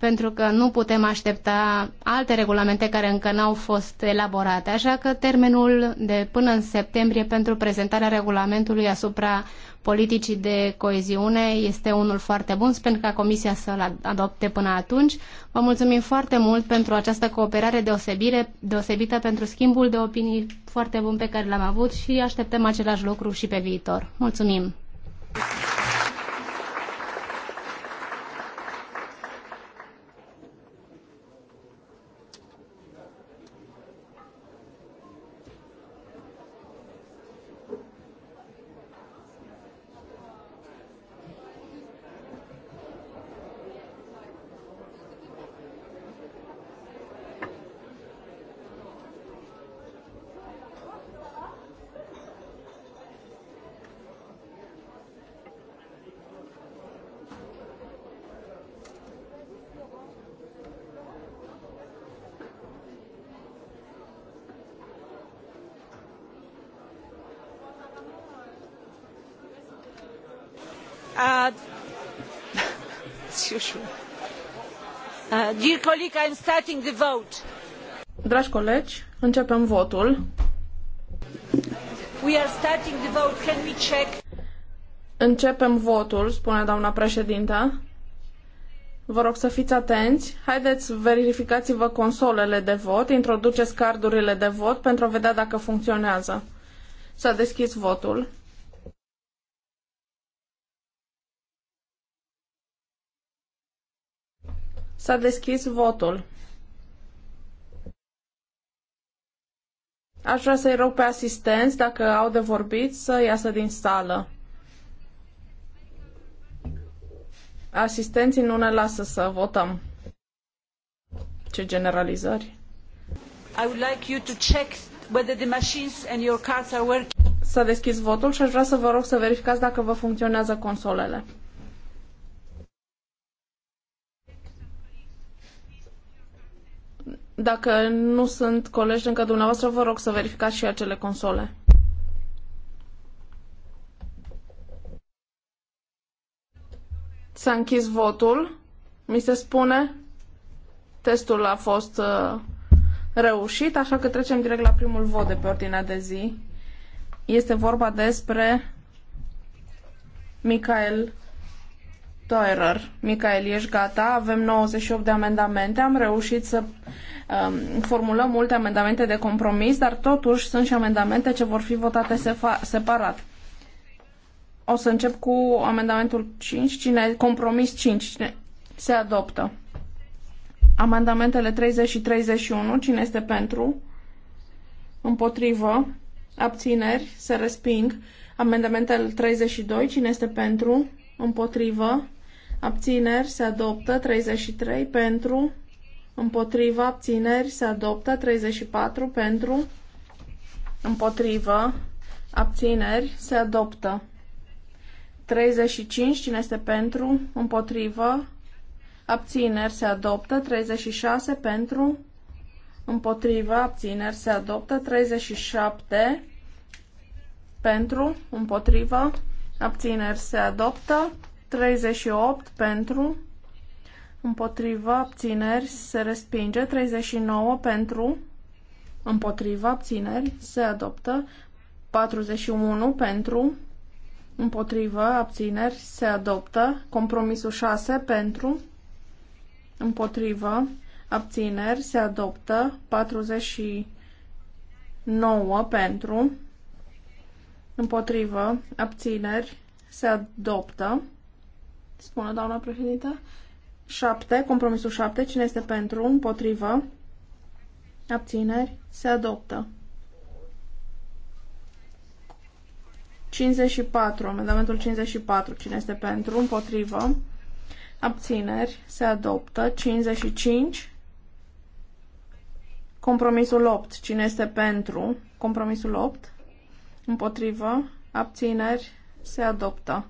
pentru că nu putem aștepta alte regulamente care încă n-au fost elaborate. Așa că termenul de până în septembrie pentru prezentarea regulamentului asupra politicii de coeziune este unul foarte bun. Sper ca Comisia să-l adopte până atunci. Vă mulțumim foarte mult pentru această cooperare deosebire, deosebită, pentru schimbul de opinii foarte bun pe care l-am avut și așteptăm același lucru și pe viitor. Mulțumim! Thank you. Uh, usual. Uh, dear colleague, I'm starting the vote. Dragi colegi, începem votul. We are starting the vote. Can we check? Începem votul, spune doamna președintă. Vă rog să fiți atenți. Haideți, verificați-vă consolele de vot, introduceți cardurile de vot pentru a vedea dacă funcționează. S-a deschis votul. S-a deschis votul. Aș vrea să-i rog pe asistenți, dacă au de vorbit, să iasă din sală. Asistenții nu ne lasă să votăm. Ce generalizări. I would like you to check whether the machines and your cards are working. S-a deschis votul și aș vrea să vă rog să verificați dacă vă funcționează consolele. Dacă nu sunt colegi încă dumneavoastră, vă rog să verificați și acele console. S-a închis votul, mi se spune. Testul a fost uh, reușit, așa că trecem direct la primul vot de pe ordinea de zi. Este vorba despre Michael Toirer. Micael, ești gata? Avem 98 de amendamente. Am reușit să um, formulăm multe amendamente de compromis, dar totuși sunt și amendamente ce vor fi votate separat. O să încep cu amendamentul 5. Cine, compromis 5. Cine se adoptă. Amendamentele 30 și 31. Cine este pentru? Împotrivă. Abțineri. Se resping. Amendamentul 32. Cine este pentru? Împotrivă. Abțineri se adoptă 33 pentru. Împotriva abțineri se adoptă 34 pentru. Împotrivă abțineri se adoptă 35. Cine este pentru? Împotrivă. Abțineri se adoptă 36 pentru. Împotrivă. Abțineri se adoptă 37 pentru. Împotrivă. Abțineri se adoptă 38 pentru, împotriva, abțineri, se respinge. 39 pentru, împotriva, abțineri, se adoptă. 41 pentru, împotrivă, abțineri, se adoptă. Compromisul 6 pentru, împotrivă, abțineri, se adoptă. 49 pentru, împotrivă, abțineri, se adoptă spune doamna președinte. 7, compromisul 7, cine este pentru, împotrivă, abțineri, se adoptă. 54, amendamentul 54, cine este pentru, împotrivă, abțineri, se adoptă. 55, compromisul 8, cine este pentru, compromisul 8, împotrivă, abțineri, se adoptă.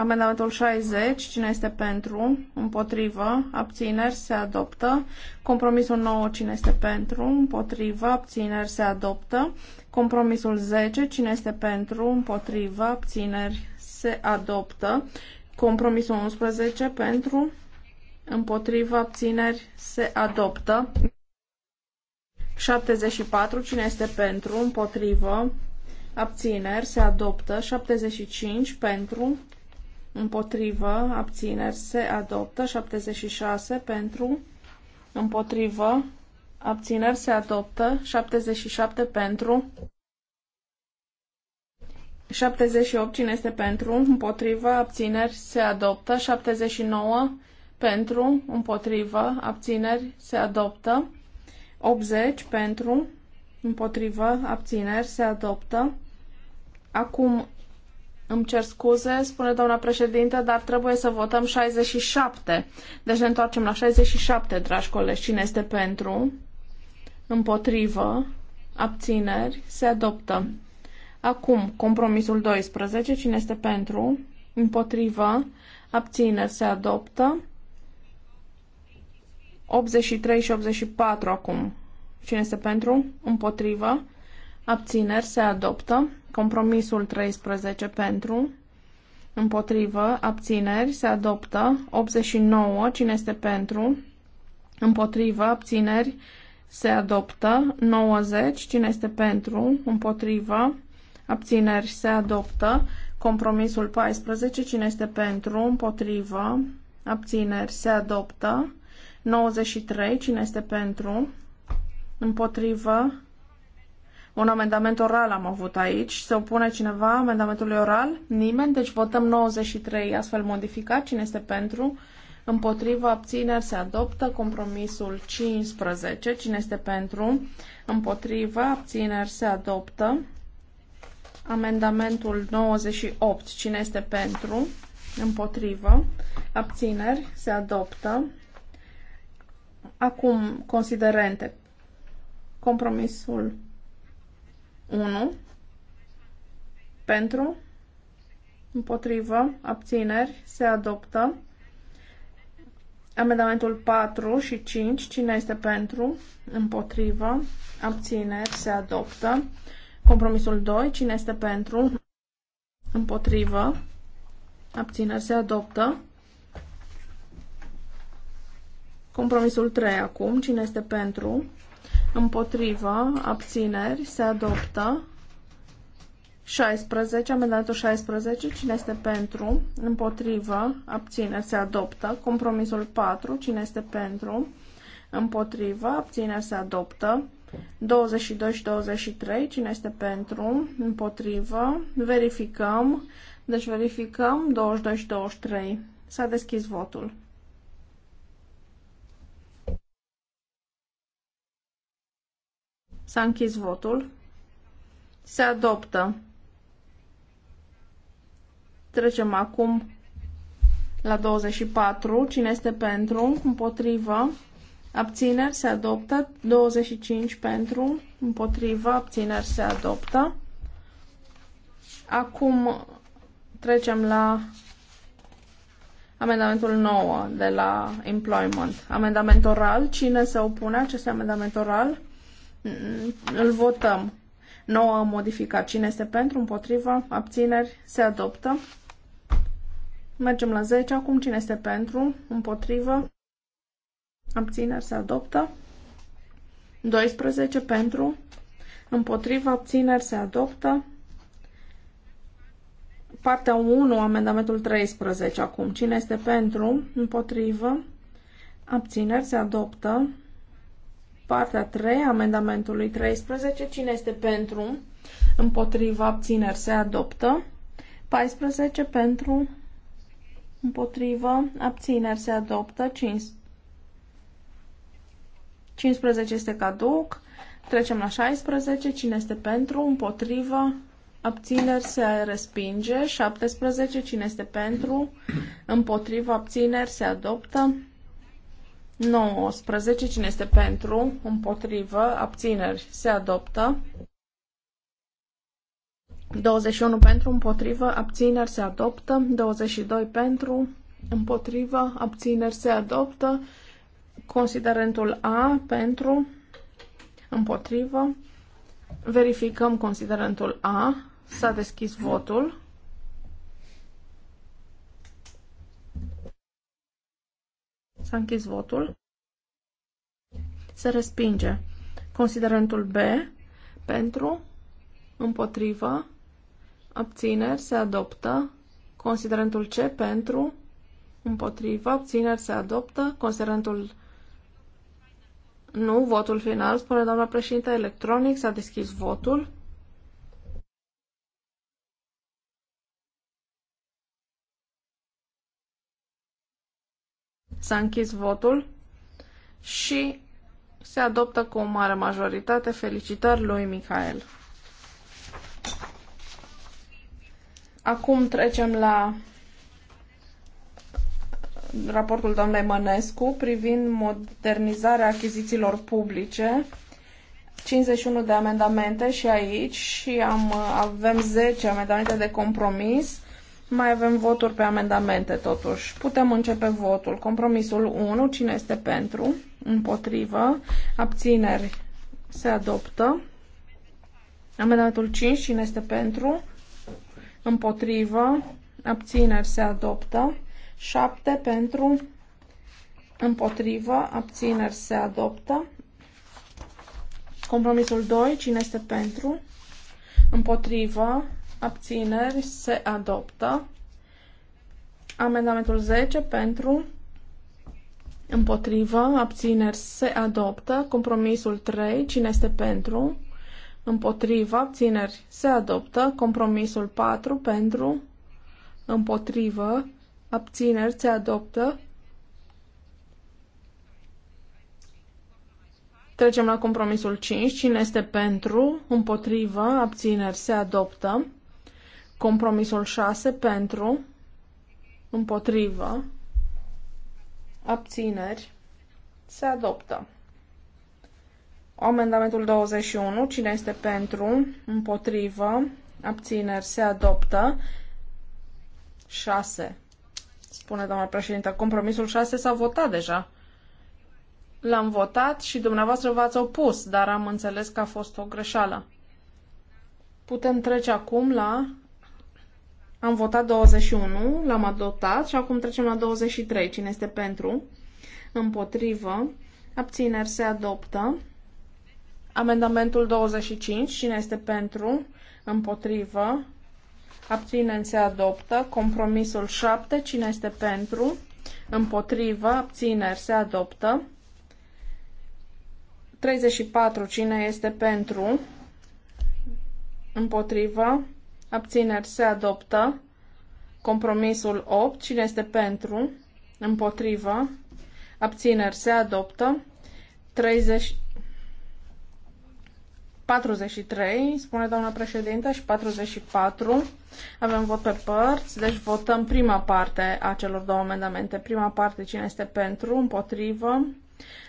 Amendamentul 60, cine este pentru, împotrivă, abțineri, se adoptă. Compromisul 9, cine este pentru, împotrivă, abțineri, se adoptă. Compromisul 10, cine este pentru, împotrivă, abțineri, se adoptă. Compromisul 11, pentru, împotrivă, abțineri, se adoptă. 74, cine este pentru, împotrivă, abțineri, se adoptă. 75, pentru, împotrivă, abțineri se adoptă, 76 pentru, împotrivă, abțineri se adoptă, 77 pentru, 78 cine este pentru, împotrivă, abțineri se adoptă, 79 pentru, împotrivă, abțineri se adoptă, 80 pentru, împotrivă, abțineri se adoptă. Acum îmi cer scuze, spune doamna președinte, dar trebuie să votăm 67. Deci ne întoarcem la 67, dragi colegi. Cine este pentru? Împotrivă? Abțineri? Se adoptă. Acum, compromisul 12. Cine este pentru? Împotrivă? Abțineri? Se adoptă. 83 și 84 acum. Cine este pentru? Împotrivă? Abțineri? Se adoptă. Compromisul 13 pentru, împotrivă, abțineri, se adoptă. 89, cine este pentru, împotrivă, abțineri, se adoptă. 90, cine este pentru, împotrivă, abțineri, se adoptă. Compromisul 14, cine este pentru, împotrivă, abțineri, se adoptă. 93, cine este pentru, împotrivă, un amendament oral am avut aici. Se opune cineva amendamentului oral? Nimeni. Deci votăm 93 astfel modificat. Cine este pentru? Împotriva abțineri se adoptă compromisul 15. Cine este pentru? Împotriva abțineri se adoptă. Amendamentul 98. Cine este pentru? Împotrivă. Abțineri se adoptă. Acum considerente. Compromisul 1 pentru, împotrivă, abțineri, se adoptă. Amendamentul 4 și 5, cine este pentru, împotrivă, abțineri, se adoptă. Compromisul 2, cine este pentru, împotrivă, abțineri, se adoptă. Compromisul 3 acum, cine este pentru, împotrivă, abțineri, se adoptă. 16, amendamentul 16, cine este pentru, împotrivă, abțineri, se adoptă. Compromisul 4, cine este pentru, împotrivă, abțineri, se adoptă. 22 și 23, cine este pentru, împotrivă, verificăm. Deci verificăm 22 și 23. S-a deschis votul. S-a închis votul. Se adoptă. Trecem acum la 24. Cine este pentru? Împotrivă. Abțineri se adoptă. 25 pentru. Împotrivă. Abțineri se adoptă. Acum trecem la amendamentul 9 de la employment. Amendament oral. Cine se opune acest amendament oral? Mm, îl votăm. 9 modificat. Cine este pentru, împotriva, abțineri, se adoptă. Mergem la 10. Acum cine este pentru, împotrivă, abțineri, se adoptă. 12 pentru, împotriva, abțineri, se adoptă. Partea 1, amendamentul 13 acum. Cine este pentru, împotrivă, abțineri, se adoptă partea 3, amendamentului 13. Cine este pentru? Împotriva abțineri se adoptă. 14 pentru. Împotriva abțineri se adoptă. 5. 15 este caduc. Trecem la 16. Cine este pentru? Împotriva. Abțineri se respinge. 17. Cine este pentru? Împotriva abțineri se adoptă. 19. Cine este pentru? Împotrivă? Abțineri? Se adoptă. 21 pentru, împotrivă, abțineri se adoptă. 22 pentru, împotrivă, abțineri se adoptă. Considerentul A pentru, împotrivă. Verificăm considerentul A. S-a deschis votul. S-a închis votul. Se respinge. Considerentul B pentru, împotrivă, abțineri se adoptă. Considerentul C pentru, împotrivă, abțineri se adoptă. Considerentul nu, votul final, spune doamna președinte, electronic, s-a deschis votul. S-a închis votul și se adoptă cu o mare majoritate. Felicitări lui Michael. Acum trecem la raportul doamnei Mănescu privind modernizarea achizițiilor publice. 51 de amendamente și aici și am, avem 10 amendamente de compromis. Mai avem voturi pe amendamente, totuși. Putem începe votul. Compromisul 1, cine este pentru? Împotrivă. Abțineri se adoptă. Amendamentul 5, cine este pentru? Împotrivă. Abțineri se adoptă. 7 pentru. Împotrivă. Abțineri se adoptă. Compromisul 2, cine este pentru? Împotrivă abțineri, se adoptă. Amendamentul 10 pentru, împotrivă, abțineri, se adoptă. Compromisul 3, cine este pentru, împotrivă, abțineri, se adoptă. Compromisul 4 pentru, împotrivă, abțineri, se adoptă. Trecem la compromisul 5. Cine este pentru, împotrivă, abțineri, se adoptă. Compromisul 6 pentru, împotrivă, abțineri, se adoptă. Amendamentul 21, cine este pentru, împotrivă, abțineri, se adoptă. 6, spune doamna președinte. Compromisul 6 s-a votat deja. L-am votat și dumneavoastră v-ați opus, dar am înțeles că a fost o greșeală. Putem trece acum la am votat 21, l-am adoptat și acum trecem la 23. Cine este pentru? Împotrivă. Abțineri se adoptă. Amendamentul 25. Cine este pentru? Împotrivă. Abțineri se adoptă. Compromisul 7. Cine este pentru? Împotrivă. Abțineri se adoptă. 34. Cine este pentru? Împotrivă abțineri se adoptă. Compromisul 8, cine este pentru, împotrivă, abțineri se adoptă. 30, 43, spune doamna președinte, și 44. Avem vot pe părți, deci votăm prima parte a celor două amendamente. Prima parte, cine este pentru, împotrivă,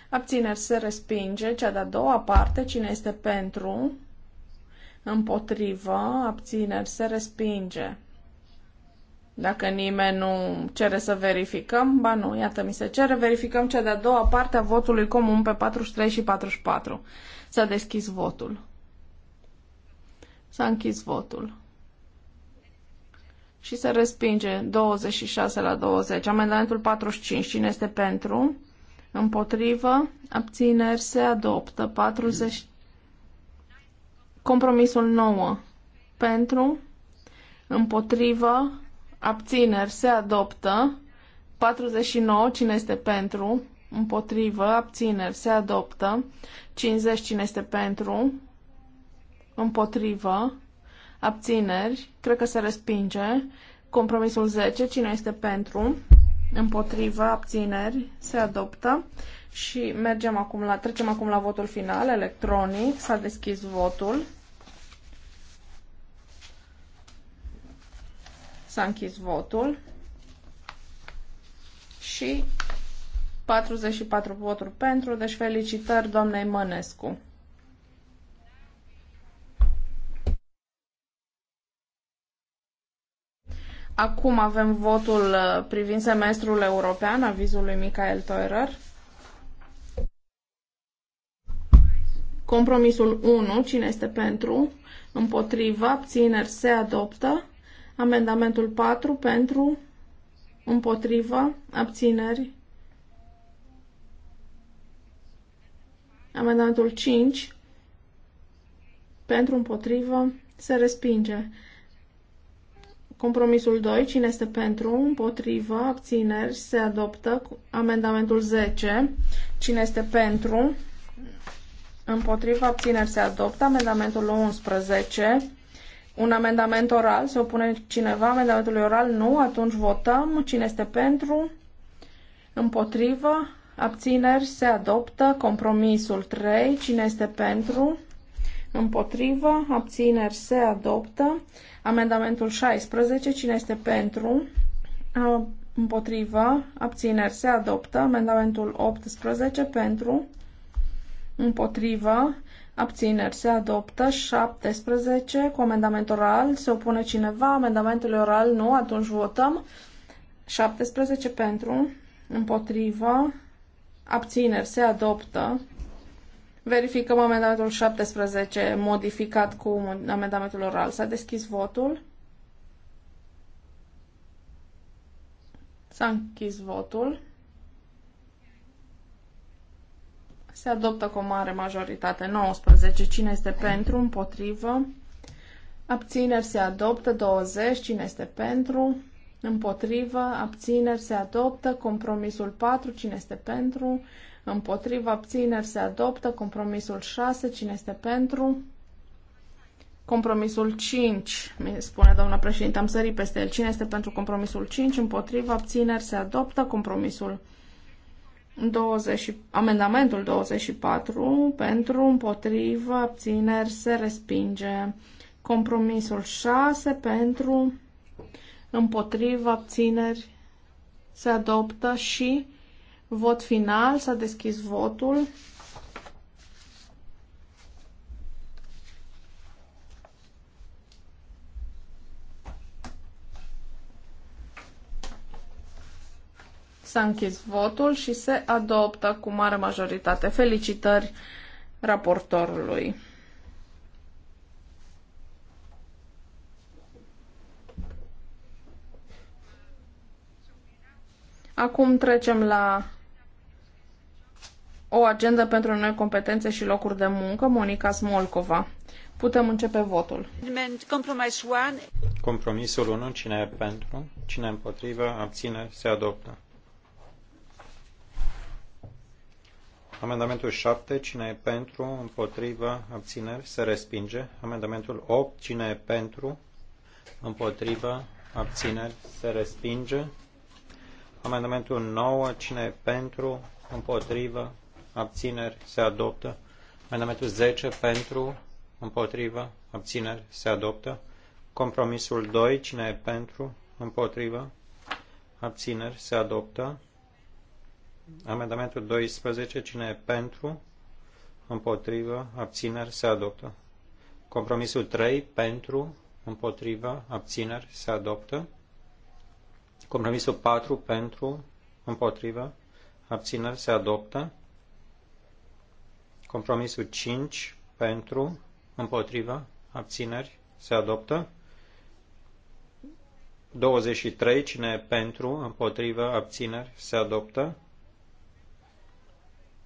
abțineri se respinge. Cea de-a doua parte, cine este pentru, împotrivă, abțineri, se respinge. Dacă nimeni nu cere să verificăm, ba nu, iată mi se cere, verificăm cea de-a doua parte a votului comun pe 43 și 44. S-a deschis votul. S-a închis votul. Și se respinge 26 la 20. Amendamentul 45. Cine este pentru? Împotrivă? Abțineri? Se adoptă. 40. Compromisul 9 pentru, împotrivă, abțineri se adoptă. 49, cine este pentru, împotrivă, abțineri se adoptă. 50, cine este pentru, împotrivă, abțineri, cred că se respinge. Compromisul 10, cine este pentru, împotrivă, abțineri se adoptă. Și mergem acum la, trecem acum la votul final, electronic. S-a deschis votul. S-a închis votul. Și 44 voturi pentru, deci felicitări doamnei Mănescu. Acum avem votul uh, privind semestrul european, avizul lui Michael Teurer. Compromisul 1, cine este pentru? Împotrivă, abțineri, se adoptă. Amendamentul 4, pentru, împotrivă, abțineri. Amendamentul 5, pentru, împotrivă, se respinge. Compromisul 2, cine este pentru, împotrivă, abțineri, se adoptă. Amendamentul 10, cine este pentru, Împotriva abțineri se adoptă. Amendamentul 11. Un amendament oral. Se opune cineva amendamentului oral? Nu. Atunci votăm. Cine este pentru? Împotrivă. Abțineri se adoptă. Compromisul 3. Cine este pentru? Împotrivă. Abțineri se adoptă. Amendamentul 16. Cine este pentru? Împotrivă. Abțineri se adoptă. Amendamentul 18 pentru împotrivă, abțineri se adoptă, 17 cu amendament oral, se opune cineva, amendamentul oral nu, atunci votăm, 17 pentru, împotrivă, abțineri se adoptă, verificăm amendamentul 17 modificat cu amendamentul oral, s-a deschis votul, s-a închis votul, Se adoptă cu o mare majoritate 19. Cine este pentru? Împotrivă. Abțineri se adoptă 20. Cine este pentru? Împotrivă. Abțineri se adoptă. Compromisul 4. Cine este pentru? Împotrivă. Abțineri se adoptă. Compromisul 6. Cine este pentru? Compromisul 5, spune doamna președinte, am sărit peste el. Cine este pentru compromisul 5? Împotrivă. Abțineri se adoptă. Compromisul 5. 20, amendamentul 24 pentru, împotrivă, abțineri se respinge. Compromisul 6 pentru, împotrivă, abțineri se adoptă și vot final, s-a deschis votul. S-a închis votul și se adoptă cu mare majoritate. Felicitări raportorului. Acum trecem la o agendă pentru noi competențe și locuri de muncă, Monica Smolcova. Putem începe votul. Compromisul 1, cine e pentru, cine împotrivă, abține, se adoptă. Amendamentul 7, cine e pentru, împotrivă, abțineri, se respinge. Amendamentul 8, cine e pentru, împotrivă, abțineri, se respinge. Amendamentul 9, cine e pentru, împotrivă, abțineri, se adoptă. Amendamentul 10, pentru, împotrivă, abțineri, se adoptă. Compromisul 2, cine e pentru, împotrivă, abțineri, se adoptă. Amendamentul 12. Cine e pentru? Împotrivă. Abțineri. Se adoptă. Compromisul 3. Pentru. Împotrivă. Abțineri. Se adoptă. Compromisul 4. Pentru. Împotrivă. Abțineri. Se adoptă. Compromisul 5. Pentru. Împotrivă. Abțineri. Se adoptă. 23. Cine e pentru, împotrivă, abțineri, se adoptă.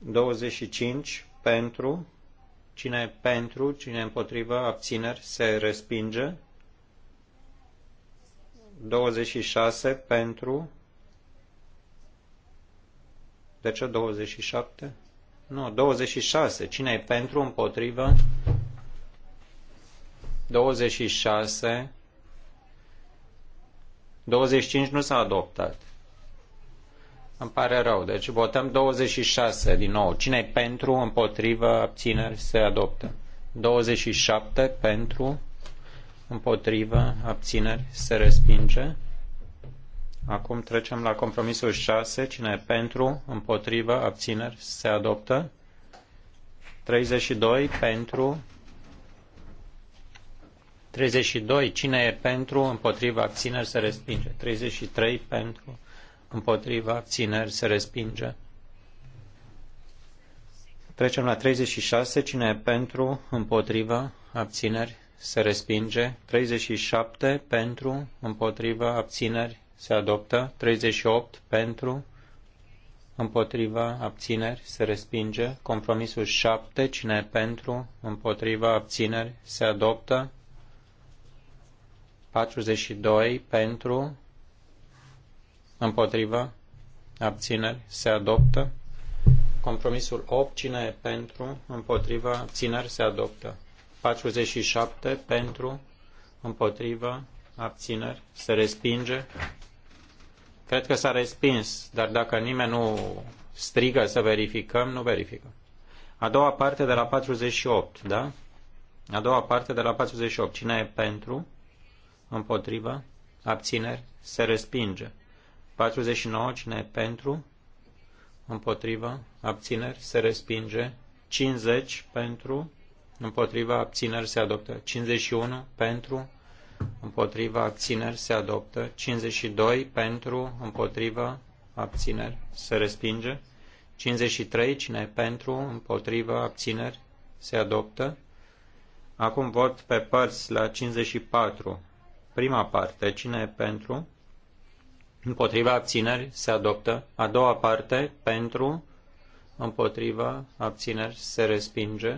25 pentru, cine e pentru, cine e împotrivă, abțineri, se respinge. 26 pentru. De ce 27? Nu, 26. Cine e pentru, împotrivă? 26. 25 nu s-a adoptat. Îmi pare rău. Deci votăm 26 din nou. cine e pentru, împotrivă, abțineri, se adoptă. 27 pentru, împotrivă, abțineri, se respinge. Acum trecem la compromisul 6. Cine e pentru, împotrivă, abțineri, se adoptă. 32 pentru. 32. Cine e pentru, împotrivă, abțineri, se respinge. 33 pentru împotriva, abțineri, se respinge. Trecem la 36. Cine e pentru, împotriva, abțineri, se respinge. 37. Pentru, împotriva, abțineri, se adoptă. 38. Pentru, împotriva, abțineri, se respinge. Compromisul 7. Cine e pentru, împotriva, abțineri, se adoptă. 42. Pentru, Împotrivă. Abțineri. Se adoptă. Compromisul 8. Cine e pentru? Împotrivă. Abțineri. Se adoptă. 47. Pentru. Împotrivă. Abțineri. Se respinge. Cred că s-a respins, dar dacă nimeni nu strigă să verificăm, nu verificăm. A doua parte de la 48, da? A doua parte de la 48. Cine e pentru? Împotrivă? Abțineri? Se respinge. 49, cine e pentru, împotriva, abțineri, se respinge. 50 pentru, împotriva, abțineri, se adoptă. 51 pentru, împotriva, abțineri, se adoptă. 52 pentru, împotriva, abțineri, se respinge. 53, cine e pentru, împotriva, abțineri, se adoptă. Acum vot pe părți la 54. Prima parte, cine e pentru, împotriva abțineri se adoptă. A doua parte pentru împotriva abțineri se respinge.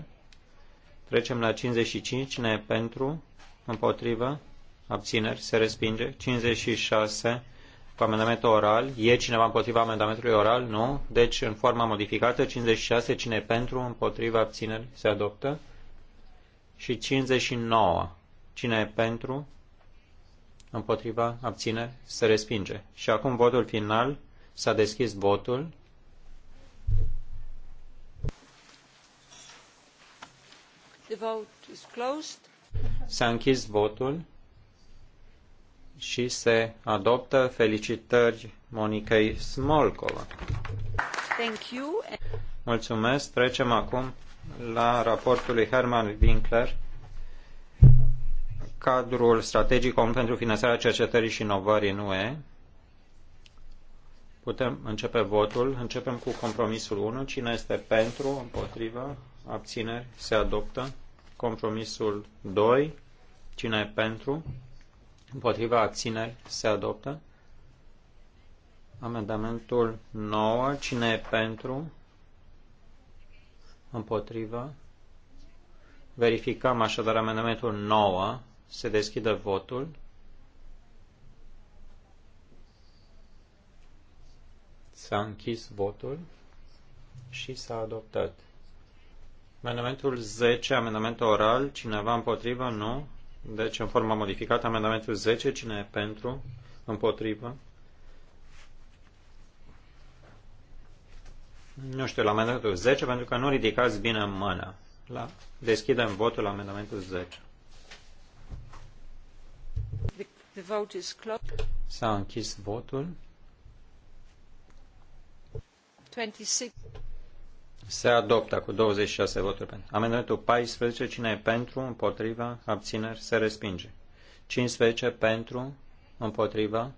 Trecem la 55, ne pentru împotriva abțineri se respinge. 56 cu amendament oral. E cineva împotriva amendamentului oral? Nu. Deci, în forma modificată, 56, cine pentru, împotriva, abțineri, se adoptă. Și 59, cine e pentru, împotriva, abține, se respinge. Și acum votul final, s-a deschis votul. The vote is closed. S-a închis votul și se adoptă felicitări Monicăi Smolcova. Thank you. Mulțumesc. Trecem acum la raportul lui Herman Winkler cadrul strategic comun pentru finanțarea cercetării și inovării în UE. Putem începe votul. Începem cu compromisul 1. Cine este pentru, împotrivă, abțineri, se adoptă. Compromisul 2. Cine e pentru, împotriva, abțineri, se adoptă. Amendamentul 9. Cine e pentru, împotrivă, Verificăm așadar amendamentul 9. Se deschide votul. S-a închis votul și s-a adoptat. Amendamentul 10, amendament oral, cineva împotrivă? Nu. Deci, în forma modificată, amendamentul 10, cine e pentru? Împotrivă? Nu știu, la amendamentul 10, pentru că nu ridicați bine mâna. La... Deschidem votul la amendamentul 10. The vote is closed. S-a închis votul. 26. Se adoptă cu 26 voturi pentru. Amendamentul 14, cine e pentru, împotriva, abțineri, se respinge. 15 pentru, împotriva,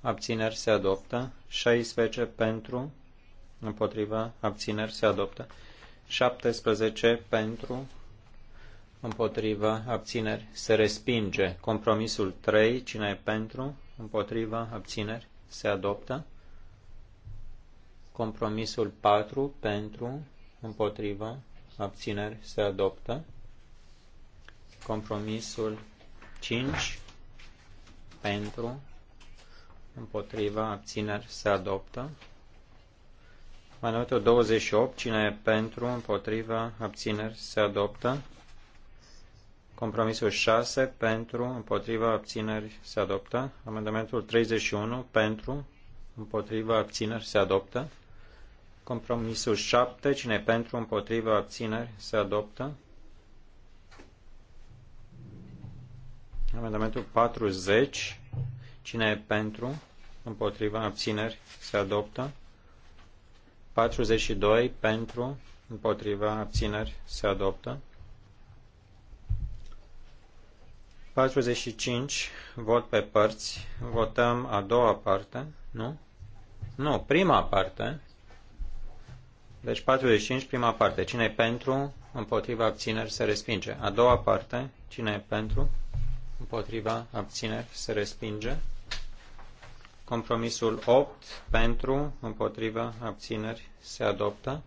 abțineri, se adoptă. 16 pentru, împotriva, abțineri, se adoptă. 17 pentru, Împotrivă. abțineri, se respinge. Compromisul 3, cine e pentru, Împotrivă. abțineri, se adoptă. Compromisul 4, pentru, Împotrivă. abțineri, se adoptă. Compromisul 5, pentru, Împotrivă. abțineri, se adoptă. Manuatul 28, cine e pentru, Împotrivă. abțineri, se adoptă. Compromisul 6 pentru, împotriva abțineri se adoptă. Amendamentul 31 pentru, împotriva abțineri se adoptă. Compromisul 7, cine pentru, împotriva abțineri se adoptă. Amendamentul 40, cine e pentru, împotriva abțineri se adoptă. 42 pentru, împotriva abțineri se adoptă. 45, vot pe părți. Votăm a doua parte, nu? Nu, prima parte. Deci 45, prima parte. Cine e pentru, împotriva abțineri, se respinge. A doua parte, cine e pentru, împotriva abțineri, se respinge. Compromisul 8, pentru, împotriva abțineri, se adoptă.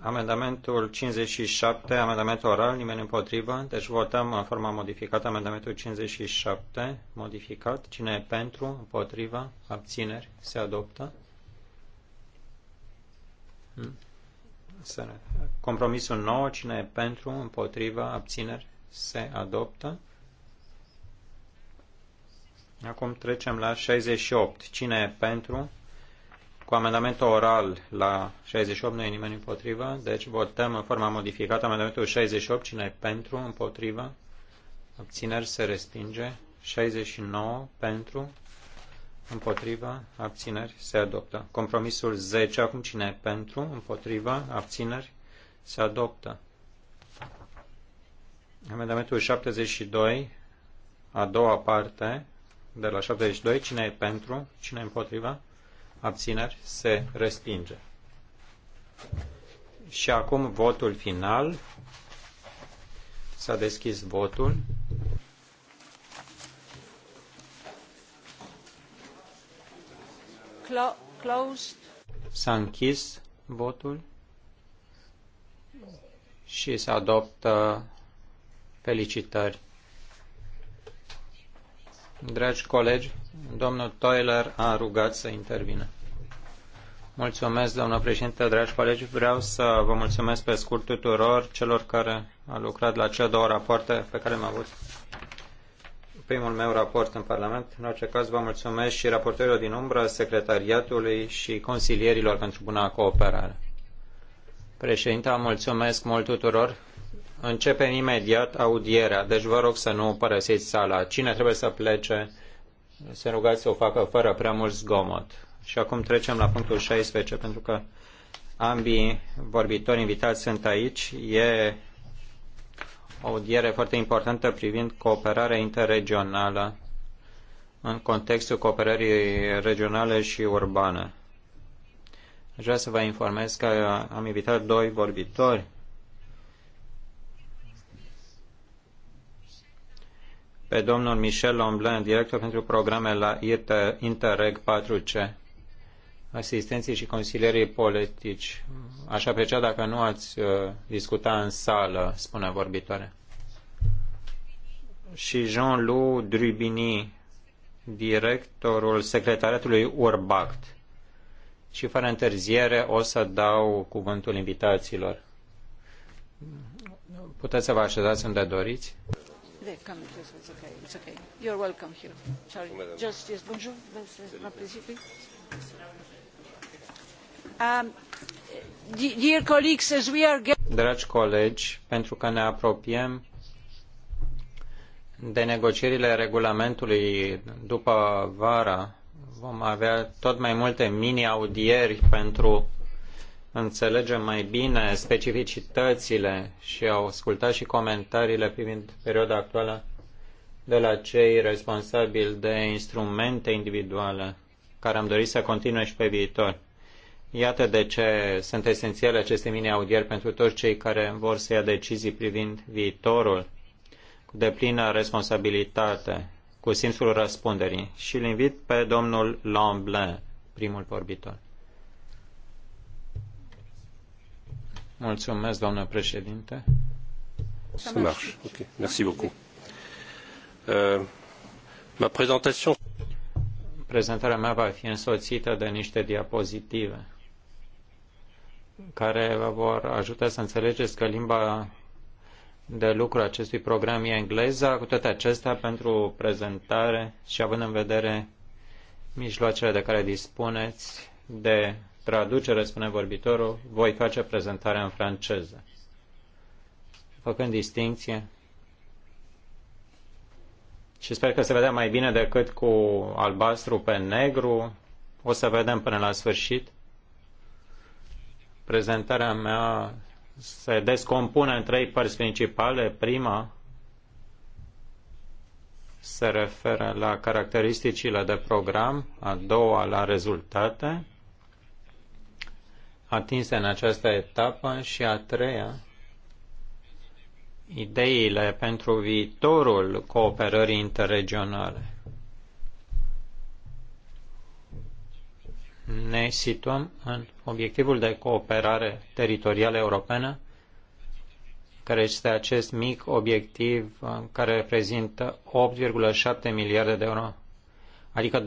Amendamentul 57, amendament oral, nimeni împotrivă. Deci votăm în forma modificată amendamentul 57, modificat. Cine e pentru, împotrivă, abțineri, se adoptă. Hmm? Compromisul 9, cine e pentru, împotrivă, abțineri, se adoptă. Acum trecem la 68. Cine e pentru, cu amendamentul oral la 68 nu e nimeni împotrivă, deci votăm în forma modificată amendamentul 68, cine e pentru, împotrivă, abțineri se respinge, 69 pentru, împotrivă, abțineri, se adoptă. Compromisul 10, acum cine e pentru, împotrivă, abțineri, se adoptă. Amendamentul 72, a doua parte, de la 72, cine e pentru, cine e împotrivă? abțineri, se respinge. Și acum votul final. S-a deschis votul. Closed. S-a închis votul și se adoptă felicitări. Dragi colegi, Domnul Toiler a rugat să intervină. Mulțumesc, doamnă președinte, dragi colegi. Vreau să vă mulțumesc pe scurt tuturor celor care au lucrat la cele două rapoarte pe care le-am avut. Primul meu raport în Parlament. În orice caz, vă mulțumesc și raportorilor din umbră, secretariatului și consilierilor pentru buna cooperare. Președinte, mulțumesc mult tuturor. Începem imediat audierea, deci vă rog să nu părăsiți sala. Cine trebuie să plece? se rugați să o facă fără prea mult zgomot. Și acum trecem la punctul 16, pentru că ambii vorbitori invitați sunt aici. E o audiere foarte importantă privind cooperarea interregională în contextul cooperării regionale și urbane. Aș vrea să vă informez că am invitat doi vorbitori pe domnul Michel Lomblin, director pentru programe la Interreg 4C, asistenții și consilierii politici. Aș aprecia dacă nu ați uh, discuta în sală, spune vorbitoare. Și Jean-Loup Drubini, directorul secretariatului Urbact. Și fără întârziere o să dau cuvântul invitațiilor. Puteți să vă așezați unde doriți. You're welcome here. Sorry. Just yes. Bonjour. Um, dear colleagues, as we are Dragi colegi, pentru că ne apropiem de negocierile regulamentului după vara, vom avea tot mai multe mini-audieri pentru înțelegem mai bine specificitățile și au ascultat și comentariile privind perioada actuală de la cei responsabili de instrumente individuale care am dorit să continue și pe viitor. Iată de ce sunt esențiale aceste mini-audieri pentru toți cei care vor să ia decizii privind viitorul cu deplină responsabilitate, cu simțul răspunderii. Și îl invit pe domnul Lamblin, primul vorbitor. Mulțumesc, doamnă președinte. marche. Ok. Merci beaucoup. Uh, ma présentation... Prezentarea mea va fi însoțită de niște diapozitive care vă vor ajuta să înțelegeți că limba de lucru acestui program e engleza. Cu toate acestea, pentru prezentare și având în vedere mijloacele de care dispuneți de traducere, spune vorbitorul, voi face prezentarea în franceză, făcând distinție. Și sper că se vedea mai bine decât cu albastru pe negru. O să vedem până la sfârșit. Prezentarea mea se descompune în trei părți principale. Prima se referă la caracteristicile de program, a doua la rezultate atinse în această etapă și a treia, ideile pentru viitorul cooperării interregionale. Ne situăm în obiectivul de cooperare teritorială europeană, care este acest mic obiectiv uh, care reprezintă 8,7 miliarde de euro, adică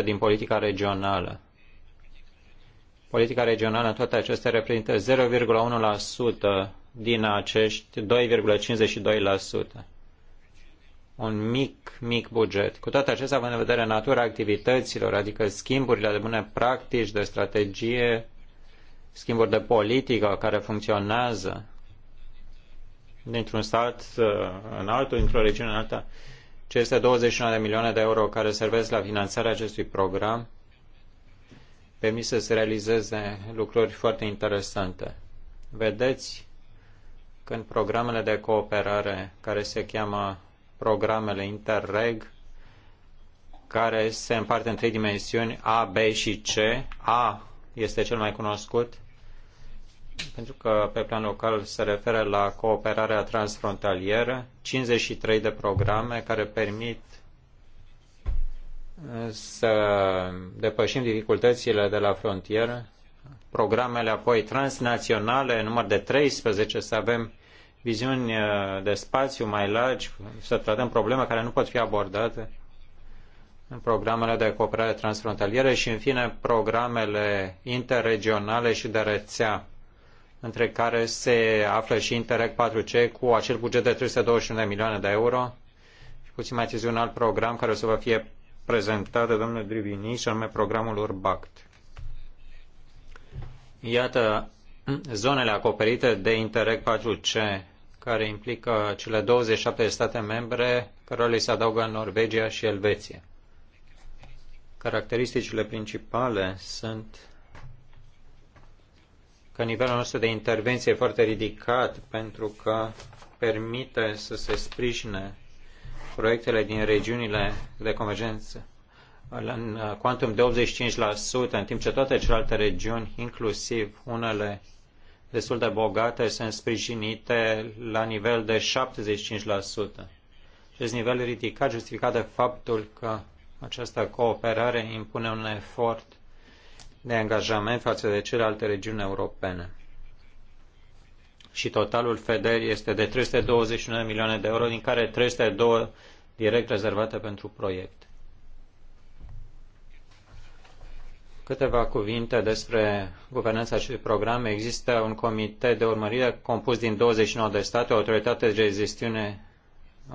2,52% din politica regională. Politica regională în toate acestea reprezintă 0,1% din acești 2,52%. Un mic, mic buget. Cu toate acestea, având în vedere natura activităților, adică schimburile de bune practici, de strategie, schimburi de politică care funcționează dintr-un stat uh, în altul, dintr-o regiune în alta, aceste 21 de milioane de euro care servesc la finanțarea acestui program permis să se realizeze lucruri foarte interesante. Vedeți când programele de cooperare care se cheamă programele Interreg, care se împart în trei dimensiuni, A, B și C. A este cel mai cunoscut pentru că pe plan local se referă la cooperarea transfrontalieră, 53 de programe care permit să depășim dificultățile de la frontieră, programele apoi transnaționale, număr de 13, să avem viziuni uh, de spațiu mai largi, să tratăm probleme care nu pot fi abordate în programele de cooperare transfrontalieră și, în fine, programele interregionale și de rețea, între care se află și Interreg 4C cu acel buget de 321 de milioane de euro și puțin mai târziu un alt program care o să vă fie prezentat de domnul Drivini și anume programul URBACT. Iată zonele acoperite de Interreg 4C, care implică cele 27 de state membre, care le se adaugă Norvegia și Elveția. Caracteristicile principale sunt că nivelul nostru de intervenție e foarte ridicat pentru că permite să se sprijine proiectele din regiunile de convergență în uh, quantum de 85%, în timp ce toate celelalte regiuni, inclusiv unele destul de bogate, sunt sprijinite la nivel de 75%. Acest nivel ridicat justificat de faptul că această cooperare impune un efort de angajament față de celelalte regiuni europene. Și totalul FEDER este de 321 milioane de euro, din care 302 direct rezervate pentru proiect. Câteva cuvinte despre guvernanța și program. Există un comitet de urmărire compus din 29 de state, autoritate de gestiune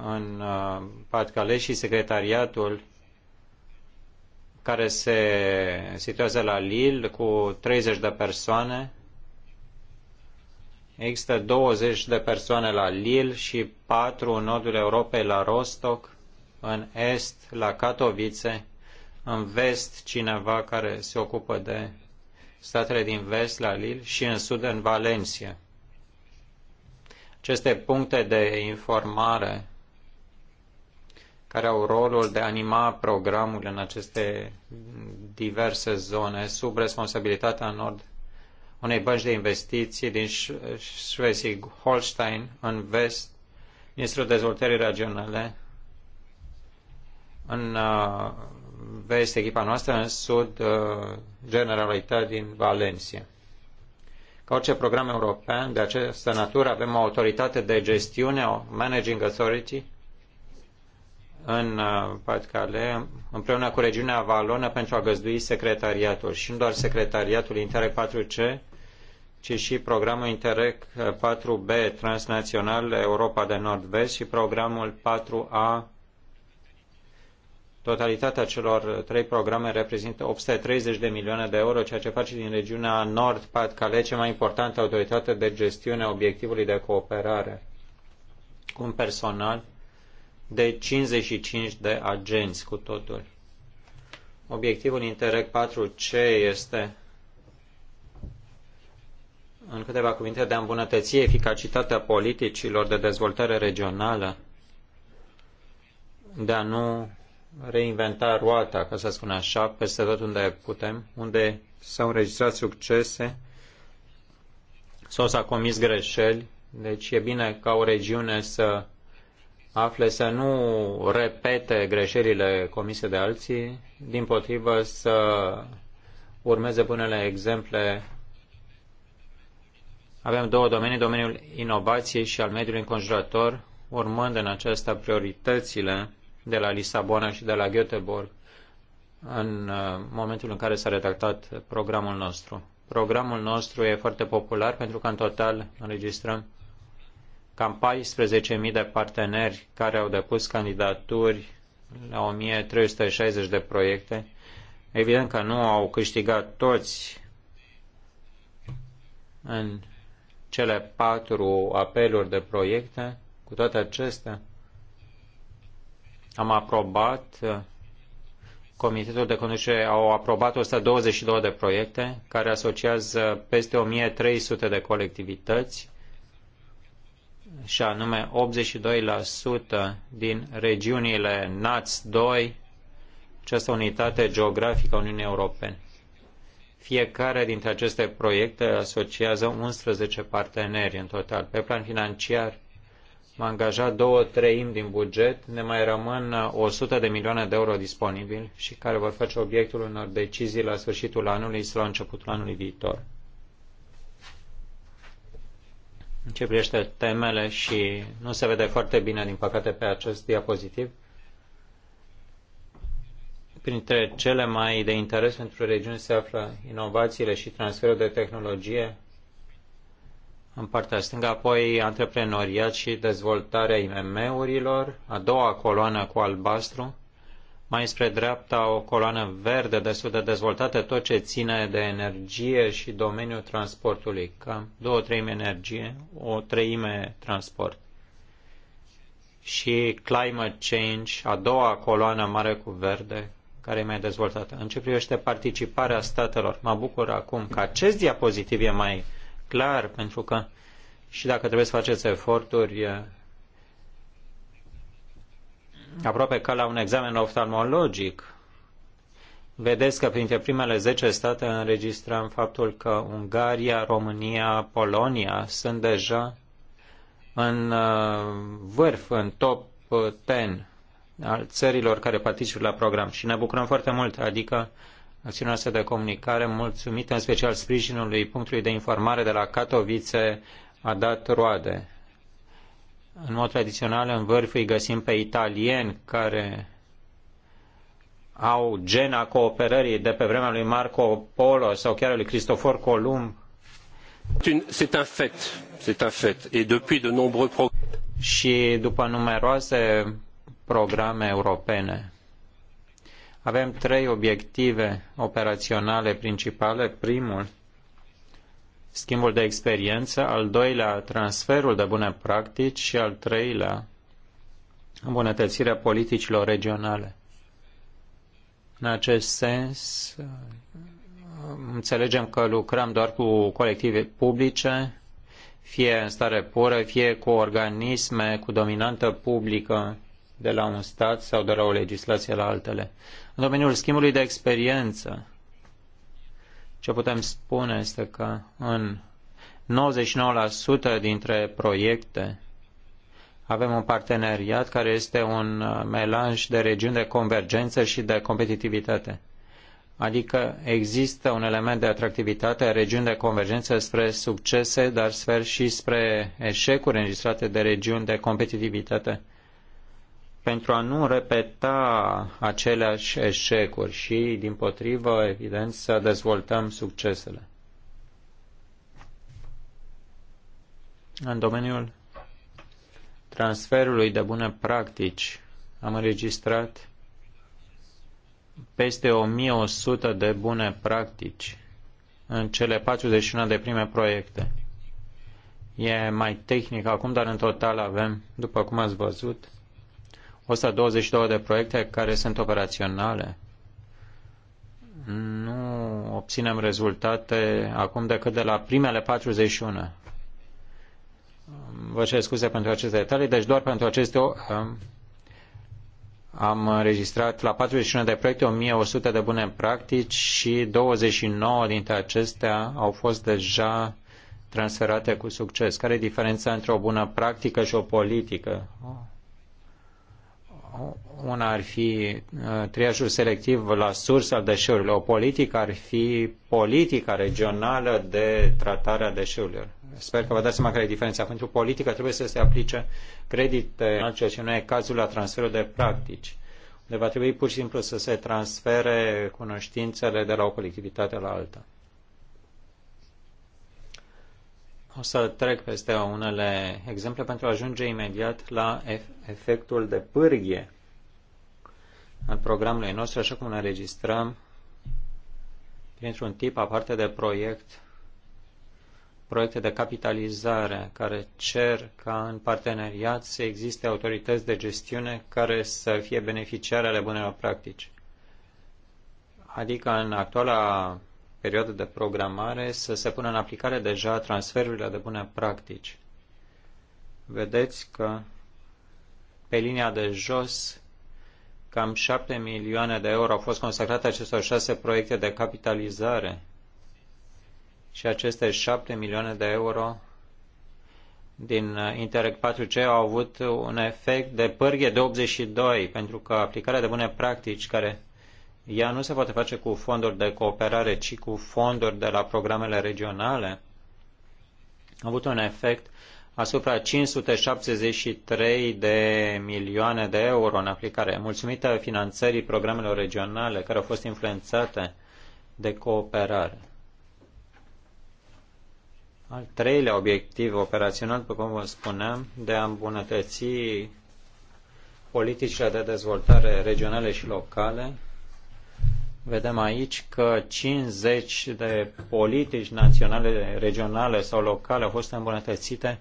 în uh, Patcale și secretariatul care se situează la Lille cu 30 de persoane. Există 20 de persoane la Lille și 4 în Europei la Rostock în est, la Katowice, în vest cineva care se ocupă de statele din vest, la Lille, și în sud, în Valencia. Aceste puncte de informare care au rolul de a anima programul în aceste diverse zone sub responsabilitatea Nord unei bănci de investiții din Schleswig-Holstein în vest, Ministrul Dezvoltării Regionale, în uh, vest echipa noastră, în sud uh, generalitatea din Valencia. Ca orice program european de această natură, avem o autoritate de gestiune, o Managing Authority, în uh, Patcale, împreună cu regiunea Valonă pentru a găzdui secretariatul și nu doar secretariatul Interreg 4C, ci și programul Interreg 4B transnațional Europa de Nord-Vest și programul 4A Totalitatea celor trei programe reprezintă 830 de milioane de euro, ceea ce face din regiunea Nord-Pat-Cale cea mai importantă autoritate de gestiune a obiectivului de cooperare, cu un personal de 55 de agenți cu totul. Obiectivul Interreg 4C este în câteva cuvinte, de a îmbunătăți eficacitatea politicilor de dezvoltare regională, de a nu reinventa roata, ca să spun așa, peste tot unde putem, unde s-au înregistrat succese sau s-a comis greșeli. Deci e bine ca o regiune să afle să nu repete greșelile comise de alții, din potrivă să urmeze bunele exemple. Avem două domenii, domeniul inovației și al mediului înconjurător, urmând în acesta prioritățile de la Lisabona și de la Göteborg în uh, momentul în care s-a redactat programul nostru. Programul nostru e foarte popular pentru că în total înregistrăm cam 14.000 de parteneri care au depus candidaturi la 1360 de proiecte. Evident că nu au câștigat toți în cele patru apeluri de proiecte. Cu toate acestea, am aprobat, uh, Comitetul de Conducere au aprobat 122 de proiecte care asociază peste 1300 de colectivități și anume 82% din regiunile NATS 2, această unitate geografică a Uniunii Europene. Fiecare dintre aceste proiecte asociază 11 parteneri în total. Pe plan financiar, m-a angajat două treimi din buget, ne mai rămân 100 uh, de milioane de euro disponibili și care vor face obiectul unor decizii la sfârșitul anului sau la începutul anului viitor. În ce privește temele și nu se vede foarte bine, din păcate, pe acest diapozitiv, printre cele mai de interes pentru regiuni se află inovațiile și transferul de tehnologie, în partea stângă, apoi antreprenoriat și dezvoltarea IMM-urilor, a doua coloană cu albastru, mai spre dreapta o coloană verde destul de dezvoltată, tot ce ține de energie și domeniul transportului, cam două treime energie, o treime transport. Și climate change, a doua coloană mare cu verde, care e mai dezvoltată. În ce privește participarea statelor, mă bucur acum că acest diapozitiv e mai clar, pentru că și dacă trebuie să faceți eforturi aproape ca la un examen oftalmologic, vedeți că printre primele 10 state înregistrăm faptul că Ungaria, România, Polonia sunt deja în uh, vârf, în top 10 uh, al țărilor care participă la program și ne bucurăm foarte mult, adică acțiunea noastră de comunicare, mulțumită în special sprijinului punctului de informare de la Katowice, a dat roade. În mod tradițional, în vârf îi găsim pe italieni care au gena cooperării de pe vremea lui Marco Polo sau chiar lui Cristofor Columb. C'est un fait, c'est un fait. Et depuis de nombreux progr- și după numeroase programe europene avem trei obiective operaționale principale. Primul, schimbul de experiență, al doilea, transferul de bune practici și al treilea, îmbunătățirea politicilor regionale. În acest sens, înțelegem că lucrăm doar cu colective publice, fie în stare pură, fie cu organisme cu dominantă publică de la un stat sau de la o legislație la altele. În domeniul schimbului de experiență, ce putem spune este că în 99% dintre proiecte avem un parteneriat care este un uh, melanj de regiuni de convergență și de competitivitate. Adică există un element de atractivitate a regiuni de convergență spre succese, dar sper și spre eșecuri înregistrate de regiuni de competitivitate pentru a nu repeta aceleași eșecuri și, din potrivă, evident, să dezvoltăm succesele. În domeniul transferului de bune practici am înregistrat peste 1100 de bune practici în cele 41 de prime proiecte. E mai tehnic acum, dar în total avem, după cum ați văzut, 122 de proiecte care sunt operaționale. Nu obținem rezultate acum decât de la primele 41. Vă cer scuze pentru aceste detalii, deci doar pentru aceste uh, am înregistrat la 41 de proiecte 1100 de bune practici și 29 dintre acestea au fost deja transferate cu succes. Care e diferența între o bună practică și o politică? Una ar fi uh, triajul selectiv la sursă al deșeurilor. O politică ar fi politica regională de tratare a deșeurilor. Sper că vă dați seama care e diferența. Pentru politică trebuie să se aplice credite, ceea ce nu e cazul la transferul de practici. Unde va trebui pur și simplu să se transfere cunoștințele de la o colectivitate la alta. O să trec peste unele exemple pentru a ajunge imediat la efectul de pârghie al programului nostru, așa cum ne înregistrăm printr-un tip aparte de proiect, proiecte de capitalizare care cer ca în parteneriat să existe autorități de gestiune care să fie beneficiare ale bunelor practici. Adică în actuala perioadă de programare să se pună în aplicare deja transferurile de bune practici. Vedeți că pe linia de jos cam 7 milioane de euro au fost consacrate acestor șase proiecte de capitalizare și aceste 7 milioane de euro din Interreg 4C au avut un efect de pârghie de 82, pentru că aplicarea de bune practici care ea nu se poate face cu fonduri de cooperare, ci cu fonduri de la programele regionale. A avut un efect asupra 573 de milioane de euro în aplicare, mulțumită finanțării programelor regionale care au fost influențate de cooperare. Al treilea obiectiv operațional, după cum vă spuneam, de a îmbunătăți politicile de dezvoltare regionale și locale, Vedem aici că 50 de politici naționale, regionale sau locale au fost îmbunătățite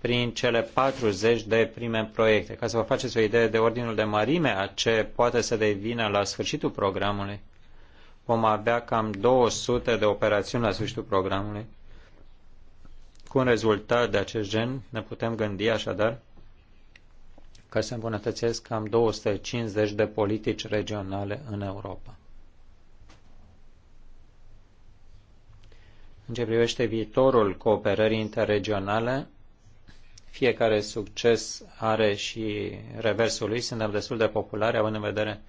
prin cele 40 de prime proiecte. Ca să vă faceți o idee de ordinul de mărime a ce poate să devină la sfârșitul programului, vom avea cam 200 de operațiuni la sfârșitul programului. Cu un rezultat de acest gen ne putem gândi așadar că se îmbunătățesc cam 250 de politici regionale în Europa. În ce privește viitorul cooperării interregionale, fiecare succes are și reversul lui. Suntem destul de populare, având în vedere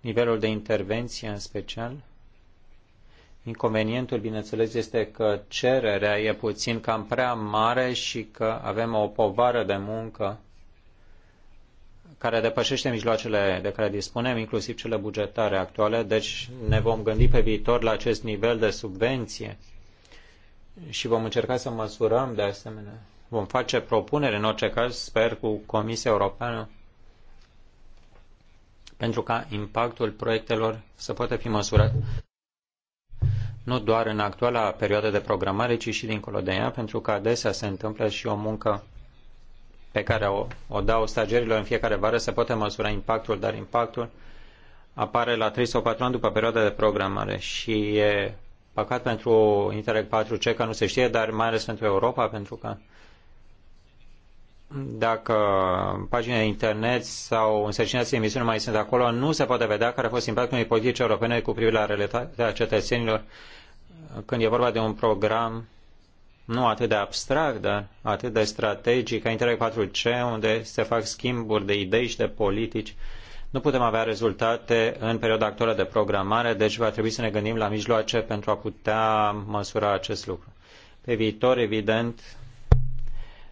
nivelul de intervenție în special. Inconvenientul, bineînțeles, este că cererea e puțin cam prea mare și că avem o povară de muncă care depășește mijloacele de care dispunem, inclusiv cele bugetare actuale, deci ne vom gândi pe viitor la acest nivel de subvenție și vom încerca să măsurăm de asemenea. Vom face propunere în orice caz, sper, cu Comisia Europeană pentru ca impactul proiectelor să poată fi măsurat nu doar în actuala perioadă de programare, ci și dincolo de ea, pentru că adesea se întâmplă și o muncă pe care o, o dau stagerilor în fiecare vară, să poată măsura impactul, dar impactul apare la 3 sau 4 ani după perioada de programare și e Păcat pentru Interreg 4C că nu se știe, dar mai ales pentru Europa, pentru că dacă paginile internet sau însărcinați emisiuni mai sunt acolo, nu se poate vedea care a fost impactul unei politici europene cu privire la realitatea cetățenilor când e vorba de un program nu atât de abstract, dar atât de strategic, ca Interreg 4C, unde se fac schimburi de idei și de politici nu putem avea rezultate în perioada actuală de programare, deci va trebui să ne gândim la mijloace pentru a putea măsura acest lucru. Pe viitor, evident,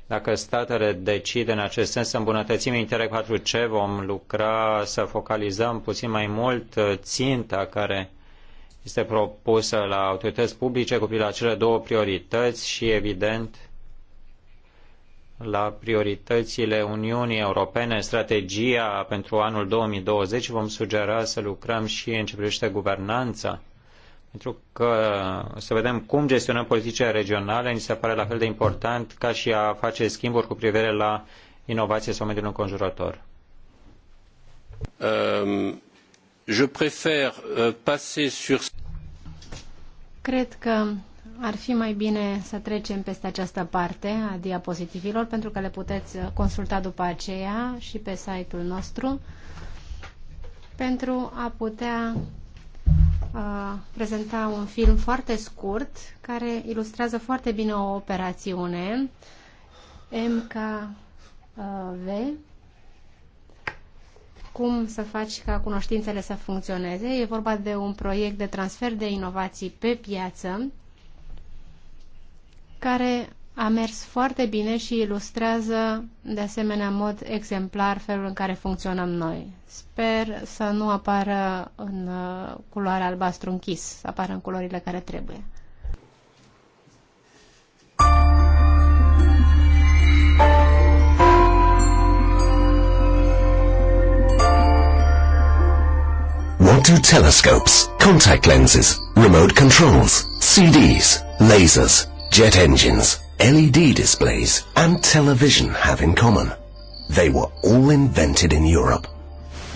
dacă statele decide în acest sens să îmbunătățim Interreg 4C, vom lucra să focalizăm puțin mai mult uh, ținta care este propusă la autorități publice cu privire la cele două priorități și, evident, la prioritățile Uniunii Europene, strategia pentru anul 2020, vom sugera să lucrăm și în ce privește guvernanța, pentru că să vedem cum gestionăm politicile regionale, ni se pare la fel de important ca și a face schimburi cu privire la inovație sau mediul înconjurător. Um, je uh, passer sur... Cred că ar fi mai bine să trecem peste această parte a diapozitivilor pentru că le puteți consulta după aceea și pe site-ul nostru pentru a putea uh, prezenta un film foarte scurt care ilustrează foarte bine o operațiune MKV cum să faci ca cunoștințele să funcționeze. E vorba de un proiect de transfer de inovații pe piață care a mers foarte bine și ilustrează de asemenea în mod exemplar felul în care funcționăm noi. Sper să nu apară în uh, culoare albastru închis, să apară în culorile care trebuie. What do telescopes, contact lenses, remote controls, CDs, lasers, jet engines, LED displays and television have in common. They were all invented in Europe.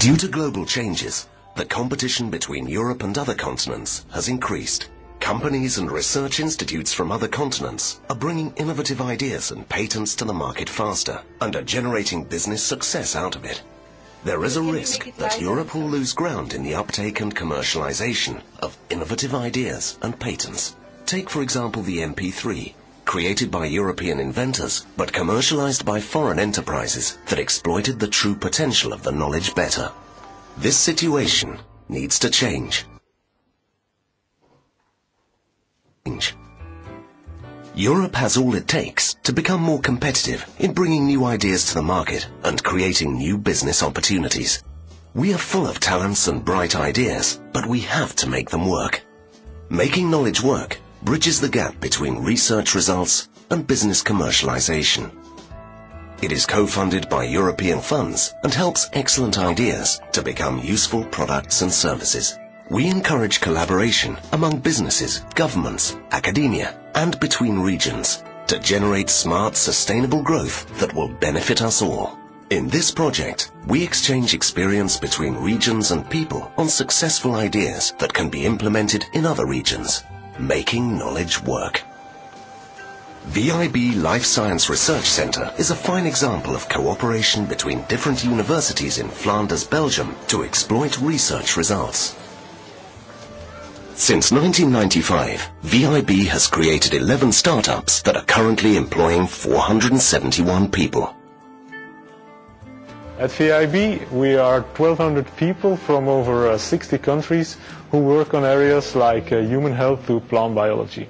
Due to global changes, the competition between Europe and other continents has increased. Companies and research institutes from other continents are bringing innovative ideas and patents to the market faster and are generating business success out of it. There is a risk that Europe will lose ground in the uptake and commercialization of innovative ideas and patents. Take, for example, the MP3, created by European inventors, but commercialized by foreign enterprises that exploited the true potential of the knowledge better. This situation needs to change. Europe has all it takes to become more competitive in bringing new ideas to the market and creating new business opportunities. We are full of talents and bright ideas, but we have to make them work. Making knowledge work bridges the gap between research results and business commercialization. It is co-funded by European funds and helps excellent ideas to become useful products and services. We encourage collaboration among businesses, governments, academia, and between regions to generate smart, sustainable growth that will benefit us all. In this project, we exchange experience between regions and people on successful ideas that can be implemented in other regions making knowledge work. VIB Life Science Research Centre is a fine example of cooperation between different universities in Flanders, Belgium to exploit research results. Since 1995, VIB has created 11 startups that are currently employing 471 people. At VIB, we are 1,200 people from over uh, 60 countries who work on areas like uh, human health to plant biology.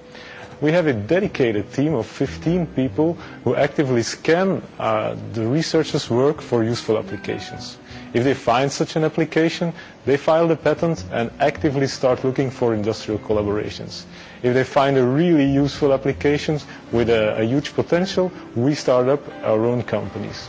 We have a dedicated team of 15 people who actively scan uh, the researchers' work for useful applications. If they find such an application, they file the patent and actively start looking for industrial collaborations. If they find a really useful application with a, a huge potential, we start up our own companies.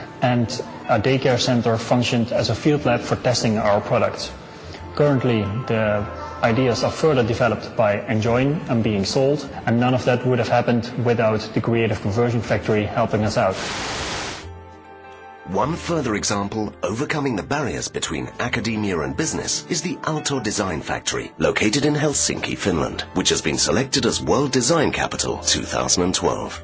and a daycare center functioned as a field lab for testing our products. Currently, the ideas are further developed by enjoying and Being Sold, and none of that would have happened without the Creative Conversion Factory helping us out. One further example overcoming the barriers between academia and business is the Alto Design Factory, located in Helsinki, Finland, which has been selected as World Design Capital 2012.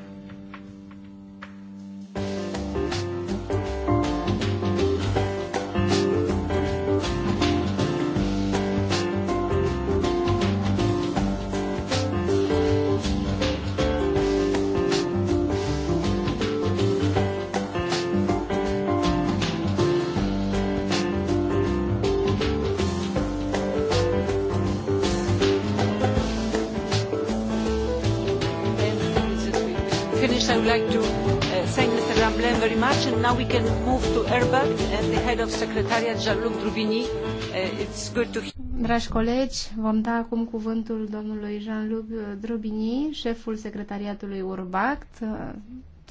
Eh, Dragi colegi, vom da acum cuvântul domnului Jean-Luc Drubini, eh, șeful secretariatului Urbact, eh,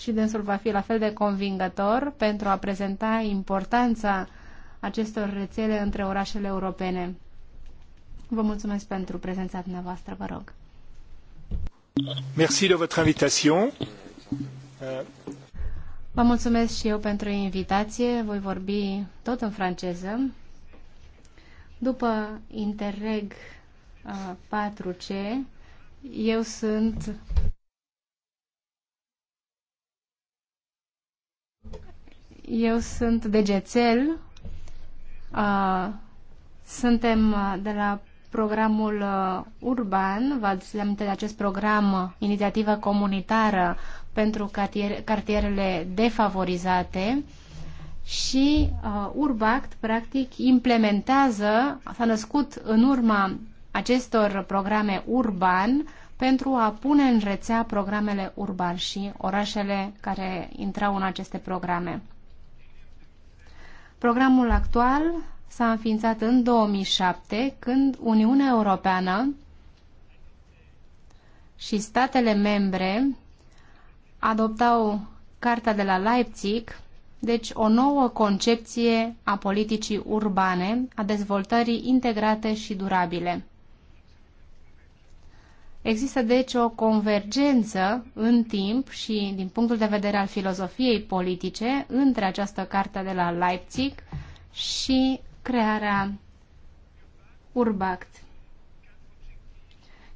și dânsul va fi la fel de convingător pentru a prezenta importanța acestor rețele între orașele europene. Vă mulțumesc pentru prezența dumneavoastră, vă rog. Merci de votre invitation. Euh, Vă mulțumesc și eu pentru invitație. Voi vorbi tot în franceză. După Interreg 4C, uh, eu sunt eu sunt degețel. Uh, suntem uh, de la programul urban, vă aduceți aminte de acest program, inițiativă comunitară pentru cartier, cartierele defavorizate și uh, Urbact, practic, implementează, s-a născut în urma acestor programe urban pentru a pune în rețea programele urban și orașele care intrau în aceste programe. Programul actual s-a înființat în 2007, când Uniunea Europeană și statele membre adoptau Carta de la Leipzig, deci o nouă concepție a politicii urbane, a dezvoltării integrate și durabile. Există deci o convergență în timp și din punctul de vedere al filozofiei politice între această carte de la Leipzig și crearea Urbact.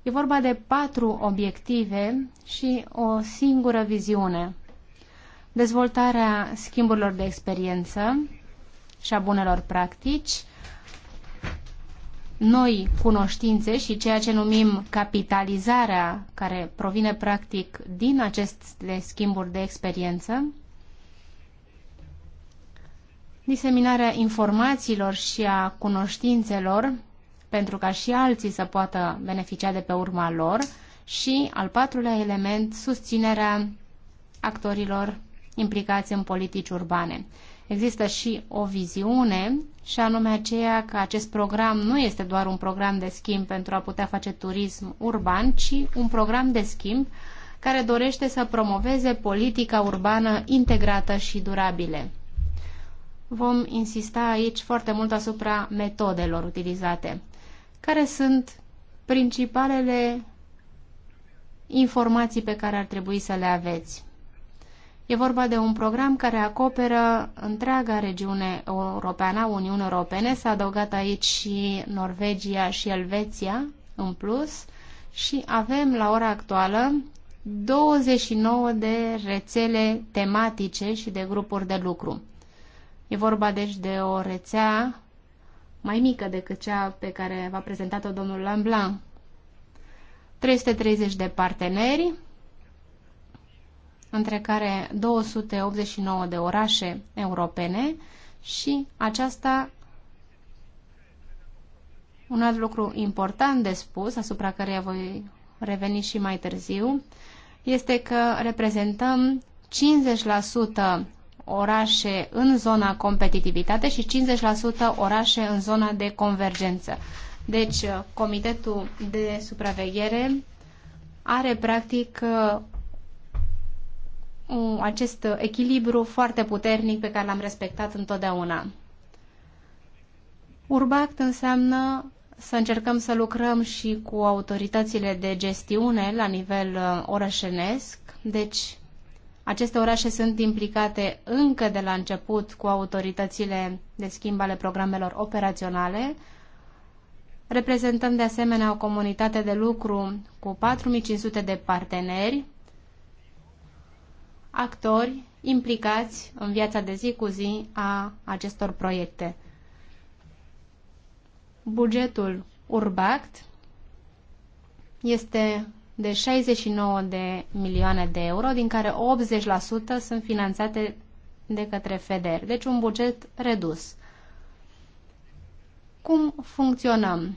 E vorba de patru obiective și o singură viziune. Dezvoltarea schimburilor de experiență și a bunelor practici, noi cunoștințe și ceea ce numim capitalizarea, care provine practic din aceste schimburi de experiență, diseminarea informațiilor și a cunoștințelor pentru ca și alții să poată beneficia de pe urma lor și, al patrulea element, susținerea actorilor implicați în politici urbane. Există și o viziune și anume aceea că acest program nu este doar un program de schimb pentru a putea face turism urban, ci un program de schimb care dorește să promoveze politica urbană integrată și durabile. Vom insista aici foarte mult asupra metodelor utilizate care sunt principalele informații pe care ar trebui să le aveți. E vorba de un program care acoperă întreaga regiune europeană Uniunea Europene. S-a adăugat aici și Norvegia și Elveția în plus și avem la ora actuală 29 de rețele tematice și de grupuri de lucru. E vorba deci de o rețea mai mică decât cea pe care v-a prezentat-o domnul Lamblanc. 330 de parteneri, între care 289 de orașe europene și aceasta un alt lucru important de spus, asupra căreia voi reveni și mai târziu, este că reprezentăm 50% orașe în zona competitivitate și 50% orașe în zona de convergență. Deci, uh, Comitetul de Supraveghere are practic uh, acest echilibru foarte puternic pe care l-am respectat întotdeauna. Urbact înseamnă să încercăm să lucrăm și cu autoritățile de gestiune la nivel uh, orășenesc, deci aceste orașe sunt implicate încă de la început cu autoritățile de schimb ale programelor operaționale. Reprezentăm de asemenea o comunitate de lucru cu 4500 de parteneri, actori implicați în viața de zi cu zi a acestor proiecte. Bugetul Urbact este de 69 de milioane de euro, din care 80% sunt finanțate de către FEDER, deci un buget redus. Cum funcționăm?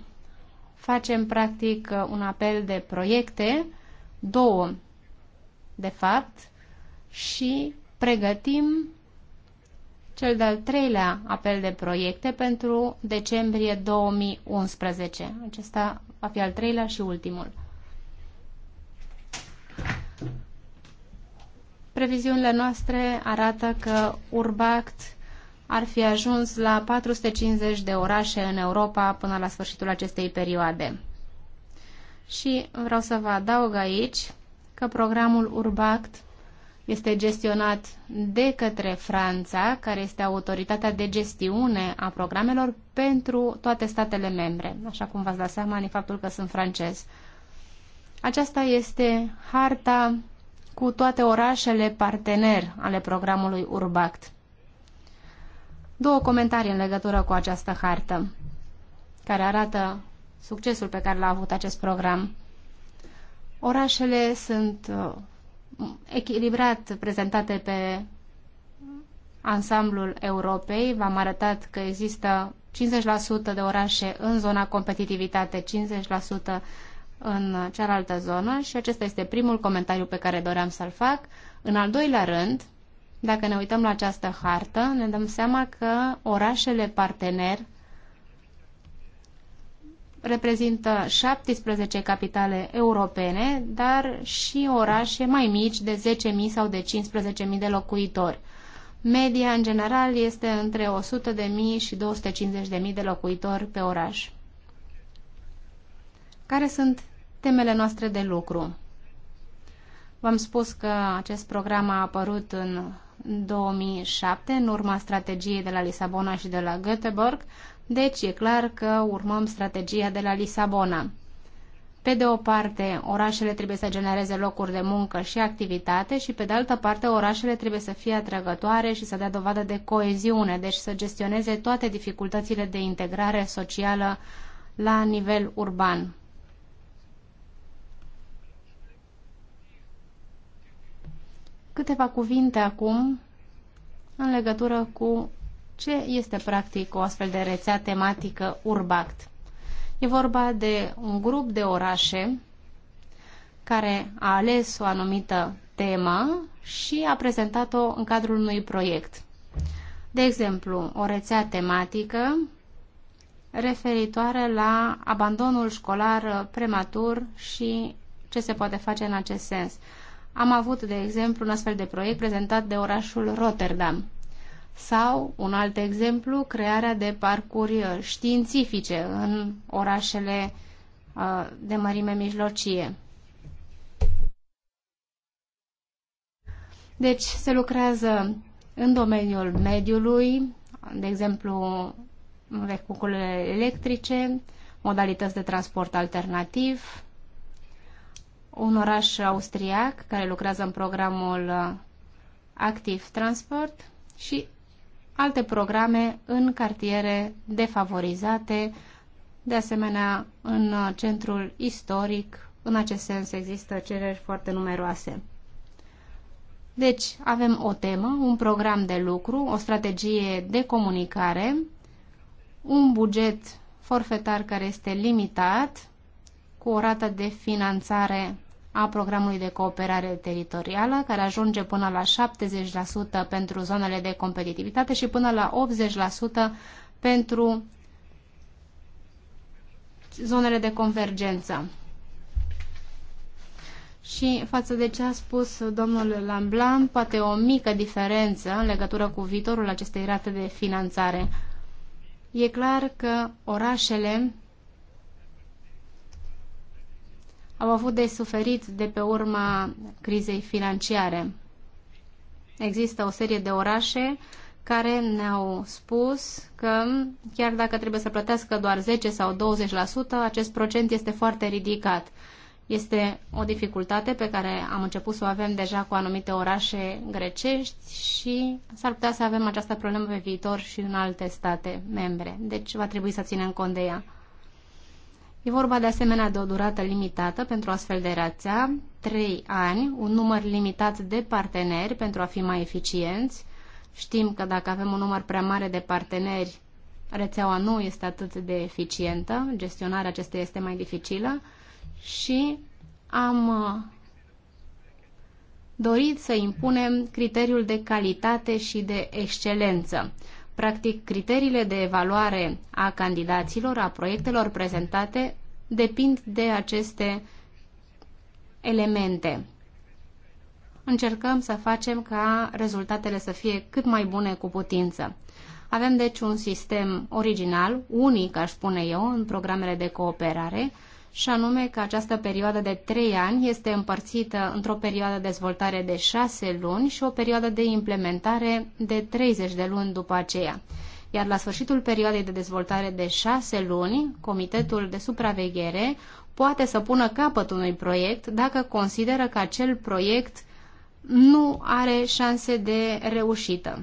Facem practic un apel de proiecte, două de fapt, și pregătim cel de-al treilea apel de proiecte pentru decembrie 2011. Acesta va fi al treilea și ultimul. Previziunile noastre arată că Urbact ar fi ajuns la 450 de orașe în Europa până la sfârșitul acestei perioade. Și vreau să vă adaug aici că programul Urbact este gestionat de către Franța, care este autoritatea de gestiune a programelor pentru toate statele membre, așa cum v-ați dat seama din faptul că sunt francez. Aceasta este harta cu toate orașele partener ale programului Urbact. Două comentarii în legătură cu această hartă, care arată succesul pe care l-a avut acest program. Orașele sunt uh, echilibrat prezentate pe ansamblul Europei. V-am arătat că există 50% de orașe în zona competitivitate, 50% în cealaltă zonă și acesta este primul comentariu pe care doream să-l fac. În al doilea rând, dacă ne uităm la această hartă, ne dăm seama că orașele partener reprezintă 17 capitale europene, dar și orașe mai mici de 10.000 sau de 15.000 de locuitori. Media, în general, este între 100.000 și 250.000 de locuitori pe oraș. Care sunt temele noastre de lucru? V-am spus că acest program a apărut în 2007, în urma strategiei de la Lisabona și de la Göteborg, deci e clar că urmăm strategia de la Lisabona. Pe de o parte, orașele trebuie să genereze locuri de muncă și activitate și pe de altă parte, orașele trebuie să fie atrăgătoare și să dea dovadă de coeziune, deci să gestioneze toate dificultățile de integrare socială la nivel urban. Câteva cuvinte acum în legătură cu ce este practic o astfel de rețea tematică Urbact. E vorba de un grup de orașe care a ales o anumită temă și a prezentat-o în cadrul unui proiect. De exemplu, o rețea tematică referitoare la abandonul școlar prematur și ce se poate face în acest sens. Am avut, de exemplu, un astfel de proiect prezentat de orașul Rotterdam. Sau, un alt exemplu, crearea de parcuri uh, științifice în orașele uh, de mărime mijlocie. Deci se lucrează în domeniul mediului, de exemplu vehiculele electrice, modalități de transport alternativ, un oraș austriac care lucrează în programul uh, Active Transport și alte programe în cartiere defavorizate, de asemenea în uh, centrul istoric. În acest sens există cereri foarte numeroase. Deci avem o temă, un program de lucru, o strategie de comunicare, un buget forfetar care este limitat, cu o rată de finanțare a programului de cooperare teritorială, care ajunge până la 70% pentru zonele de competitivitate și până la 80% pentru zonele de convergență. Și față de ce a spus domnul Lamblan, poate o mică diferență în legătură cu viitorul acestei rate de finanțare. E clar că orașele au avut de suferit de pe urma crizei financiare. Există o serie de orașe care ne-au spus că chiar dacă trebuie să plătească doar 10 sau 20%, acest procent este foarte ridicat. Este o dificultate pe care am început să o avem deja cu anumite orașe grecești și s-ar putea să avem această problemă pe viitor și în alte state membre. Deci va trebui să ținem cont de ea. E vorba de asemenea de o durată limitată pentru astfel de rețea, 3 ani, un număr limitat de parteneri pentru a fi mai eficienți. Știm că dacă avem un număr prea mare de parteneri, rețeaua nu este atât de eficientă, gestionarea acestei este mai dificilă și am uh, dorit să impunem criteriul de calitate și de excelență. Practic, criteriile de evaluare a candidaților, a proiectelor prezentate, depind de aceste elemente. Încercăm să facem ca rezultatele să fie cât mai bune cu putință. Avem deci un sistem original, unic, aș spune eu, în programele de cooperare, și anume că această perioadă de 3 ani este împărțită într-o perioadă de dezvoltare de 6 luni și o perioadă de implementare de 30 de luni după aceea. Iar la sfârșitul perioadei de dezvoltare de 6 luni, Comitetul de Supraveghere poate să pună capăt unui proiect dacă consideră că acel proiect nu are șanse de reușită.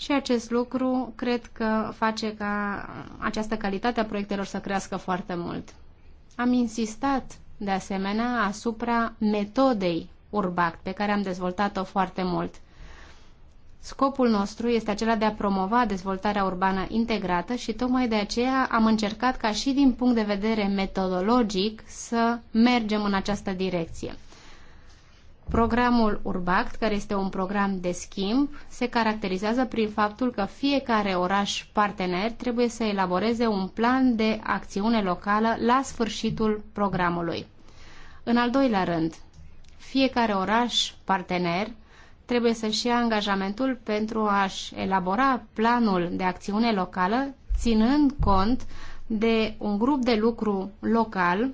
și acest lucru cred că face ca această calitate a proiectelor să crească foarte mult. Am insistat de asemenea asupra metodei Urbact, pe care am dezvoltat-o foarte mult. Scopul nostru este acela de a promova dezvoltarea urbană integrată și tocmai de aceea am încercat ca și din punct de vedere metodologic să mergem în această direcție. Programul Urbact, care este un program de schimb, se caracterizează prin faptul că fiecare oraș partener trebuie să elaboreze un plan de acțiune locală la sfârșitul programului. În al doilea rând, fiecare oraș partener trebuie să-și ia angajamentul pentru a-și elabora planul de acțiune locală, ținând cont de un grup de lucru local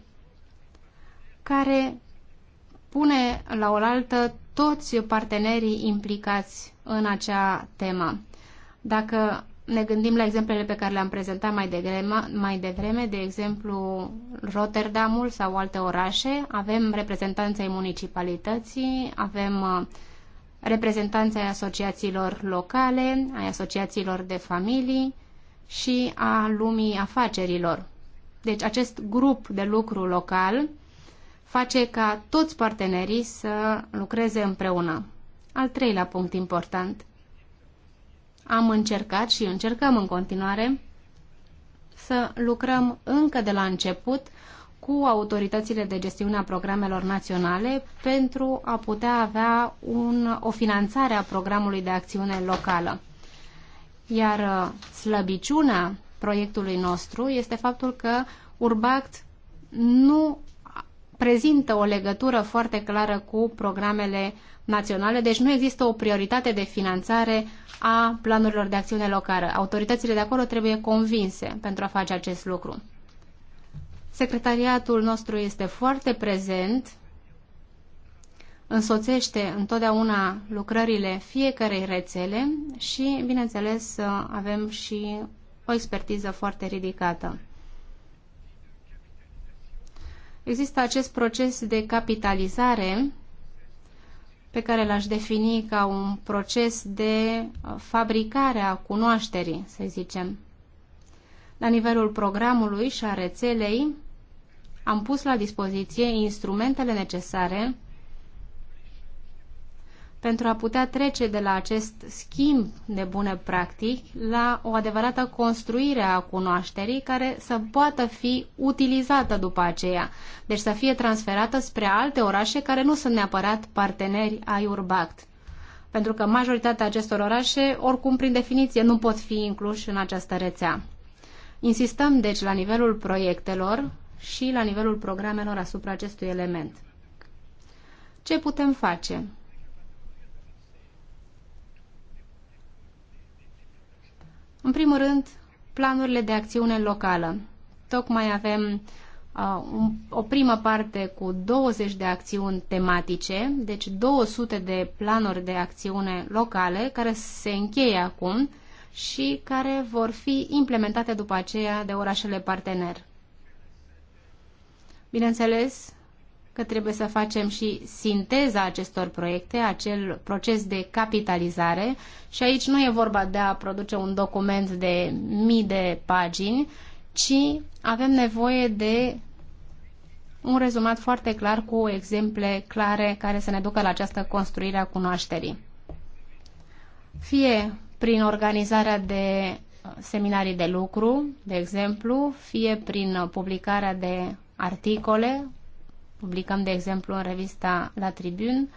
care pune la oaltă toți partenerii implicați în acea temă. Dacă ne gândim la exemplele pe care le-am prezentat mai devreme, mai devreme, de exemplu Rotterdamul sau alte orașe, avem reprezentanța municipalității, avem uh, reprezentanța ai asociațiilor locale, ai asociațiilor de familii și a lumii afacerilor. Deci acest grup de lucru local face ca toți partenerii să lucreze împreună. Al treilea punct important. Am încercat și încercăm în continuare să lucrăm încă de la început cu autoritățile de gestiune a programelor naționale pentru a putea avea un, o finanțare a programului de acțiune locală. Iar uh, slăbiciunea proiectului nostru este faptul că Urbact nu prezintă o legătură foarte clară cu programele naționale, deci nu există o prioritate de finanțare a planurilor de acțiune locală. Autoritățile de acolo trebuie convinse pentru a face acest lucru. Secretariatul nostru este foarte prezent, însoțește întotdeauna lucrările fiecarei rețele și, bineînțeles, avem și o expertiză foarte ridicată. Există acest proces de capitalizare pe care l-aș defini ca un proces de uh, fabricare a cunoașterii, să zicem. La nivelul programului și a rețelei am pus la dispoziție instrumentele necesare pentru a putea trece de la acest schimb de bune practici la o adevărată construire a cunoașterii care să poată fi utilizată după aceea, deci să fie transferată spre alte orașe care nu sunt neapărat parteneri ai Urbact. Pentru că majoritatea acestor orașe, oricum, prin definiție, nu pot fi incluși în această rețea. Insistăm, deci, la nivelul proiectelor și la nivelul programelor asupra acestui element. Ce putem face? În primul rând, planurile de acțiune locală. Tocmai avem uh, un, o primă parte cu 20 de acțiuni tematice, deci 200 de planuri de acțiune locale care se încheie acum și care vor fi implementate după aceea de orașele partener. Bineînțeles, că trebuie să facem și sinteza acestor proiecte, acel proces de capitalizare și aici nu e vorba de a produce un document de mii de pagini, ci avem nevoie de un rezumat foarte clar cu exemple clare care să ne ducă la această construire a cunoașterii. Fie prin organizarea de seminarii de lucru, de exemplu, fie prin publicarea de articole publicăm, de exemplu, în revista La Tribune.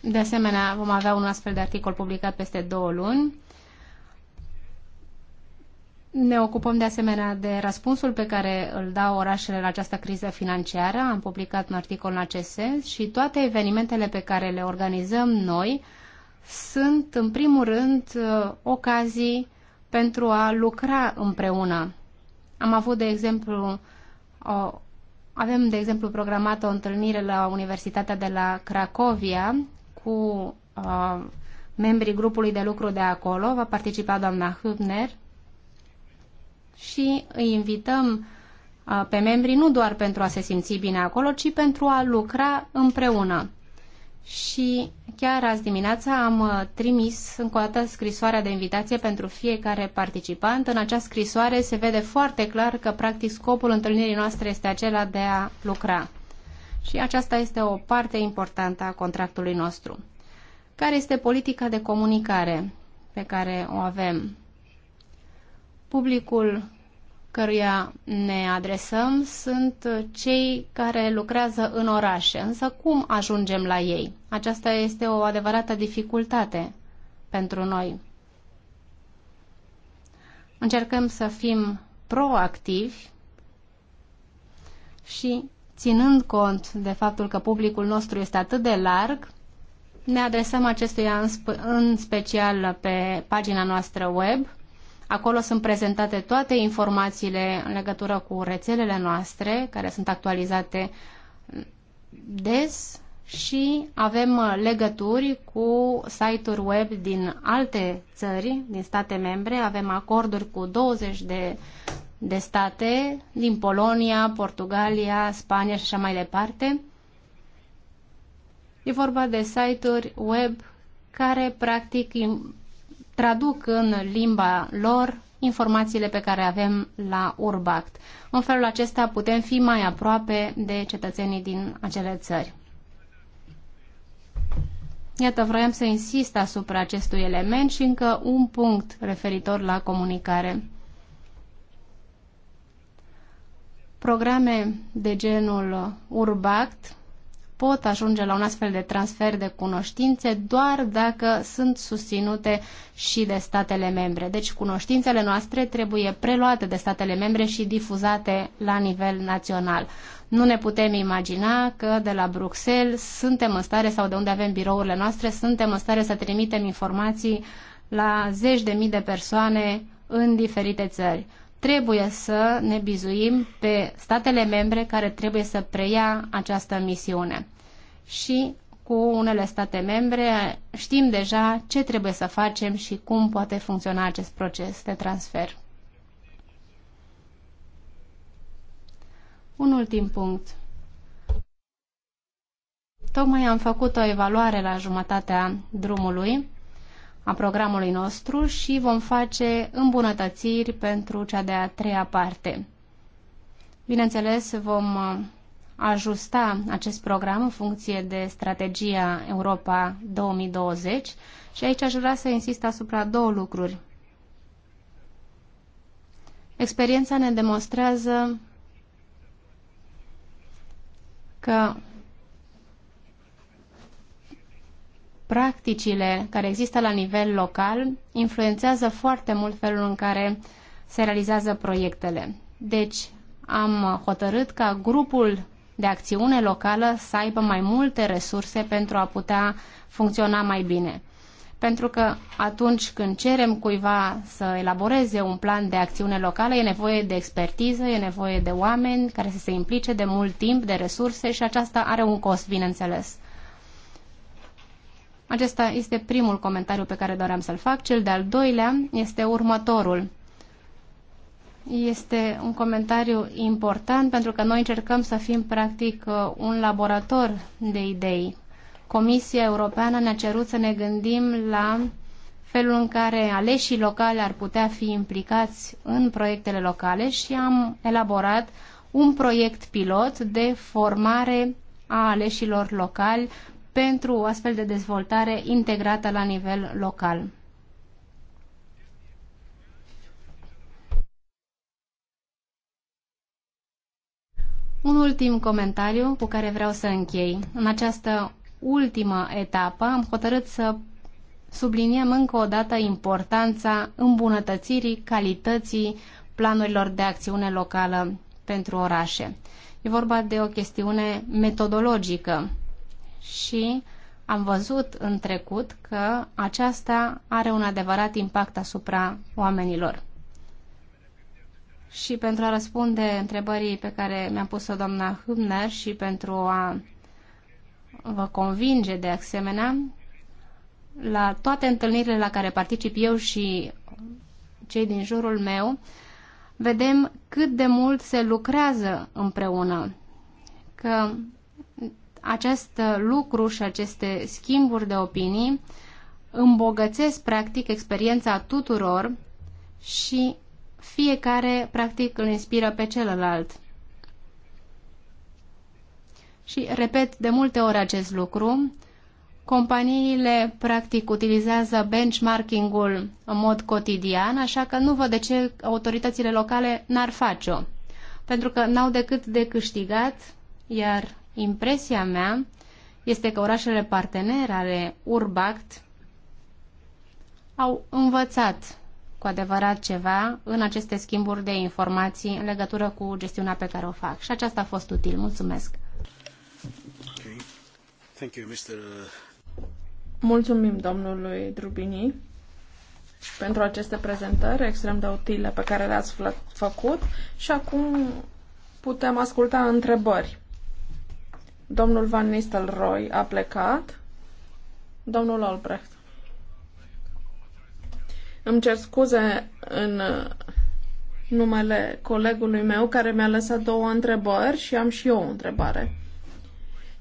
De asemenea, vom avea un astfel de articol publicat peste două luni. Ne ocupăm de asemenea de răspunsul pe care îl dau orașele la această criză financiară. Am publicat un articol în acest sens și toate evenimentele pe care le organizăm noi sunt, în primul rând, uh, ocazii pentru a lucra împreună. Am avut, de exemplu, o, avem, de exemplu, programată o întâlnire la Universitatea de la Cracovia cu uh, membrii grupului de lucru de acolo. Va participa doamna Hübner și îi invităm uh, pe membrii nu doar pentru a se simți bine acolo, ci pentru a lucra împreună și chiar azi dimineața am uh, trimis încă o dată scrisoarea de invitație pentru fiecare participant. În această scrisoare se vede foarte clar că, practic, scopul întâlnirii noastre este acela de a lucra. Și aceasta este o parte importantă a contractului nostru. Care este politica de comunicare pe care o avem? Publicul căruia ne adresăm sunt cei care lucrează în orașe. Însă cum ajungem la ei? Aceasta este o adevărată dificultate pentru noi. Încercăm să fim proactivi și, ținând cont de faptul că publicul nostru este atât de larg, ne adresăm acestuia în, special pe pagina noastră web – Acolo sunt prezentate toate informațiile în legătură cu rețelele noastre, care sunt actualizate des și avem legături cu site-uri web din alte țări, din state membre. Avem acorduri cu 20 de, de state, din Polonia, Portugalia, Spania și așa mai departe. E vorba de site-uri web care practic traduc în limba lor informațiile pe care avem la Urbact. În felul acesta putem fi mai aproape de cetățenii din acele țări. Iată, vroiam să insist asupra acestui element și încă un punct referitor la comunicare. Programe de genul Urbact pot ajunge la un astfel de transfer de cunoștințe doar dacă sunt susținute și de statele membre. Deci cunoștințele noastre trebuie preluate de statele membre și difuzate la nivel național. Nu ne putem imagina că de la Bruxelles suntem în stare sau de unde avem birourile noastre, suntem în stare să trimitem informații la zeci de mii de persoane în diferite țări trebuie să ne bizuim pe statele membre care trebuie să preia această misiune. Și cu unele state membre știm deja ce trebuie să facem și cum poate funcționa acest proces de transfer. Un ultim punct. Tocmai am făcut o evaluare la jumătatea drumului a programului nostru și vom face îmbunătățiri pentru cea de-a treia parte. Bineînțeles, vom uh, ajusta acest program în funcție de strategia Europa 2020 și aici aș vrea să insist asupra două lucruri. Experiența ne demonstrează că practicile care există la nivel local influențează foarte mult felul în care se realizează proiectele. Deci am hotărât ca grupul de acțiune locală să aibă mai multe resurse pentru a putea funcționa mai bine. Pentru că atunci când cerem cuiva să elaboreze un plan de acțiune locală, e nevoie de expertiză, e nevoie de oameni care să se implice de mult timp, de resurse și aceasta are un cost, bineînțeles. Acesta este primul comentariu pe care doream să-l fac. Cel de-al doilea este următorul. Este un comentariu important pentru că noi încercăm să fim practic uh, un laborator de idei. Comisia Europeană ne-a cerut să ne gândim la felul în care aleșii locale ar putea fi implicați în proiectele locale și am elaborat un proiect pilot de formare a aleșilor locali pentru o astfel de dezvoltare integrată la nivel local. Un ultim comentariu cu care vreau să închei. În această ultimă etapă am hotărât să subliniem încă o dată importanța îmbunătățirii calității planurilor de acțiune locală pentru orașe. E vorba de o chestiune metodologică și am văzut în trecut că aceasta are un adevărat impact asupra oamenilor. Și pentru a răspunde întrebării pe care mi-a pus-o doamna Hübner și pentru a vă convinge de asemenea, la toate întâlnirile la care particip eu și cei din jurul meu, vedem cât de mult se lucrează împreună. Că acest uh, lucru și aceste schimburi de opinii îmbogățesc practic experiența tuturor și fiecare practic îl inspiră pe celălalt. Și repet de multe ori acest lucru, companiile practic utilizează benchmarking-ul în mod cotidian, așa că nu văd de ce autoritățile locale n-ar face-o, pentru că n-au decât de câștigat, iar Impresia mea este că orașele partenere ale Urbact au învățat cu adevărat ceva în aceste schimburi de informații în legătură cu gestiunea pe care o fac. Și aceasta a fost util. Mulțumesc! Okay. Thank you, Mr. Uh, Mulțumim domnului Drubini pentru aceste prezentări extrem de utile pe care le-ați făcut și acum putem asculta întrebări Domnul Van Nistelrooy a plecat. Domnul Albrecht. Îmi cer scuze în numele colegului meu care mi-a lăsat două întrebări și am și eu o întrebare.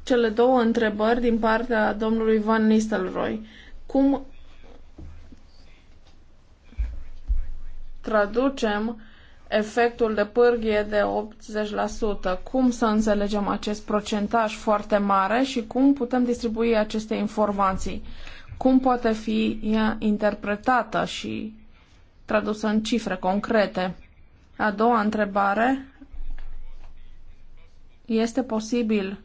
Cele două întrebări din partea domnului Van Nistelrooy. Cum traducem efectul de pârghie de 80%. Cum să înțelegem acest procentaj foarte mare și cum putem distribui aceste informații? Cum poate fi ea interpretată și tradusă în cifre concrete? A doua întrebare. Este posibil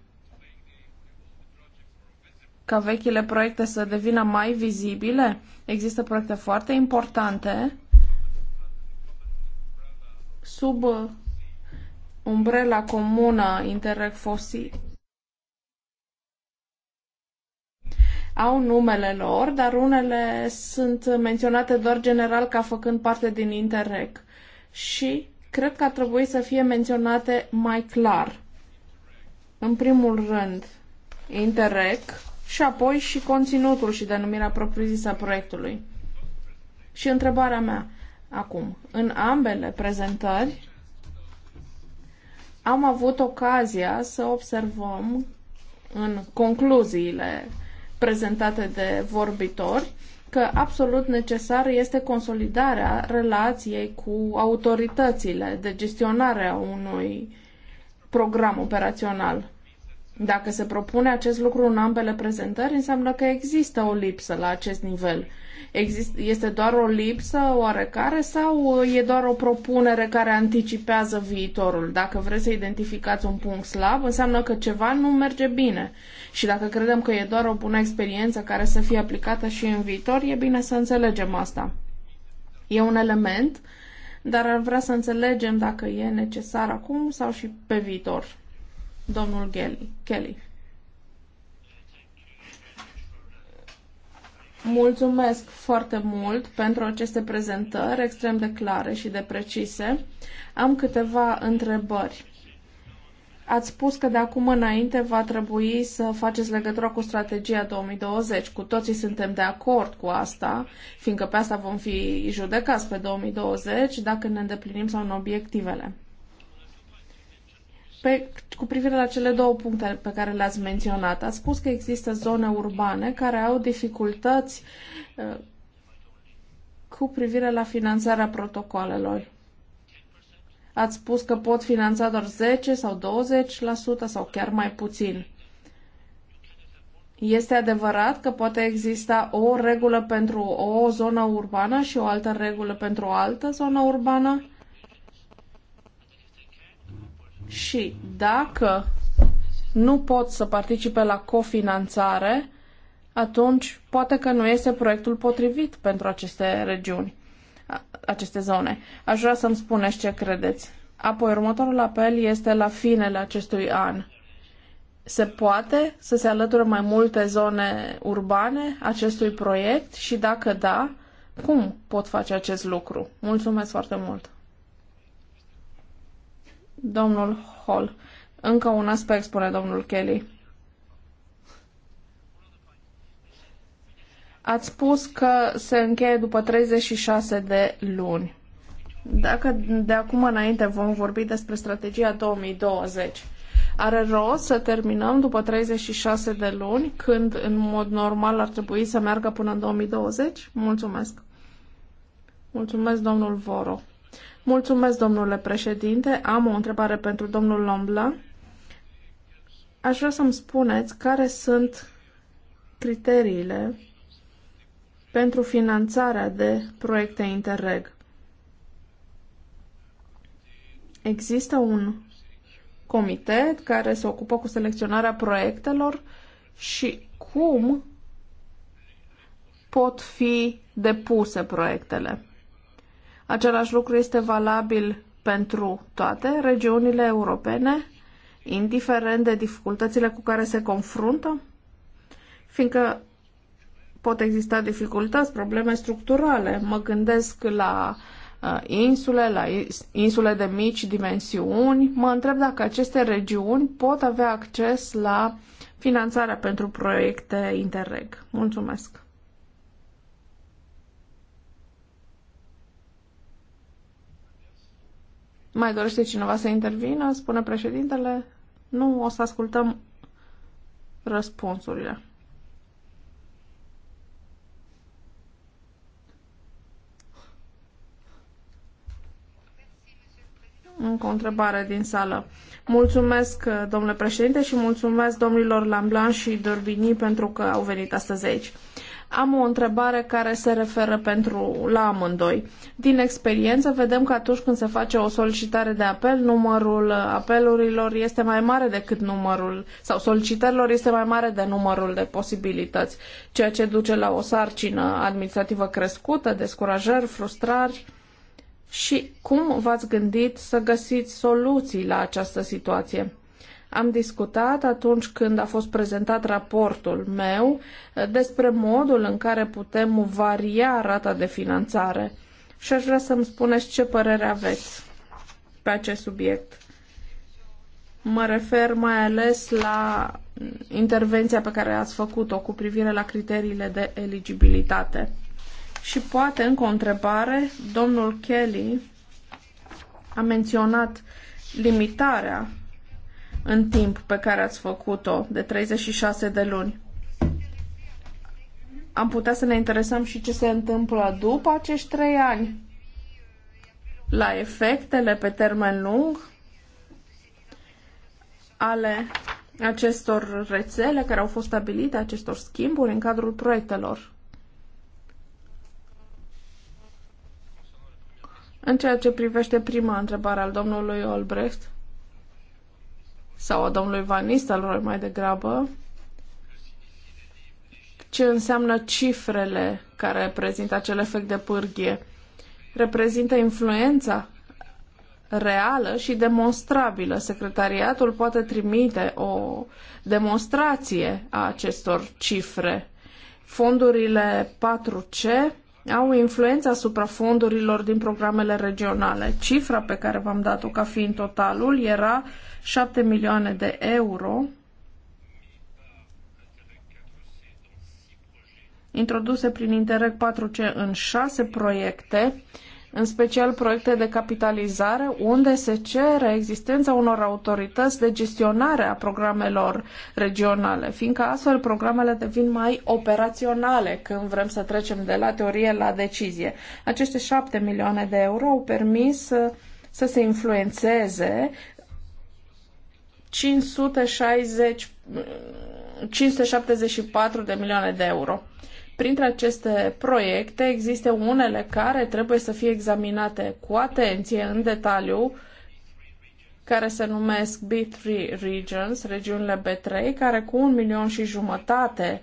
ca vechile proiecte să devină mai vizibile? Există proiecte foarte importante sub uh, umbrela comună Interreg Fosil. Au numele lor, dar unele sunt menționate doar general ca făcând parte din Interreg. Și cred că ar trebui să fie menționate mai clar. În primul rând, Interreg și apoi și conținutul și denumirea propriu-zisă a proiectului. Și întrebarea mea, Acum, în ambele prezentări am avut ocazia să observăm în concluziile prezentate de vorbitori că absolut necesară este consolidarea relației cu autoritățile de gestionare a unui program operațional. Dacă se propune acest lucru în ambele prezentări, înseamnă că există o lipsă la acest nivel Exist, este doar o lipsă oarecare sau uh, e doar o propunere care anticipează viitorul? Dacă vreți să identificați un punct slab, înseamnă că ceva nu merge bine. Și dacă credem că e doar o bună experiență care să fie aplicată și în viitor, e bine să înțelegem asta. E un element, dar ar vrea să înțelegem dacă e necesar acum sau și pe viitor. Domnul Kelly. Kelly. Mulțumesc foarte mult pentru aceste prezentări extrem de clare și de precise. Am câteva întrebări. Ați spus că de acum înainte va trebui să faceți legătura cu strategia 2020. Cu toții suntem de acord cu asta, fiindcă pe asta vom fi judecați pe 2020 dacă ne îndeplinim sau în obiectivele. Pe, cu privire la cele două puncte pe care le-ați menționat, ați spus că există zone urbane care au dificultăți uh, cu privire la finanțarea protocoalelor. Ați spus că pot finanța doar 10 sau 20% sau chiar mai puțin. Este adevărat că poate exista o regulă pentru o zonă urbană și o altă regulă pentru o altă zonă urbană? și dacă nu pot să participe la cofinanțare, atunci poate că nu este proiectul potrivit pentru aceste regiuni, aceste zone. Aș vrea să-mi spuneți ce credeți. Apoi, următorul apel este la finele acestui an. Se poate să se alăture mai multe zone urbane acestui proiect și dacă da, cum pot face acest lucru? Mulțumesc foarte mult! Domnul Hall, încă un aspect, spune domnul Kelly. Ați spus că se încheie după 36 de luni. Dacă de acum înainte vom vorbi despre strategia 2020, are rost să terminăm după 36 de luni, când în mod normal ar trebui să meargă până în 2020? Mulțumesc! Mulțumesc, domnul Voro. Mulțumesc, domnule președinte. Am o întrebare pentru domnul Lombla. Aș vrea să-mi spuneți care sunt criteriile pentru finanțarea de proiecte Interreg. Există un comitet care se ocupă cu selecționarea proiectelor și cum pot fi depuse proiectele. Același lucru este valabil pentru toate regiunile europene, indiferent de dificultățile cu care se confruntă, fiindcă pot exista dificultăți, probleme structurale. Mă gândesc la uh, insule, la insule de mici dimensiuni. Mă întreb dacă aceste regiuni pot avea acces la finanțarea pentru proiecte Interreg. Mulțumesc! Mai dorește cineva să intervină? Spune președintele. Nu, o să ascultăm răspunsurile. Încă o întrebare din sală. Mulțumesc, domnule președinte, și mulțumesc domnilor Lamblan și Dorbini pentru că au venit astăzi aici. Am o întrebare care se referă pentru la amândoi. Din experiență vedem că atunci când se face o solicitare de apel, numărul uh, apelurilor este mai mare decât numărul sau solicitărilor este mai mare de numărul de posibilități, ceea ce duce la o sarcină administrativă crescută, descurajări, frustrări. Și cum v-ați gândit să găsiți soluții la această situație? Am discutat atunci când a fost prezentat raportul meu eh, despre modul în care putem varia rata de finanțare și aș vrea să-mi spuneți ce părere aveți pe acest subiect. Mă refer mai ales la intervenția pe care ați făcut-o cu privire la criteriile de eligibilitate. Și poate, încă o întrebare, domnul Kelly a menționat limitarea în timp pe care ați făcut-o de 36 de luni. Am putea să ne interesăm și ce se întâmplă după acești trei ani, la efectele pe termen lung ale acestor rețele care au fost stabilite, acestor schimburi în cadrul proiectelor. În ceea ce privește prima întrebare al domnului Olbrecht, sau a domnului Van Nistelrooy mai degrabă, ce înseamnă cifrele care reprezintă acel efect de pârghie. Reprezintă influența reală și demonstrabilă. Secretariatul poate trimite o demonstrație a acestor cifre. Fondurile 4C au influență asupra fondurilor din programele regionale. Cifra pe care v-am dat-o ca fiind totalul era 7 milioane de euro introduse prin Interreg 4C în 6 proiecte în special proiecte de capitalizare, unde se cere existența unor autorități de gestionare a programelor regionale, fiindcă astfel programele devin mai operaționale când vrem să trecem de la teorie la decizie. Aceste șapte milioane de euro au permis uh, să se influențeze 560, 574 uh, de milioane de euro. Printre aceste proiecte există unele care trebuie să fie examinate cu atenție, în detaliu, care se numesc B3 Regions, regiunile B3, care cu un milion și jumătate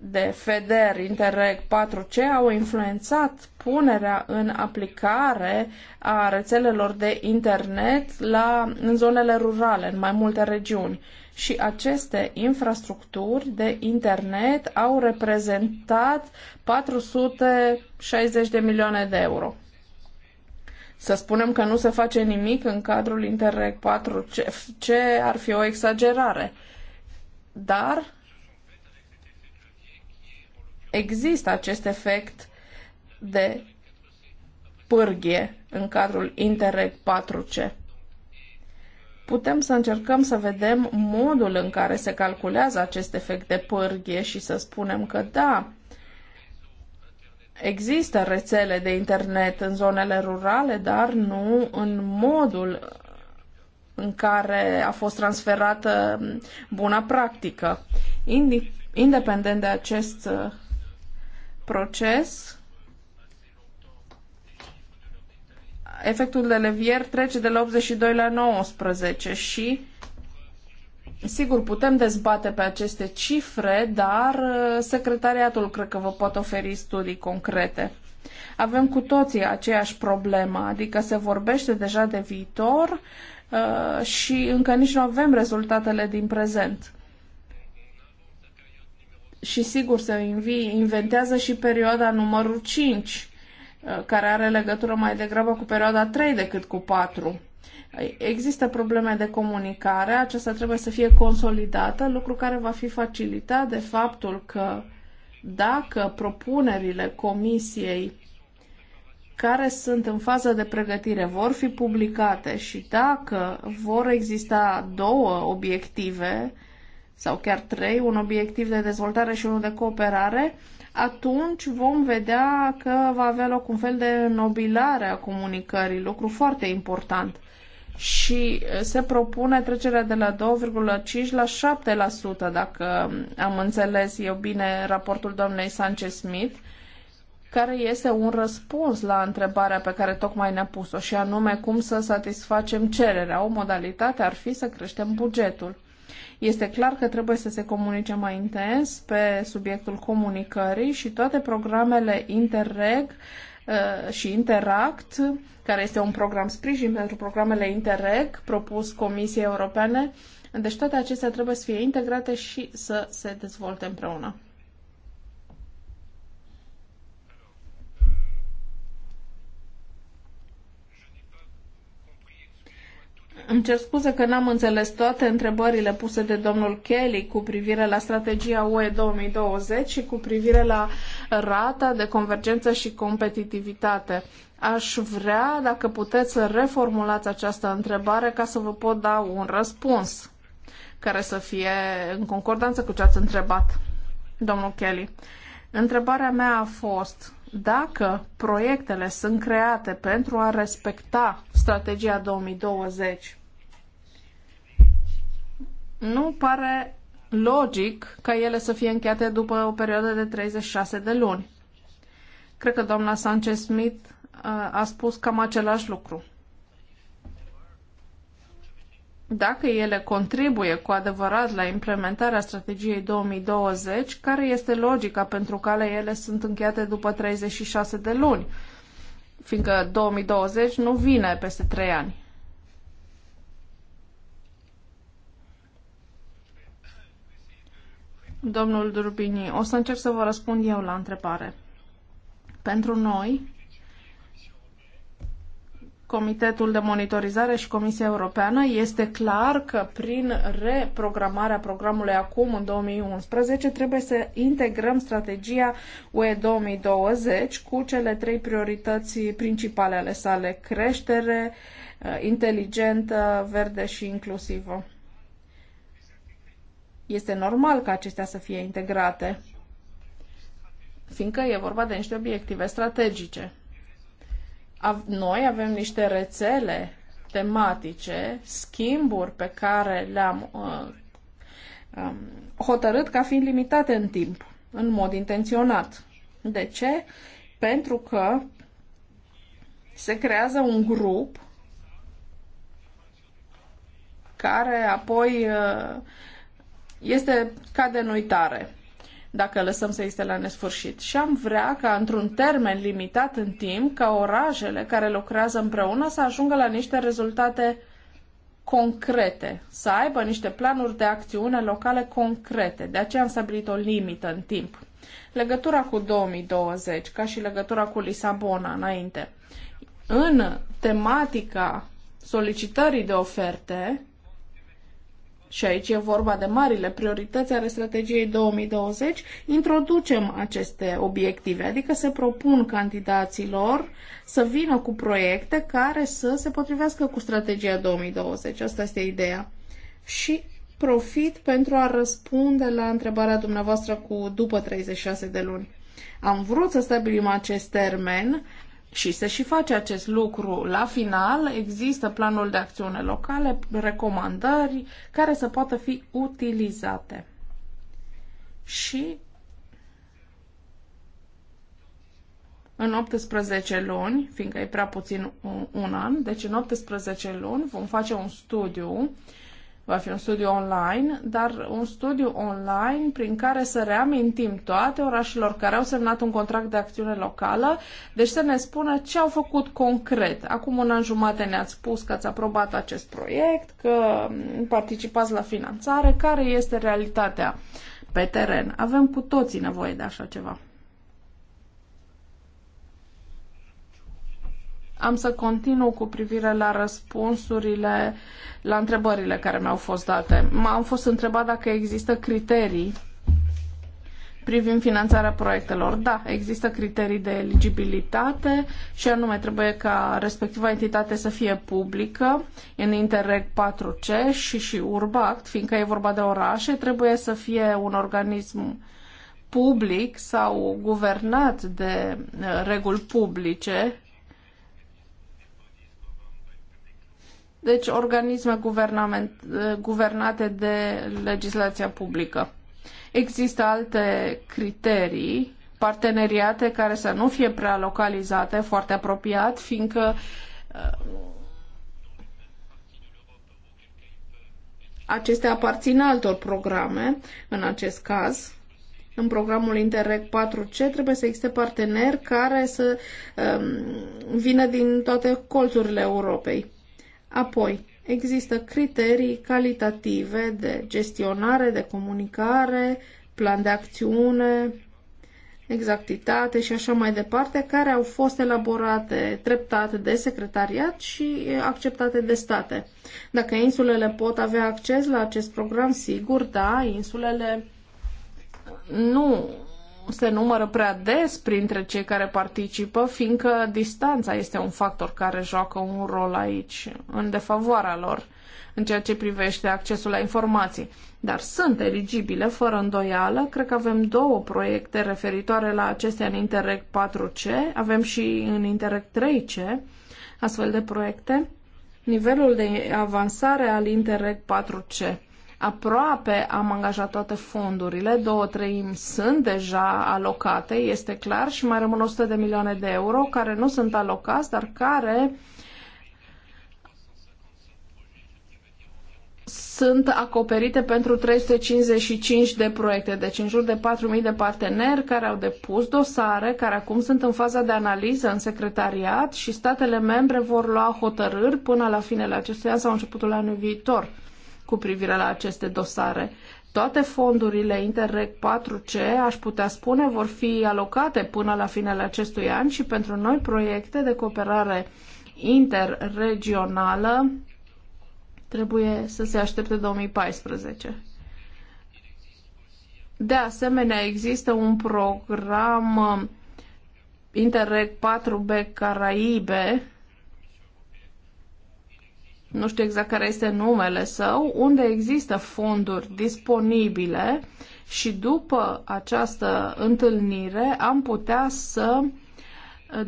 de FEDER Interreg 4C au influențat punerea în aplicare a rețelelor de internet la, în zonele rurale, în mai multe regiuni și aceste infrastructuri de internet au reprezentat 460 de milioane de euro. Să spunem că nu se face nimic în cadrul Interreg 4, ce, ce ar fi o exagerare. Dar există acest efect de pârghie în cadrul Interreg 4C putem să încercăm să vedem modul în care se calculează acest efect de pârghie și să spunem că da, există rețele de internet în zonele rurale, dar nu în modul în care a fost transferată buna practică. Independent de acest uh, proces, efectul de levier trece de la 82 la 19 și Sigur, putem dezbate pe aceste cifre, dar uh, secretariatul cred că vă pot oferi studii concrete. Avem cu toții aceeași problemă, adică se vorbește deja de viitor uh, și încă nici nu avem rezultatele din prezent. Și sigur, se inventează și perioada numărul 5 Uh, care are legătură mai degrabă cu perioada 3 decât cu 4. Există probleme de comunicare, aceasta trebuie să fie consolidată, lucru care va fi facilitat de faptul că dacă propunerile comisiei care sunt în fază de pregătire vor fi publicate și dacă vor exista două obiective sau chiar trei, un obiectiv de dezvoltare și unul de cooperare, atunci vom vedea că va avea loc un fel de nobilare a comunicării, lucru foarte important. Și uh, se propune trecerea de la 2,5 la 7%, dacă am înțeles eu bine raportul doamnei Sanchez-Smith, care este un răspuns la întrebarea pe care tocmai ne-a pus-o, și anume cum să satisfacem cererea. O modalitate ar fi să creștem bugetul. Este clar că trebuie să se comunice mai intens pe subiectul comunicării și toate programele Interreg uh, și Interact, care este un program sprijin pentru programele Interreg propus Comisiei Europene. Deci toate acestea trebuie să fie integrate și să se dezvolte împreună. Îmi cer scuze că n-am înțeles toate întrebările puse de domnul Kelly cu privire la strategia UE 2020 și cu privire la rata de convergență și competitivitate. Aș vrea, dacă puteți, să reformulați această întrebare ca să vă pot da un răspuns care să fie în concordanță cu ce ați întrebat, domnul Kelly. Întrebarea mea a fost dacă proiectele sunt create pentru a respecta strategia 2020, nu pare logic ca ele să fie încheiate după o perioadă de 36 de luni. Cred că doamna Sanchez-Smith uh, a spus cam același lucru dacă ele contribuie cu adevărat la implementarea strategiei 2020, care este logica pentru care ele sunt încheiate după 36 de luni, fiindcă 2020 nu vine peste 3 ani. Domnul Durbini, o să încerc să vă răspund eu la întrebare. Pentru noi, Comitetul de Monitorizare și Comisia Europeană, este clar că prin reprogramarea programului acum, în 2011, trebuie să integrăm strategia UE 2020 cu cele trei priorități principale ale sale, creștere, eh, inteligentă, verde și inclusivă. Este normal ca acestea să fie integrate, fiindcă e vorba de niște obiective strategice noi avem niște rețele tematice, schimburi pe care le-am uh, um, hotărât ca fiind limitate în timp, în mod intenționat. De ce? Pentru că se creează un grup care apoi uh, este ca de în uitare dacă lăsăm să existe la nesfârșit. Și am vrea ca, într-un termen limitat în timp, ca orajele care lucrează împreună să ajungă la niște rezultate concrete, să aibă niște planuri de acțiune locale concrete. De aceea am stabilit o limită în timp. Legătura cu 2020, ca și legătura cu Lisabona înainte. În tematica solicitării de oferte, și aici e vorba de marile priorități ale strategiei 2020, introducem aceste obiective, adică se propun candidaților să vină cu proiecte care să se potrivească cu strategia 2020. Asta este ideea. Și profit pentru a răspunde la întrebarea dumneavoastră cu după 36 de luni. Am vrut să stabilim acest termen, și se și face acest lucru. La final există planul de acțiune locale, recomandări care să poată fi utilizate. Și în 18 luni, fiindcă e prea puțin un, un an, deci în 18 luni vom face un studiu uh, Va fi un studiu online, dar un studiu online prin care să reamintim toate orașelor care au semnat un contract de acțiune locală, deci să ne spună ce au făcut concret. Acum un an jumate ne-ați spus că ați aprobat acest proiect, că participați la finanțare, care este realitatea pe teren. Avem cu toții nevoie de așa ceva. Am să continu cu privire la răspunsurile, la întrebările care mi-au fost date. M-am fost întrebat dacă există criterii privind finanțarea proiectelor. Da, există criterii de eligibilitate și anume trebuie ca respectiva entitate să fie publică în Interreg 4C și și Urbact, fiindcă e vorba de orașe, trebuie să fie un organism public sau guvernat de eh, reguli publice deci organisme guvernate de legislația publică. Există alte criterii, parteneriate care să nu fie prea localizate, foarte apropiat, fiindcă uh, acestea aparțin altor programe, în acest caz, în programul Interreg 4C trebuie să existe parteneri care să um, vină din toate colțurile Europei. Apoi, există criterii calitative de gestionare, de comunicare, plan de acțiune, exactitate și așa mai departe, care au fost elaborate treptat de secretariat și acceptate de state. Dacă insulele pot avea acces la acest program, sigur, da, insulele nu se numără prea des printre cei care participă, fiindcă distanța este un factor care joacă un rol aici, în defavoarea lor, în ceea ce privește accesul la informații. Dar sunt eligibile, fără îndoială. Cred că avem două proiecte referitoare la acestea în Interreg 4C, avem și în Interreg 3C astfel de proiecte. Nivelul de avansare al Interreg 4C aproape am angajat toate fondurile, două treimi sunt deja alocate, este clar, și mai rămân 100 de milioane de euro care nu sunt alocați, dar care sunt acoperite pentru 355 de proiecte, deci în jur de 4.000 de parteneri care au depus dosare, care acum sunt în faza de analiză în secretariat și statele membre vor lua hotărâri până la finele acestui an sau începutul anului viitor cu privire la aceste dosare. Toate fondurile Interreg 4C, aș putea spune, vor fi alocate până la finele acestui an și pentru noi proiecte de cooperare interregională trebuie să se aștepte 2014. De asemenea, există un program uh, Interreg 4B Caraibe nu știu exact care este numele său, unde există fonduri disponibile și după această întâlnire am putea să uh,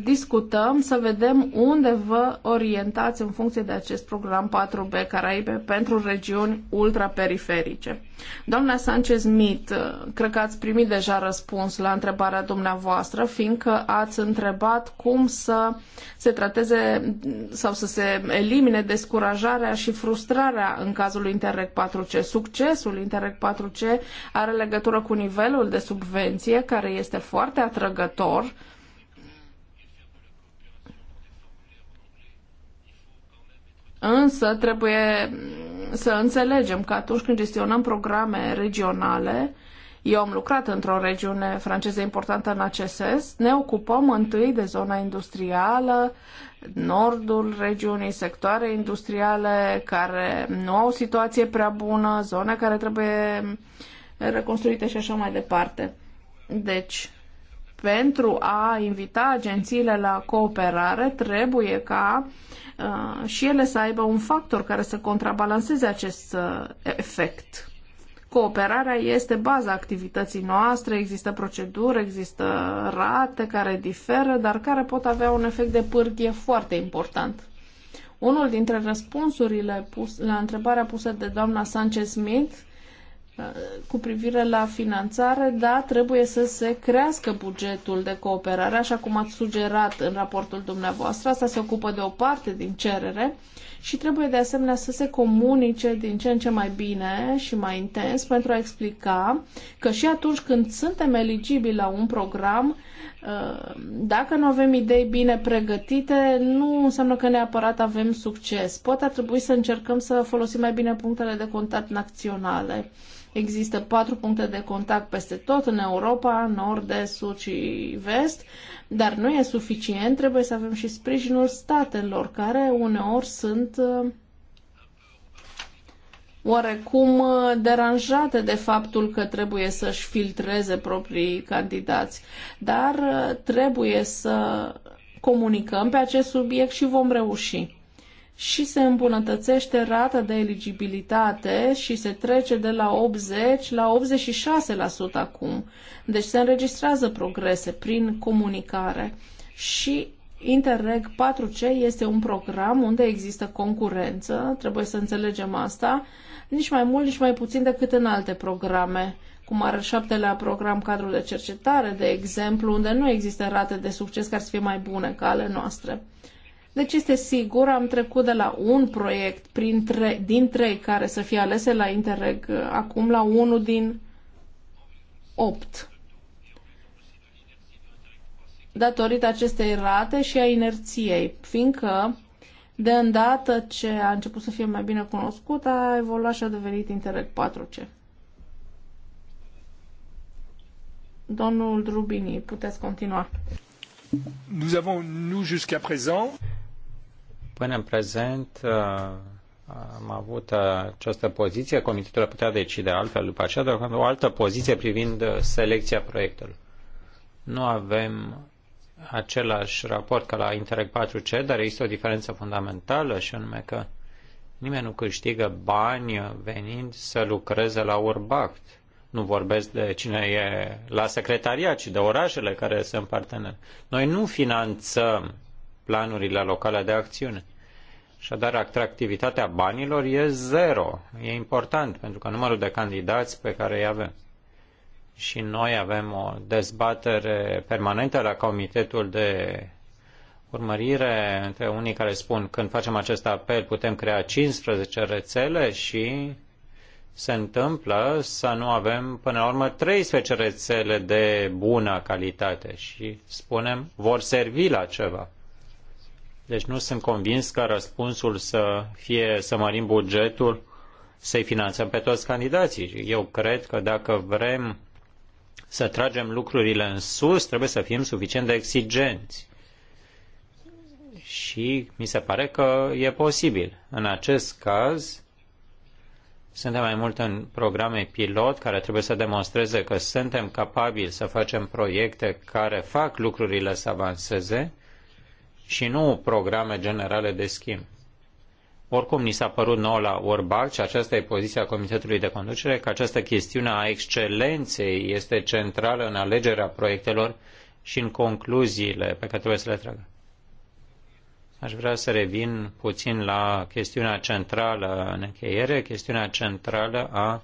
discutăm, să vedem unde vă orientați în funcție de acest program 4B Caraibe pentru regiuni ultraperiferice. Doamna Sanchez Mit, cred că ați primit deja răspuns la întrebarea dumneavoastră, fiindcă ați întrebat cum să se trateze sau să se elimine descurajarea și frustrarea în cazul Interreg 4C. Succesul Interreg 4C are legătură cu nivelul de subvenție, care este foarte atrăgător, Însă trebuie să înțelegem că atunci când gestionăm programe regionale, eu am lucrat într-o regiune franceză importantă în acest sens. Ne ocupăm întâi de zona industrială, nordul regiunii, sectoare industriale care nu au situație prea bună, zone care trebuie reconstruite și așa mai departe. Deci, pentru a invita agențiile la cooperare, trebuie ca Uh, și ele să aibă un factor care să contrabalanceze acest uh, efect. Cooperarea este baza activității noastre, există proceduri, există rate care diferă, dar care pot avea un efect de pârghie foarte important. Unul dintre răspunsurile pus, la întrebarea pusă de doamna Sanchez Smith cu privire la finanțare, da, trebuie să se crească bugetul de cooperare, așa cum ați sugerat în raportul dumneavoastră. Asta se ocupă de o parte din cerere și trebuie de asemenea să se comunice din ce în ce mai bine și mai intens pentru a explica că și atunci când suntem eligibili la un program, uh, dacă nu avem idei bine pregătite, nu înseamnă că neapărat avem succes. Poate ar trebui să încercăm să folosim mai bine punctele de contact naționale Există patru puncte de contact peste tot în Europa, nord, est, sud și vest, dar nu e suficient, trebuie să avem și sprijinul statelor, care uneori sunt uh, oarecum uh, deranjate de faptul că trebuie să-și filtreze proprii candidați. Dar uh, trebuie să comunicăm pe acest subiect și vom reuși și se îmbunătățește rata de eligibilitate și se trece de la 80 la 86% acum. Deci se înregistrează progrese prin comunicare și Interreg 4C este un program unde există concurență, trebuie să înțelegem asta, nici mai mult, nici mai puțin decât în alte programe, cum ar șaptelea program cadru de cercetare, de exemplu, unde nu există rate de succes care să fie mai bune ca ale noastre. Deci este sigur, am trecut de la un proiect printre, din trei care să fie alese la Interreg uh, acum la unul din opt. Datorită acestei rate și a inerției, fiindcă de îndată ce a început să fie mai bine cunoscut, a evoluat și a devenit Interreg 4C. Domnul Drubini, puteți continua. Nous avons, nous, jusqu'à présent... Până în prezent uh, am avut uh, această poziție, comitetul putea decide altfel după aceea, dar o altă poziție privind uh, selecția proiectelor. Nu avem același raport ca la Interreg 4C, dar există o diferență fundamentală și anume că nimeni nu câștigă bani venind să lucreze la Urbact. Nu vorbesc de cine e la secretariat, ci de orașele care sunt parteneri. Noi nu finanțăm planurile locale de acțiune. și dar atractivitatea banilor e zero. E important pentru că numărul de candidați pe care îi avem. Și noi avem o dezbatere permanentă la Comitetul de Urmărire între unii care spun când facem acest apel putem crea 15 rețele și se întâmplă să nu avem până la urmă 13 rețele de bună calitate și spunem vor servi la ceva deci nu sunt convins că răspunsul să fie să mărim bugetul, să-i finanțăm pe toți candidații. Eu cred că dacă vrem să tragem lucrurile în sus, trebuie să fim suficient de exigenți. Și mi se pare că e posibil. În acest caz, suntem mai mult în programe pilot care trebuie să demonstreze că suntem capabili să facem proiecte care fac lucrurile să avanseze și nu programe generale de schimb. Oricum, ni s-a părut nouă la Orbac și aceasta e poziția Comitetului de Conducere, că această chestiune a excelenței este centrală în alegerea proiectelor și în concluziile pe care trebuie să le tragă. Aș vrea să revin puțin la chestiunea centrală în încheiere, chestiunea centrală a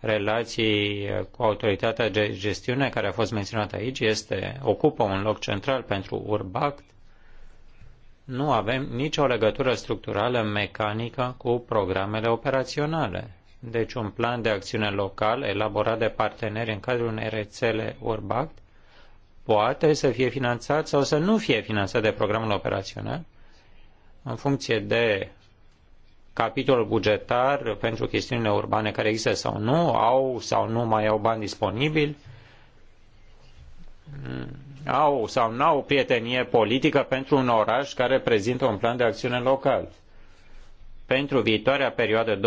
relației cu autoritatea de gestiune care a fost menționată aici, este, ocupă un loc central pentru URBACT nu avem nicio legătură structurală mecanică cu programele operaționale. Deci un plan de acțiune local elaborat de parteneri în cadrul unei rețele URBACT poate să fie finanțat sau să nu fie finanțat de programul operațional în funcție de capitolul bugetar pentru chestiunile urbane care există sau nu, au sau nu mai au bani disponibili, au sau nu au prietenie politică pentru un oraș care prezintă un plan de acțiune local. Pentru viitoarea perioadă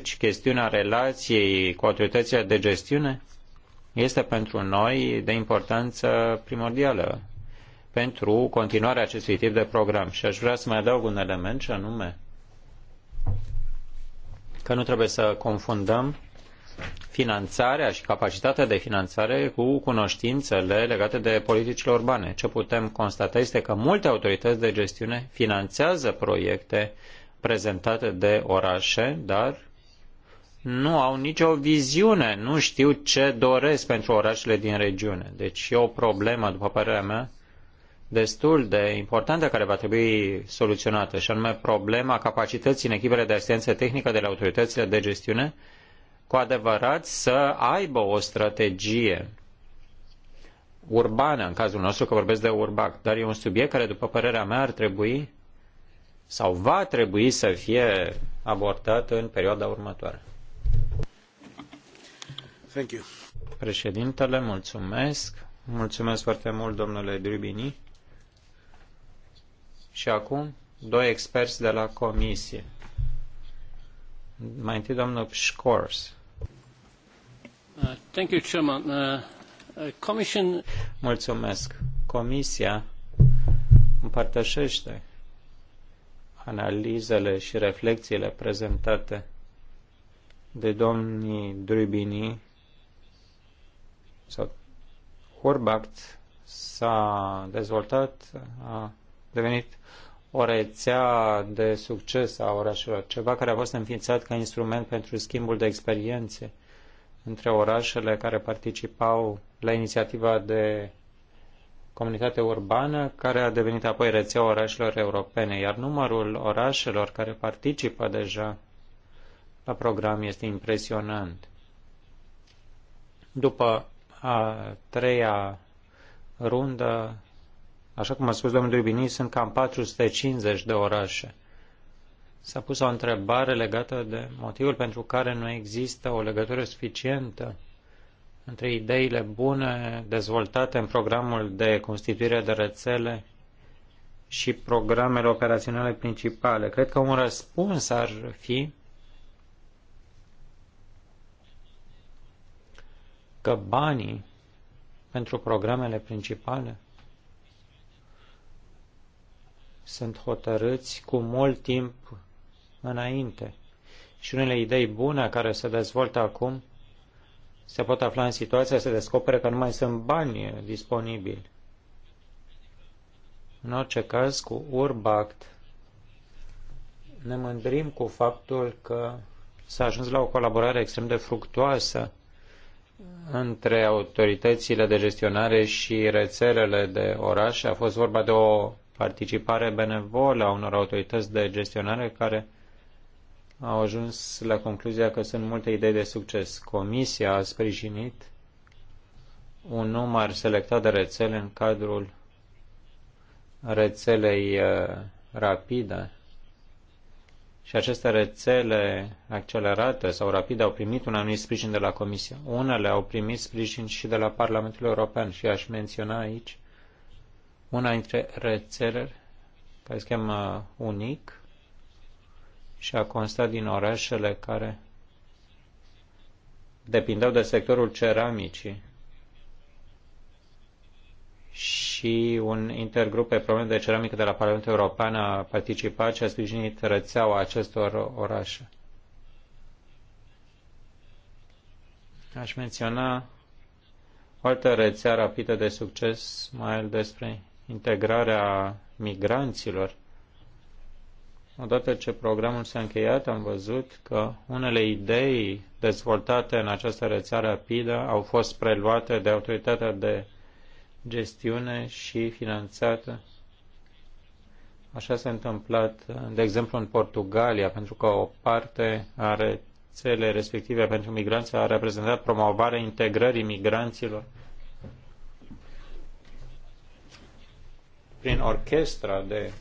2014-2020, chestiunea relației cu autoritățile de gestiune este pentru noi de importanță primordială pentru continuarea acestui tip de program. Și aș vrea să mai adaug un element și anume că nu trebuie să confundăm finanțarea și capacitatea de finanțare cu cunoștințele legate de politicile urbane. Ce putem constata este că multe autorități de gestiune finanțează proiecte prezentate de orașe, dar nu au nicio viziune, nu știu ce doresc pentru orașele din regiune. Deci e o problemă, după părerea mea, destul de importantă care va trebui soluționată, și anume problema capacității în echipele de asistență tehnică de la autoritățile de gestiune cu adevărat să aibă o strategie urbană, în cazul nostru că vorbesc de urbac, dar e un subiect care, după părerea mea, ar trebui sau va trebui să fie abordat în perioada următoare. Thank you. Președintele, mulțumesc. Mulțumesc foarte mult, domnule Drubini. Și acum, doi experți de la comisie. Mai întâi, domnul Pșcors. Uh, uh, Mulțumesc. Comisia împărtășește analizele și reflexiile prezentate de domnii Drubini sau Horbact s-a dezvoltat, a devenit o rețea de succes a orașelor, ceva care a fost înființat ca instrument pentru schimbul de experiențe între orașele care participau la inițiativa de comunitate urbană, care a devenit apoi rețea orașelor europene, iar numărul orașelor care participă deja la program este impresionant. După a treia rundă, așa cum a spus domnul Dubini, sunt cam 450 de orașe. S-a pus o întrebare legată de motivul pentru care nu există o legătură suficientă între ideile bune dezvoltate în programul de constituire de rețele și programele operaționale principale. Cred că un răspuns ar fi că banii pentru programele principale sunt hotărâți cu mult timp înainte. Și unele idei bune care se dezvoltă acum se pot afla în situația să descopere că nu mai sunt bani disponibili. În orice caz, cu Urbact ne mândrim cu faptul că s-a ajuns la o colaborare extrem de fructuoasă între autoritățile de gestionare și rețelele de oraș. A fost vorba de o participare benevolă a unor autorități de gestionare care au ajuns la concluzia că sunt multe idei de succes. Comisia a sprijinit un număr selectat de rețele în cadrul rețelei uh, rapide și aceste rețele accelerate sau rapide au primit un anumit sprijin de la Comisie. Unele au primit sprijin și de la Parlamentul European și aș menționa aici una dintre rețele care se cheamă uh, UNIC, și a constat din orașele care depindeau de sectorul ceramicii și un intergrup pe probleme de ceramică de la Parlamentul European a participat și a sprijinit rețeaua acestor orașe. Aș menționa o altă rețea rapidă de succes, mai ales despre integrarea migranților Odată ce programul s-a încheiat, am văzut că unele idei dezvoltate în această rețea rapidă au fost preluate de autoritatea de gestiune și finanțată. Așa s-a întâmplat, de exemplu, în Portugalia, pentru că o parte a rețelei respective pentru migranți a reprezentat promovarea integrării migranților prin orchestra de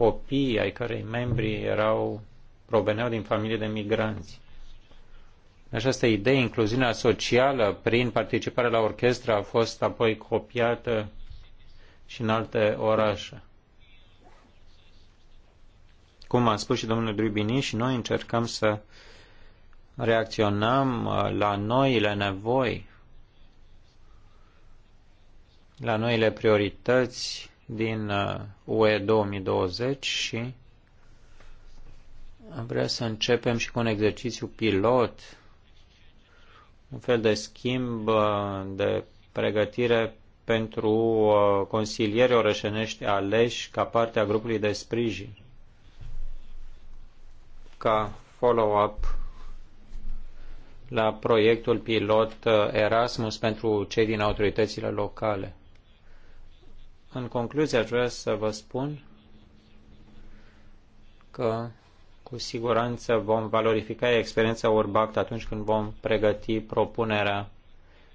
copii ai cărei membri erau proveneau din familii de migranți. Această idee, incluziunea socială prin participarea la orchestră, a fost apoi copiată și în alte orașe. Cum a spus și domnul Drubini, și noi încercăm să reacționăm uh, la noile nevoi, la noile priorități din uh, UE 2020 și am vrea să începem și cu un exercițiu pilot, un fel de schimb uh, de pregătire pentru uh, consilieri orășenești aleși ca parte a grupului de sprijin. Ca follow-up la proiectul pilot Erasmus pentru cei din autoritățile locale. În concluzie, aș vrea să vă spun că cu siguranță vom valorifica experiența Urbact atunci când vom pregăti propunerea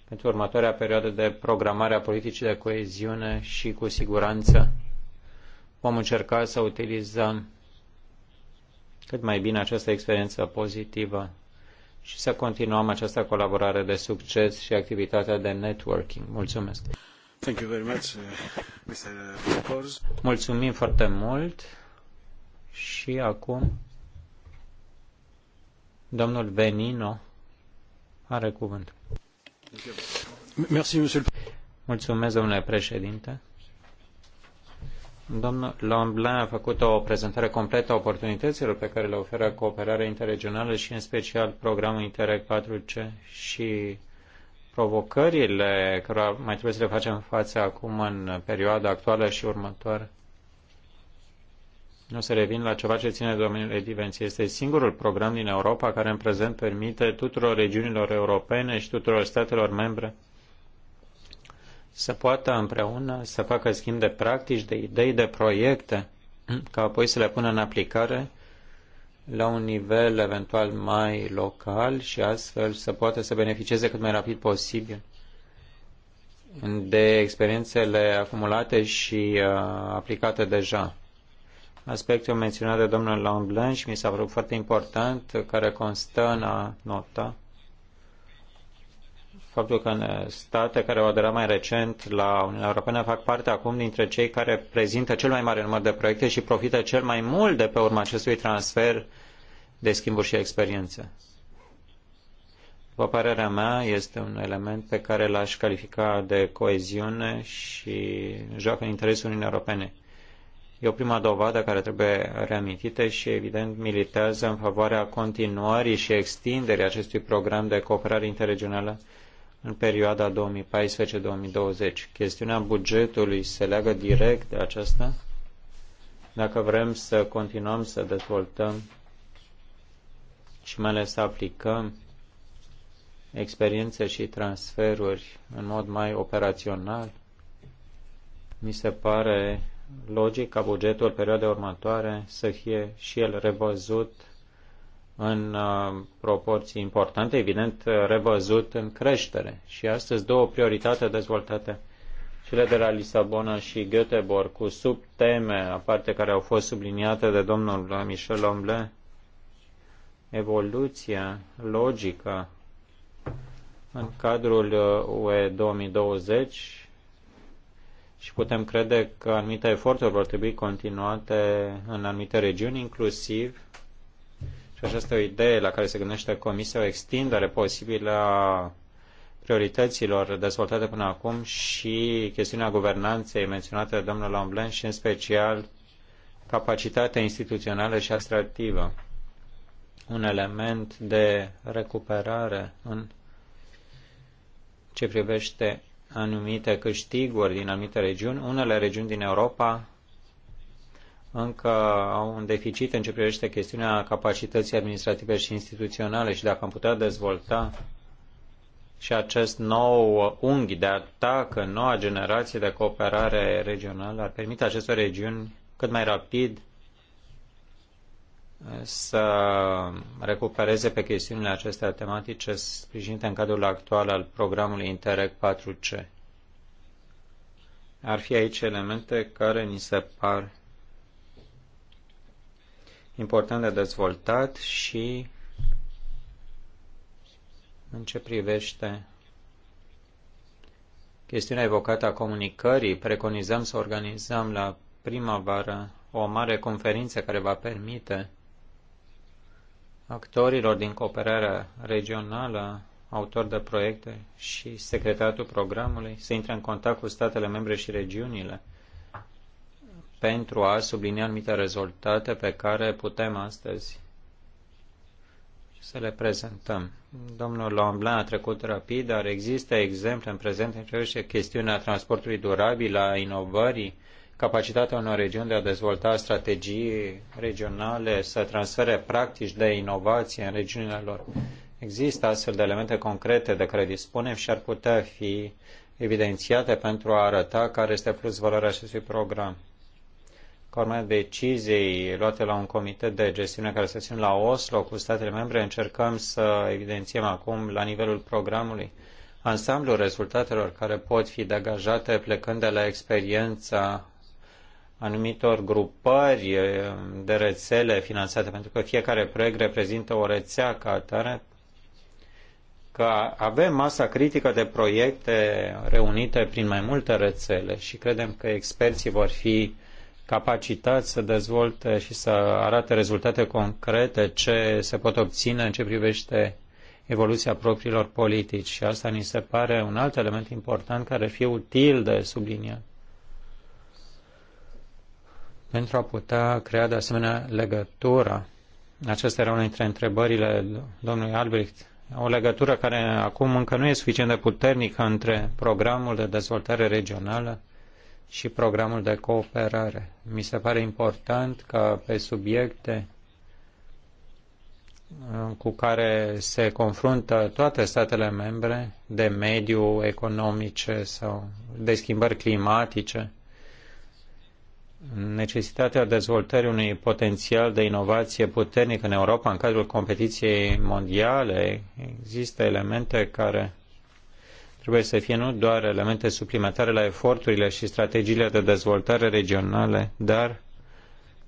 pentru următoarea perioadă de programare a politicii de coeziune și cu siguranță vom încerca să utilizăm cât mai bine această experiență pozitivă și să continuăm această colaborare de succes și activitatea de networking. Mulțumesc! Thank you very much, uh, Mr. Mulțumim foarte mult și acum domnul Benino are cuvânt. Mulțumesc, domnule președinte. Domnul Lamblin a făcut o prezentare completă a oportunităților pe care le oferă cooperarea interregională și în special programul Interreg 4C și provocările care mai trebuie să le facem față acum în perioada actuală și următoare. Nu se revin la ceva ce ține de domeniul edivenției. Este singurul program din Europa care în prezent permite tuturor regiunilor europene și tuturor statelor membre să poată împreună să facă schimb de practici, de idei, de proiecte, ca apoi să le pună în aplicare la un nivel eventual mai local și astfel să poată să beneficieze cât mai rapid posibil de experiențele acumulate și uh, aplicate deja. Aspectul menționat de domnul Lamblin și mi s-a părut foarte important, care constă în a nota faptul că state care au aderat mai recent la Uniunea Europeană fac parte acum dintre cei care prezintă cel mai mare număr de proiecte și profită cel mai mult de pe urma acestui transfer de schimburi și experiențe. După părerea mea, este un element pe care l-aș califica de coeziune și joacă în interesul Uniunii Europene. E o prima dovadă care trebuie reamintită și, evident, militează în favoarea continuării și extinderii acestui program de cooperare interregională în perioada 2014-2020. Chestiunea bugetului se leagă direct de aceasta dacă vrem să continuăm să dezvoltăm și mai ales să aplicăm experiențe și transferuri în mod mai operațional, mi se pare logic ca bugetul perioadei următoare să fie și el revăzut în uh, proporții importante, evident revăzut în creștere. Și astăzi două prioritate dezvoltate, cele de la Lisabona și Göteborg, cu subteme aparte care au fost subliniate de domnul Michel Omble, evoluția logică în cadrul uh, UE 2020 și putem crede că anumite eforturi vor trebui continuate în anumite regiuni, inclusiv că această idee la care se gândește Comisia, o extindere posibilă a priorităților dezvoltate până acum și chestiunea guvernanței menționată de domnul Lamblen și în special capacitatea instituțională și administrativă. Un element de recuperare în ce privește anumite câștiguri din anumite regiuni. Unele regiuni din Europa încă au un deficit în ce privește chestiunea capacității administrative și instituționale și dacă am putea dezvolta și acest nou unghi de atac în noua generație de cooperare regională ar permite acestor regiuni cât mai rapid eh, să recupereze pe chestiunile acestea tematice sprijinite în cadrul actual al programului Interreg 4C. Ar fi aici elemente care ni se par important de dezvoltat și în ce privește chestiunea evocată a comunicării, preconizăm să organizăm la primăvară o mare conferință care va permite actorilor din cooperarea regională, autori de proiecte și secretatul programului să intre în contact cu statele membre și regiunile pentru a sublinia anumite rezultate pe care putem astăzi să le prezentăm. Domnul Lamblin a trecut rapid, dar există exemple în prezent în ceea ce chestiunea transportului durabil, a inovării, capacitatea unor regiuni de a dezvolta strategii regionale, să transfere practici de inovație în regiunile lor. Există astfel de elemente concrete de care dispunem și ar putea fi evidențiate pentru a arăta care este plus valoarea acestui program ca urmare deciziei luate la un comitet de gestiune care se ține la Oslo cu statele membre, încercăm să evidențiem acum la nivelul programului ansamblul rezultatelor care pot fi degajate plecând de la experiența anumitor grupări de rețele finanțate, pentru că fiecare proiect reprezintă o rețea ca atare, că avem masa critică de proiecte reunite prin mai multe rețele și credem că experții vor fi capacități să dezvolte și să arate rezultate concrete ce se pot obține în ce privește evoluția propriilor politici. Și asta ni se pare un alt element important care ar fi util de subliniat pentru a putea crea de asemenea legătura. Aceasta era una dintre întrebările domnului Albrecht. O legătură care acum încă nu e suficient de puternică între programul de dezvoltare regională și programul de cooperare. Mi se pare important ca pe subiecte uh, cu care se confruntă toate statele membre de mediu economice sau de schimbări climatice, necesitatea dezvoltării unui potențial de inovație puternic în Europa în cadrul competiției mondiale, există elemente care trebuie să fie nu doar elemente suplimentare la eforturile și strategiile de dezvoltare regionale, dar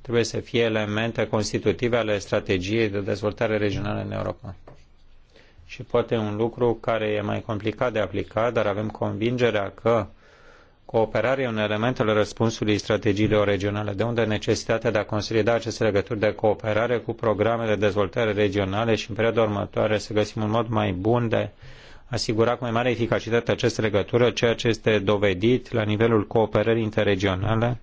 trebuie să fie elemente constitutive ale strategiei de dezvoltare regională în Europa. Și poate un lucru care e mai complicat de aplicat, dar avem convingerea că cooperarea e un element al răspunsului strategiilor regionale, de unde necesitatea de a consolida aceste legături de cooperare cu programele de dezvoltare regionale și în perioada următoare să găsim un mod mai bun de asigura cu mai mare eficacitate această legătură, ceea ce este dovedit la nivelul cooperării interregionale,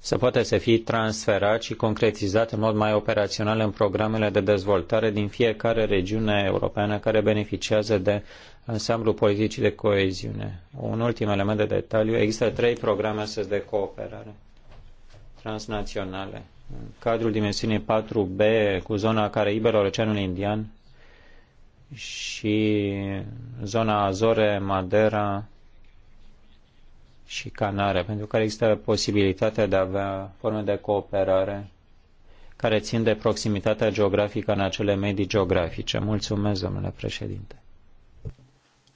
să poată să fie transferat și concretizat în mod mai operațional în programele de dezvoltare din fiecare regiune europeană care beneficiază de ansamblul politicii de coeziune. Un ultim element de detaliu, există trei programe astăzi de cooperare transnaționale. În cadrul dimensiunii 4B cu zona Caraibelor, Oceanul Indian, și zona Azore, Madeira și Canare, pentru care există posibilitatea de a avea forme de cooperare care țin de proximitatea geografică în acele medii geografice. Mulțumesc, domnule președinte.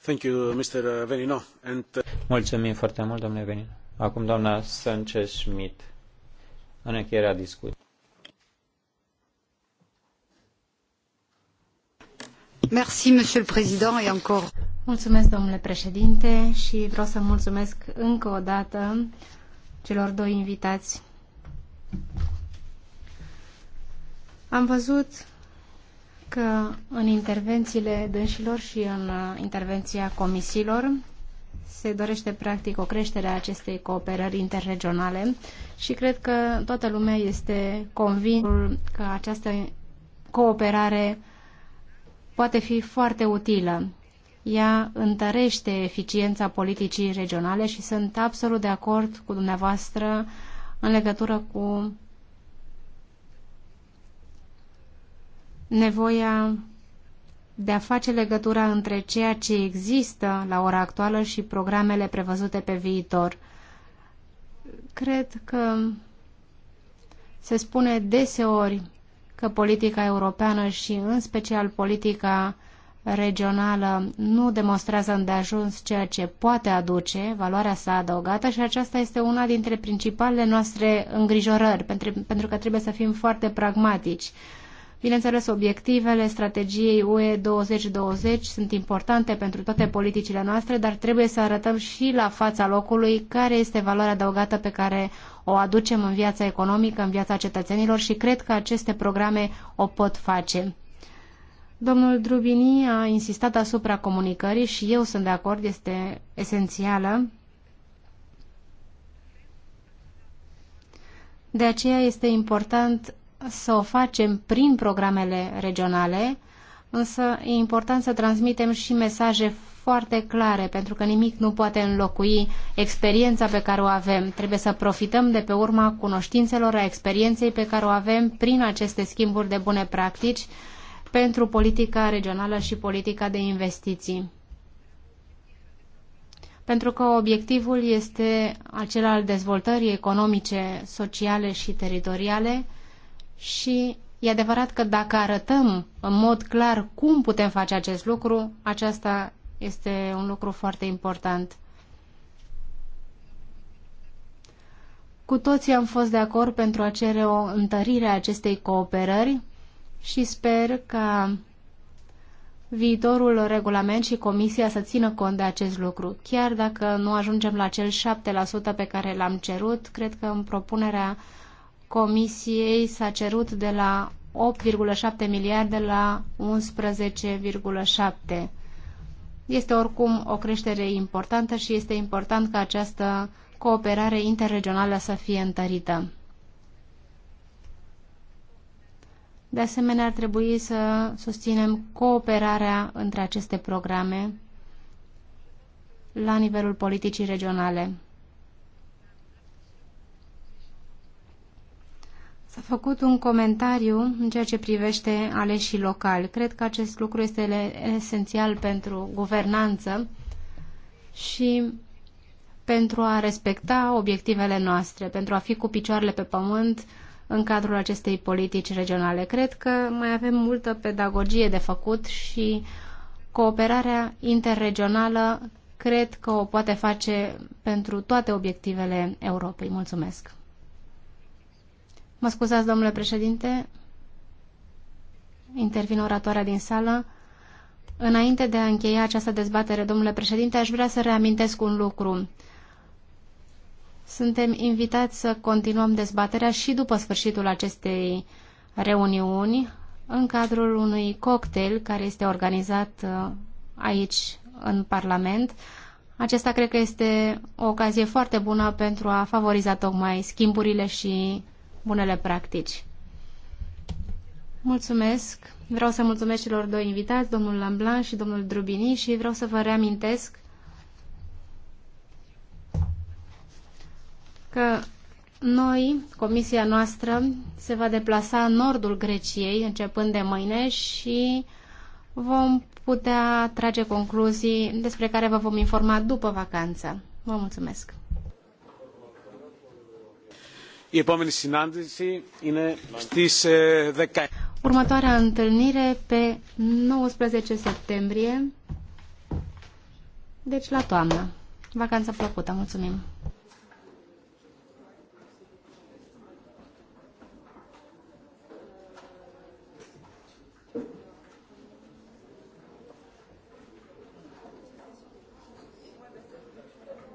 Thank you, Mr. Venino. And... Uh, Mulțumim foarte mult, domnule Venino. Acum, doamna Sanchez-Schmidt, în încheierea discuției. Monsieur le Président, et encore. Mulțumesc, domnule președinte, și vreau să mulțumesc încă o dată celor doi invitați. Am văzut că în intervențiile dânșilor și în uh, intervenția comisiilor se dorește practic o creștere a acestei cooperări interregionale și cred că toată lumea este convinsă că această cooperare poate fi foarte utilă. Ea întărește eficiența politicii regionale și sunt absolut de acord cu dumneavoastră în legătură cu nevoia de a face legătura între ceea ce există la ora actuală și programele prevăzute pe viitor. Cred că se spune deseori că politica europeană și în special politica regională nu demonstrează îndeajuns ceea ce poate aduce, valoarea sa adăugată și aceasta este una dintre principalele noastre îngrijorări, pentru, pentru că trebuie să fim foarte pragmatici Bineînțeles, obiectivele strategiei UE 2020 sunt importante pentru toate politicile noastre, dar trebuie să arătăm și la fața locului care este valoarea adăugată pe care o aducem în viața economică, în viața cetățenilor și cred că aceste programe o pot face. Domnul Drubini a insistat asupra comunicării și eu sunt de acord, este esențială. De aceea este important să o facem prin programele regionale, însă e important să transmitem și mesaje foarte clare, pentru că nimic nu poate înlocui experiența pe care o avem. Trebuie să profităm de pe urma cunoștințelor, a experienței pe care o avem prin aceste schimburi de bune practici pentru politica regională și politica de investiții. Pentru că obiectivul este acela al dezvoltării economice, sociale și teritoriale, și e adevărat că dacă arătăm în mod clar cum putem face acest lucru, aceasta este un lucru foarte important. Cu toții am fost de acord pentru a cere o întărire a acestei cooperări și sper că viitorul regulament și comisia să țină cont de acest lucru. Chiar dacă nu ajungem la cel 7% pe care l-am cerut, cred că în propunerea uh, Comisiei s-a cerut de la 8,7 miliarde la 11,7. Este oricum o creștere importantă și este important ca această cooperare interregională să fie întărită. De asemenea, ar trebui să susținem cooperarea între aceste programe la nivelul politicii regionale. S-a făcut un comentariu în ceea ce privește aleșii locali. Cred că acest lucru este esențial pentru guvernanță și pentru a respecta obiectivele noastre, pentru a fi cu picioarele pe pământ în cadrul acestei politici regionale. Cred că mai avem multă pedagogie de făcut și cooperarea interregională cred că o poate face pentru toate obiectivele Europei. Mulțumesc! Mă scuzați, domnule președinte, Intervin oratoarea din sală. Înainte de a încheia această dezbatere, domnule președinte, aș vrea să reamintesc un lucru. Suntem invitați să continuăm dezbaterea și după sfârșitul acestei reuniuni, în cadrul unui cocktail care este organizat uh, aici, în Parlament. Acesta cred că este o ocazie foarte bună pentru a favoriza tocmai schimburile și bunele practici. Mulțumesc! Vreau să mulțumesc celor doi invitați, domnul Lamblan și domnul Drubini, și vreau să vă reamintesc că noi, comisia noastră, se va deplasa în nordul Greciei începând de mâine și vom putea trage concluzii despre care vă vom informa după vacanță. Vă mulțumesc! Η επόμενη συνάντηση είναι στις Următoarea întâlnire pe 19 septembrie, deci la toamnă. Vacanță plăcută, mulțumim!